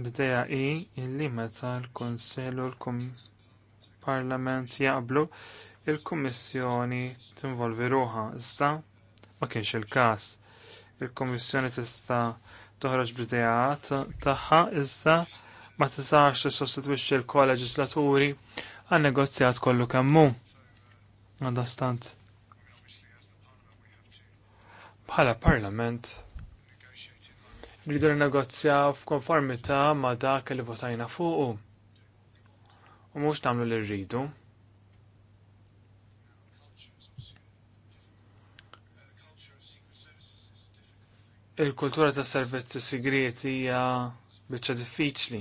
L-ideja i illi meta l konsellu l-Komitat tal-Parlament jaqblu il-Kummissjoni tinvolvi ruħa, iżda ma kienx il-każ. Il-Kummissjoni tista' toħroġ b'idejat tagħha iżda ma tistax tissostitwixxi l-koleġislaturi għan negozjat kollu kemmu. Għandastant. Bħala parlament, rridu negozja f'konformità ma dak li votajna fuqu u mhux tagħmlu li rridu. Il-kultura tas servizzi segreti hija biċċa diffiċli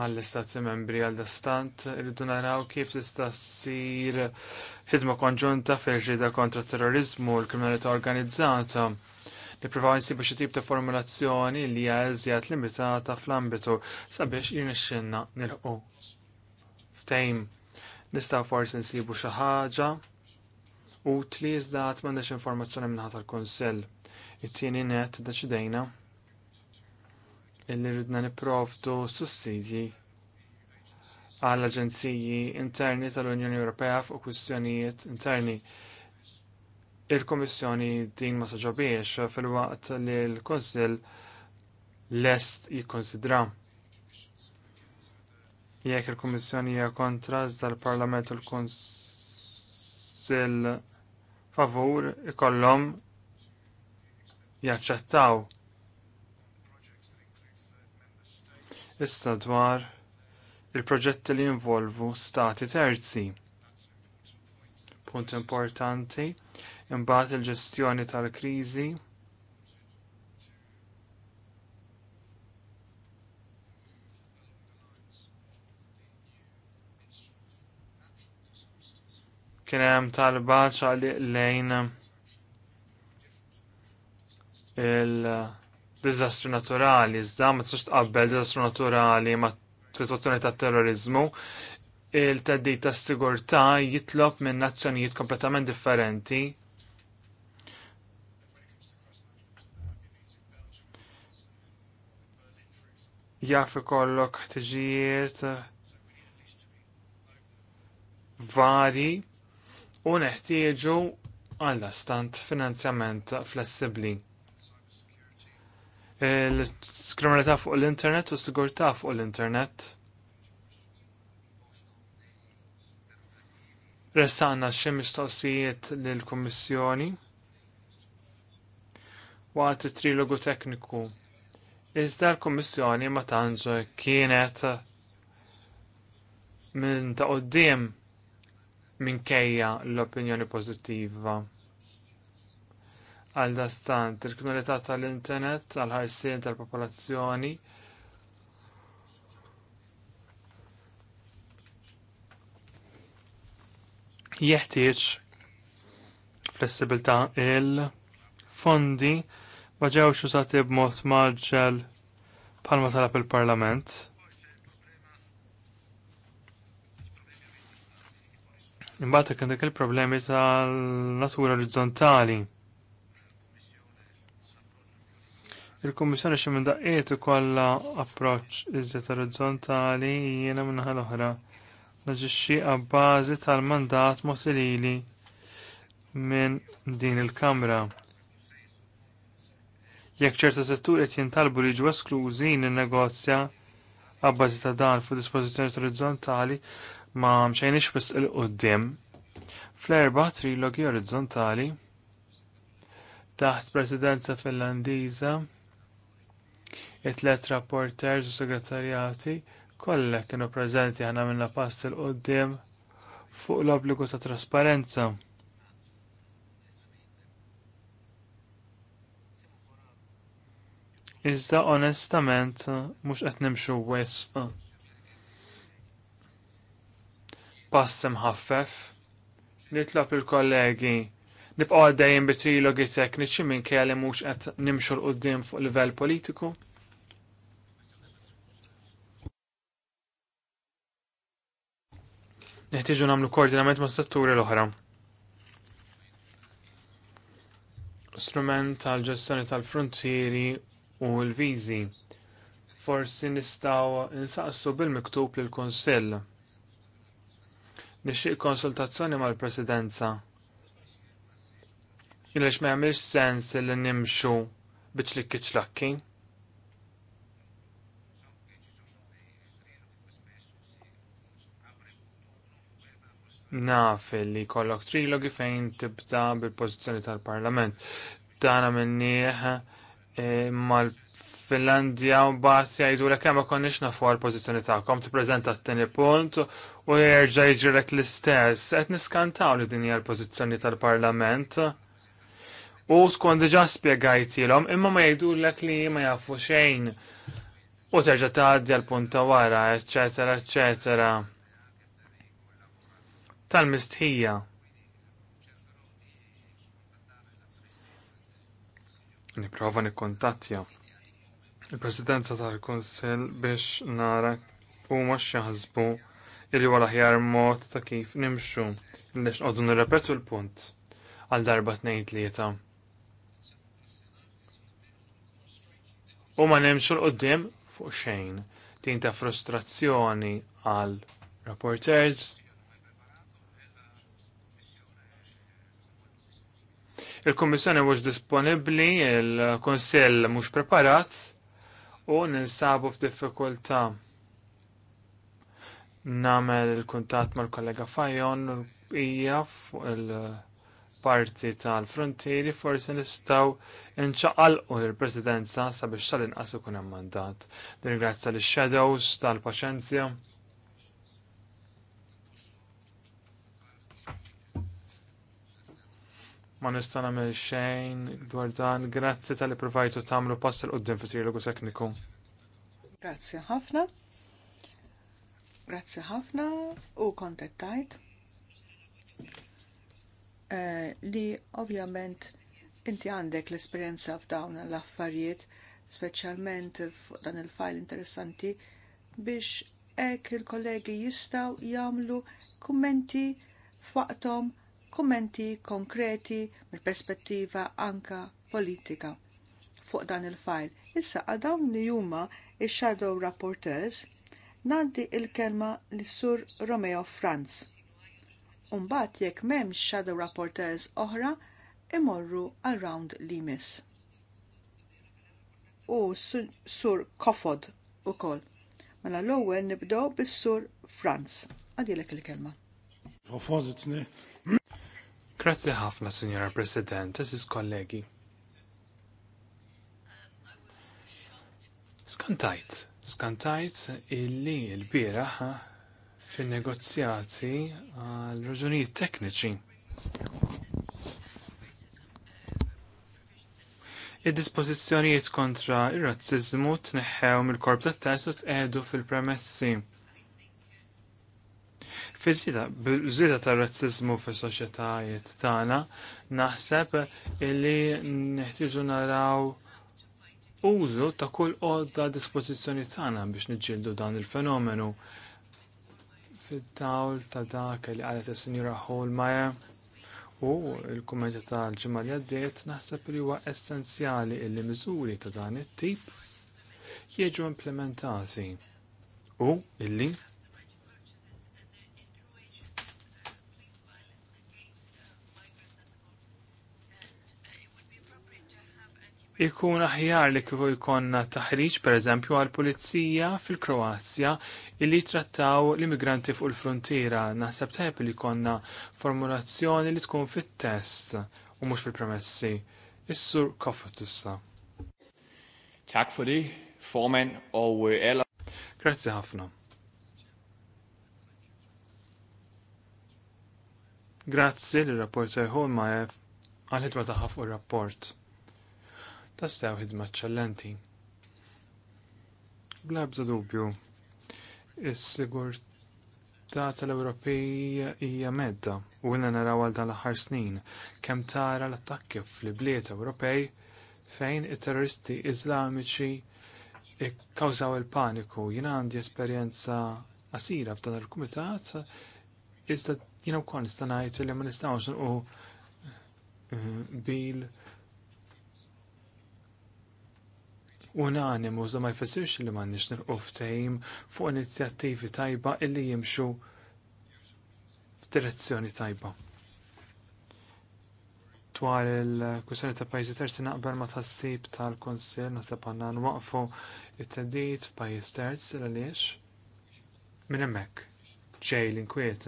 għall-istati membri għall istat irridu naraw kif tista' ssir ħidma konġunta fil-ġida kontra terrorizmu u l-kriminalità organizzata nippruvaw nsibu xi tip ta' formulazzjoni li hija eżjed limitata fl-ambitu sabiex jirnexxinna nilħu. Ftejm nistaw forsi nsibu xi ħaġa utli iżda mandax m'għandix informazzjoni minnħat tal konsell It-tieni net daċidejna illi ridna nipprovdu sussidji għall aġenziji interni tal-Unjoni Ewropea fuq kwistjonijiet interni il-Komissjoni din ma soġobiex fil-waqt li l-Konsil lest jikonsidra. Jekk il-Komissjoni hija kontra dal-Parlament u l-Konsil favur ikollhom jaċċettaw. Issa dwar il-proġetti li jinvolvu stati terzi. Punt importanti imbagħad il-ġestjoni tal-kriżi. Kien hemm talba ċaqliq lejn il-diżastri naturali, iżda ma tistax tqabbel diżastru naturali ma' situazzjoni ta' terrorizmu, il-teddit ta' sigurtà jitlob minn nazzjonijiet kompletament differenti jaf ikollok ħtiġijiet vari u neħtieġu għalla stant finanzjament flessibli. il skriminalità fuq l-internet u s-sigurtà fuq l-internet Ressana xi mistoqsijiet lill-Kummissjoni waqt it-trilogu tekniku Iżda l-Kummissjoni ma tanġu kienet minn ta' qoddim minkejja l-opinjoni pozittiva. Għal dastant, il-kriminalità tal-internet għal ħarsien tal-popolazzjoni jeħtieġ flessibilta il-fondi ma ġewx b b'mod maġġel bħalma talab il-Parlament. Imbagħad kende il-problemi tal-natura orizzontali. Il-Kummissjoni xi minn daqqiet kolla approċċ iżjed orizzontali jiena minnaħa l-oħra naġixxi għabbażi tal-mandat mosilili minn din il-Kamra. Jekk ċertu settur qed jintalbu li ġu esklużi nin-negozja għabbażi ta' dan fuq dispożizzjoni orizzontali ma mxejniex biss il-qoddim. Fl-erba' trilogi orizzontali taħt presidenza finlandiża it-tlet rapporters u segretarjati kollha kienu preżenti ħana minna pass il qoddim fuq l-obbligu ta' trasparenza. Iżda onestament mhux qed nimxu wisq. Pass imħaffef nitlob il-kollegi nibqgħu għaddejjin bi trilogi tekniċi minn kelli mhux qed nimxu l qudiem fuq livell politiku. Neħtieġu nagħmlu koordinament ma' setturi l-oħra. strument tal-ġestjoni tal-frontieri u l-viżi. Forsi nistgħu nsaqsu bil-miktub lill kunsill Nixtieq konsultazzjoni mal-Presidenza. Ilex ma jagħmilx sens li nimxu biex li kiċlakki. naf li kollok trilogi fejn tibda bil pożizzjoni tal-parlament. Tana minniħ E, mal-Finlandja u mbagħad se jgħidulek ma konniex nafu għall-pożizzjoni tagħkom tippreżenta t-tieni punt u jerġa' jiġrilek l-istess. Qed niskantaw li din hija l-pożizzjoni tal-Parlament. U tkun diġà spjegajtilhom imma ma jgħidulek li ma jafu xejn u terġa' tgħaddi punt punta wara, eccetera, eccetera. Tal-mistħija. niprofa nikkontattja il-Presidenza tal-Kunsill biex nara huma x'jaħsbu il huwa l-aħjar mod ta' kif nimxu lex nqogħdu nirrepetu l-punt għal darba tnejn tlieta. U ma nimxu l-qoddim fuq xejn, tin ta' frustrazzjoni għal reporters, Il-Kommissjoni mhux disponibbli, il-Konsell mhux preparat u ninsabu f'diffikultà. Namel il-kuntatt mal-kollega Fajon hija fuq il-parti tal-frontieri forsi nistgħu inċaqalqu l presidenza sabiex tal-inqas ikun hemm mandat. Ringrazzja l-Shadows tal-paċenzja. tal paċenzja ma nista' nagħmel xejn dwar dan. Grazzi tal-li provajtu tagħmlu pass l qudiem fit trilogu tekniku. Grazzi ħafna. Grazzi ħafna u kontettajt eh, li ovvjament inti għandek l-esperjenza f'dawn l-affarijiet, speċjalment f'dan il-fajl interessanti, biex hekk il-kollegi jistgħu jagħmlu kummenti f'waqthom kummenti konkreti mill-perspettiva anka politika fuq dan il-fajl. Issa għal dawn li huma il shadow rapporteurs nandi il-kelma lis sur Romeo Franz. Umbat jekk m'hemmx shadow rapporteurs oħra imorru around round U sur, sur Kofod ukoll. Mela l-ewwel nibdew bis-sur Franz. Għadilek il-kelma. Vorsitzende, Grazzi ħafna, Signora President, eżis kollegi. Skantajt, skantajt illi il biraħ fin negozjati għal raġunijiet tekniċi. Id-dispożizzjonijiet kontra ir-razzizmu tneħħew mill-korp tat-test u fil-premessi bil bżida ta' razzizmu fi soċjetajiet tagħna, naħseb illi neħtieġu naraw użu ta' kull qodda dispożizzjoni tagħna biex niġġieldu dan il-fenomenu. Fid-dawl ta' dak li qalet is-Sinjura Holmeyer u l-kummentja tal-ġimgħa li għaddiet naħseb li huwa essenzjali illi miżuri ta' dan it-tip jiġu implementati u illi ikun aħjar li kieku jkonna taħriġ pereżempju għal pulizija fil-Kroazja illi trattaw l-immigranti fuq il-frontiera. Naħseb tajb li konna formulazzjoni li tkun fit-test u mhux fil-premessi. Is-sur Koffert issa. Tak for formen u og øh, Grazie ħafna. Grazie l-rapport sejħu ma għal-ħidma taħħaf fuq rapport tastaw ħidma ċellenti. Bla bda dubju, is-sigurtà tal-Ewropej hija medda u għinna naraw għal dan l-aħħar snin kemm tara l-attakki fl-bliet Ewropej fejn it-terroristi iżlamiċi kkawżaw il-paniku. Jina għandi esperjenza qasira f'dan il-kumitat iżda jiena wkoll nista' ngħid li ma nistgħux u eh, bil unanimu za ma jfessirx li m'għandniex nilqu ftehim fuq inizjattivi tajba illi jimxu f'direzzjoni tajba. Dwar il-kwistjoni ta' pajjiżi terzi naqbel ma tħassib tal-Kunsill naħseb għandna waqfu it-tedid f'pajjiż terz għaliex minn hemmhekk ċej l-inkwiet.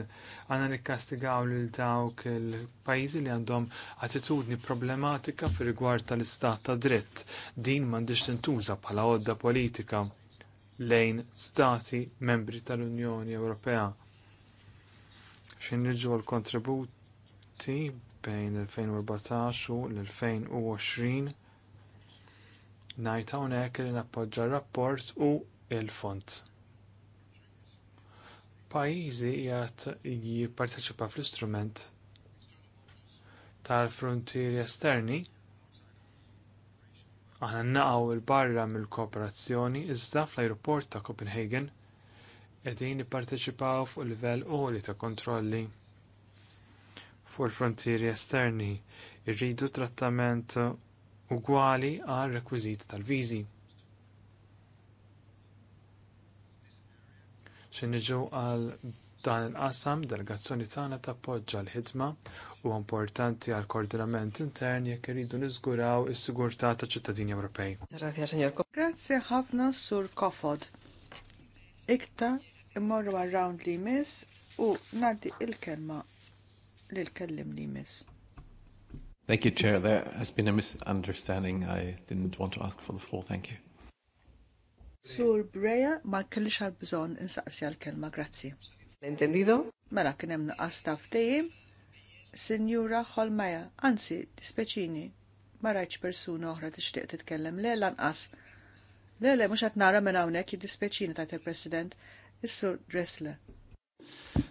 Għanna nikkastigaw lil dawk il-pajizi li għandhom attitudni problematika fir rigward tal-istat ta' dritt. Din m'għandix tintuża bħala għodda politika lejn stati membri tal-Unjoni Ewropea. Xin nirġu l-kontributi bejn l-2014 u l-2020 najta unek li nappoġġa rapport u il-font pajjiżi qiegħed jipparteċipa fl-istrument tal-frontieri esterni aħna naqgħu il-barra mill-kooperazzjoni iżda fl-ajruport ta' Copenhagen qegħdin jipparteċipaw fuq livell uħli ta' kontrolli fuq il-frontieri esterni irridu trattament ugwali għal rekwiżit tal-viżi. xinniġu għal dan il-qasam delegazzjoni tagħna tappoġġa l-ħidma u importanti għal koordinament intern jekk iridu niżguraw is-sigurtà taċ ċittadini Ewropej. Grazzi ħafna sur Kofod. Ikta immorru għal-round li miss u nadi il-kelma li l-kellim li miss. Thank you, Chair. There has been a misunderstanding. I didn't want to ask for the floor. Thank you. Sur Breja ma kellix għal bżon insaqsi għal kelma, grazzi. Entendido? Mela kien hemm nuqqas taf dejjem. Sinjura Holmeja, anzi, dispeċini, ma rajtx persuna oħra tixtieq titkellem le lanqas. Le le mhux qed nara minn hawnhekk id tajt il-President, is-Sur Dressler.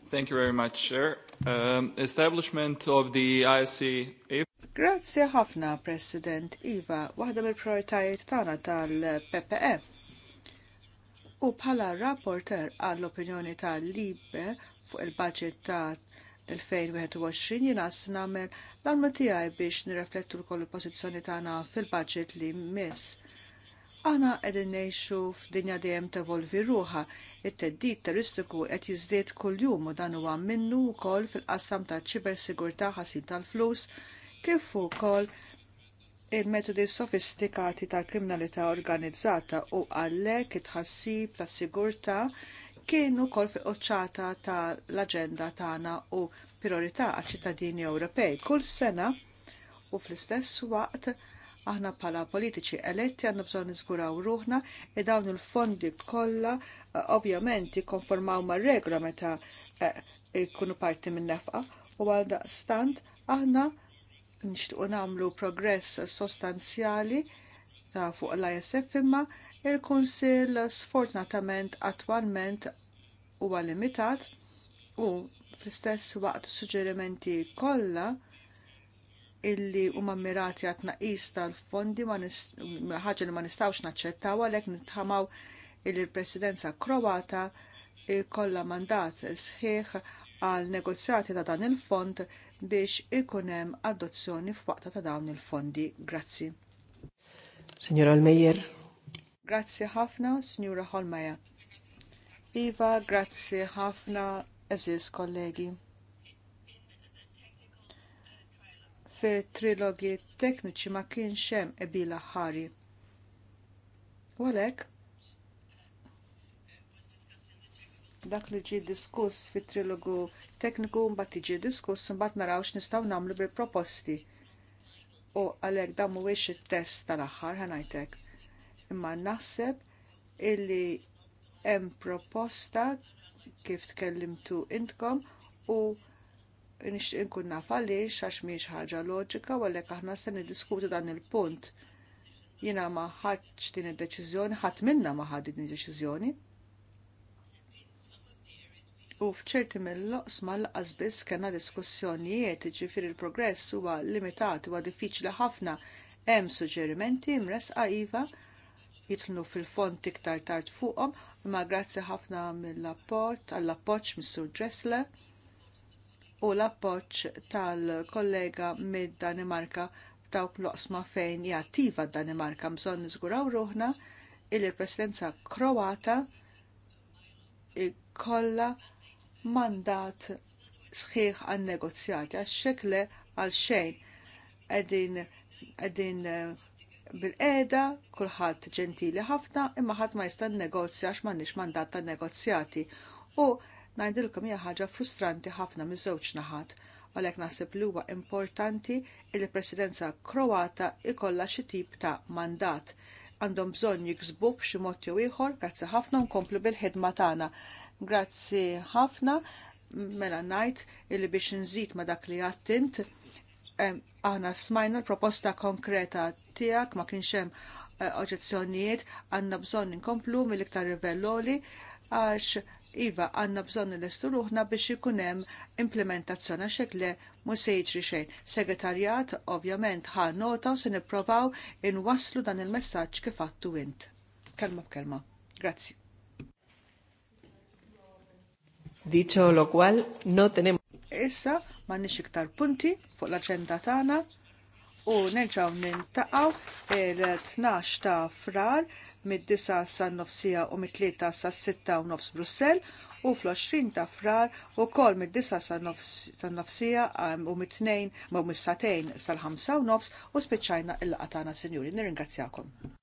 Thank you very much, sir. Um, establishment of the ISC Grazie ħafna, President Iva, waħda mill-prioritajiet tagħna tal ppf e u bħala rapporter għall-opinjoni ta' Libe fuq il-budget ta' 2021 jina s-namel l-alma tijaj biex nirreflettu l il pozizjoni tagħna fil-budget li miss. Aħna qegħdin ngħixu f'dinja dejjem tevolvi ruħa, it teddit terroristiku qed jiżdied kuljum u dan huwa minnu wkoll fil-qassam ta' ċibersigurtà ħasin tal-flus kif ukoll il-metodi sofistikati tal-kriminalità organizzata u għallek it-ħassib ta' sigurta kienu kol fi oċċata tal-agenda tagħna u priorità għal ċittadini Ewropej. Kull sena u fl-istess waqt aħna bħala politiċi eletti għandna bżonn niżguraw ruħna e dawn il-fondi kollha eh, ovvjament jikkonformaw mar-regola meta jkunu eh, parti minn nefqa u għal stand aħna nixtiequ nagħmlu progress sostanzjali ta' fuq l-ISF imma il-Kunsill sfortunatament attwalment huwa limitat u fl-istess waqt suġġerimenti kollha illi huma mirati għat naqis tal-fondi ħaġa li ma nistgħux naċċettaw għalhekk nitħamaw illi l-Presidenza Kroata kollha mandat sħiħ għal negozjati ta' dan il-fond biex ikun hemm adozzjoni f'waqta ta' dawn il-fondi. Grazzi. Signora Almeyer. Grazzi ħafna, Signora Holmeja. Iva, grazzi ħafna, eżis kollegi. Fi trilogi tekniċi ma kienx hemm ebila ħari. Walek. dak li ġie diskuss fit trilogu tekniku mbagħad tiġi diskuss mbagħad naraw x'nistgħu nagħmlu bil-proposti. U għalhekk dan mhuwiex it-test tal-aħħar ħanajtek. Imma naħseb illi hemm proposta kif tkellimtu intkom u nixtieq inkun naf għaliex għax mhijiex ħaġa loġika u għalhekk aħna se niddiskutu dan il-punt. Jiena ma ħadx din id-deċiżjoni, ħadd minna ma ħad din id-deċiżjoni u fċerti mill-loqsma laqas biss kena diskussjonijiet ġifir il-progress huwa limitat huwa diffiċli ħafna hemm suġġerimenti mresqa iva jitlu fil-font iktar tard fuqhom imma grazzi ħafna mill-apport għall-appoġġ mis-Sur Dressler u l-appoġġ tal-kollega mid-Danimarka f'dawk loqsma fejn jattiva d-Danimarka bżonn niżguraw ruħna il-presidenza Kroata kolla mandat sħiħ għan negozjati għax xekle għal xejn għedin għedin eh, bil-qeda, kulħadd ġentili ħafna, imma ħadd ma jista' negozja għax m'għandniex mandat ta' negozjati. U ngħidilkom hija ħaġa frustranti ħafna miż-żewġ naħat għalhekk naħseb li huwa importanti li presidenza Kroata ikolla xi tip ta' mandat għandhom bżonn jiksbu b'xi mod jew ieħor, grazzi ħafna nkomplu bil-ħidma tagħna. Grazzi ħafna, mela najt illi biex nżid ma dak li għattint. Aħna smajna l-proposta konkreta tijak ma kienxem eh, oġezzjonijiet għanna bżon inkomplu mill-iktar rivelloli għax Iva għanna bżon l-istruħna biex ikunem implementazzjoni għax le se xejn. Segretarjat ovvjament ħa nota u se nipprovaw inwasslu dan il-messaġġ kif għattu int. Kelma b'kelma. Grazzi. Dicho lo cual, no tenemos. Issa ma nix iktar punti fuq l-aċenda tana u nerġaw nintaqaw il-12 ta' frar mid-9 sa' nofsija u mid 3 sa' 6 u nofs Brussel u fl-20 ta' frar u kol mid-9 sa' nofsija um, u mid 2 ma' mis-satejn sal-5 u nofs u speċajna il-qatana, sinjuri. Nirringrazzjakom.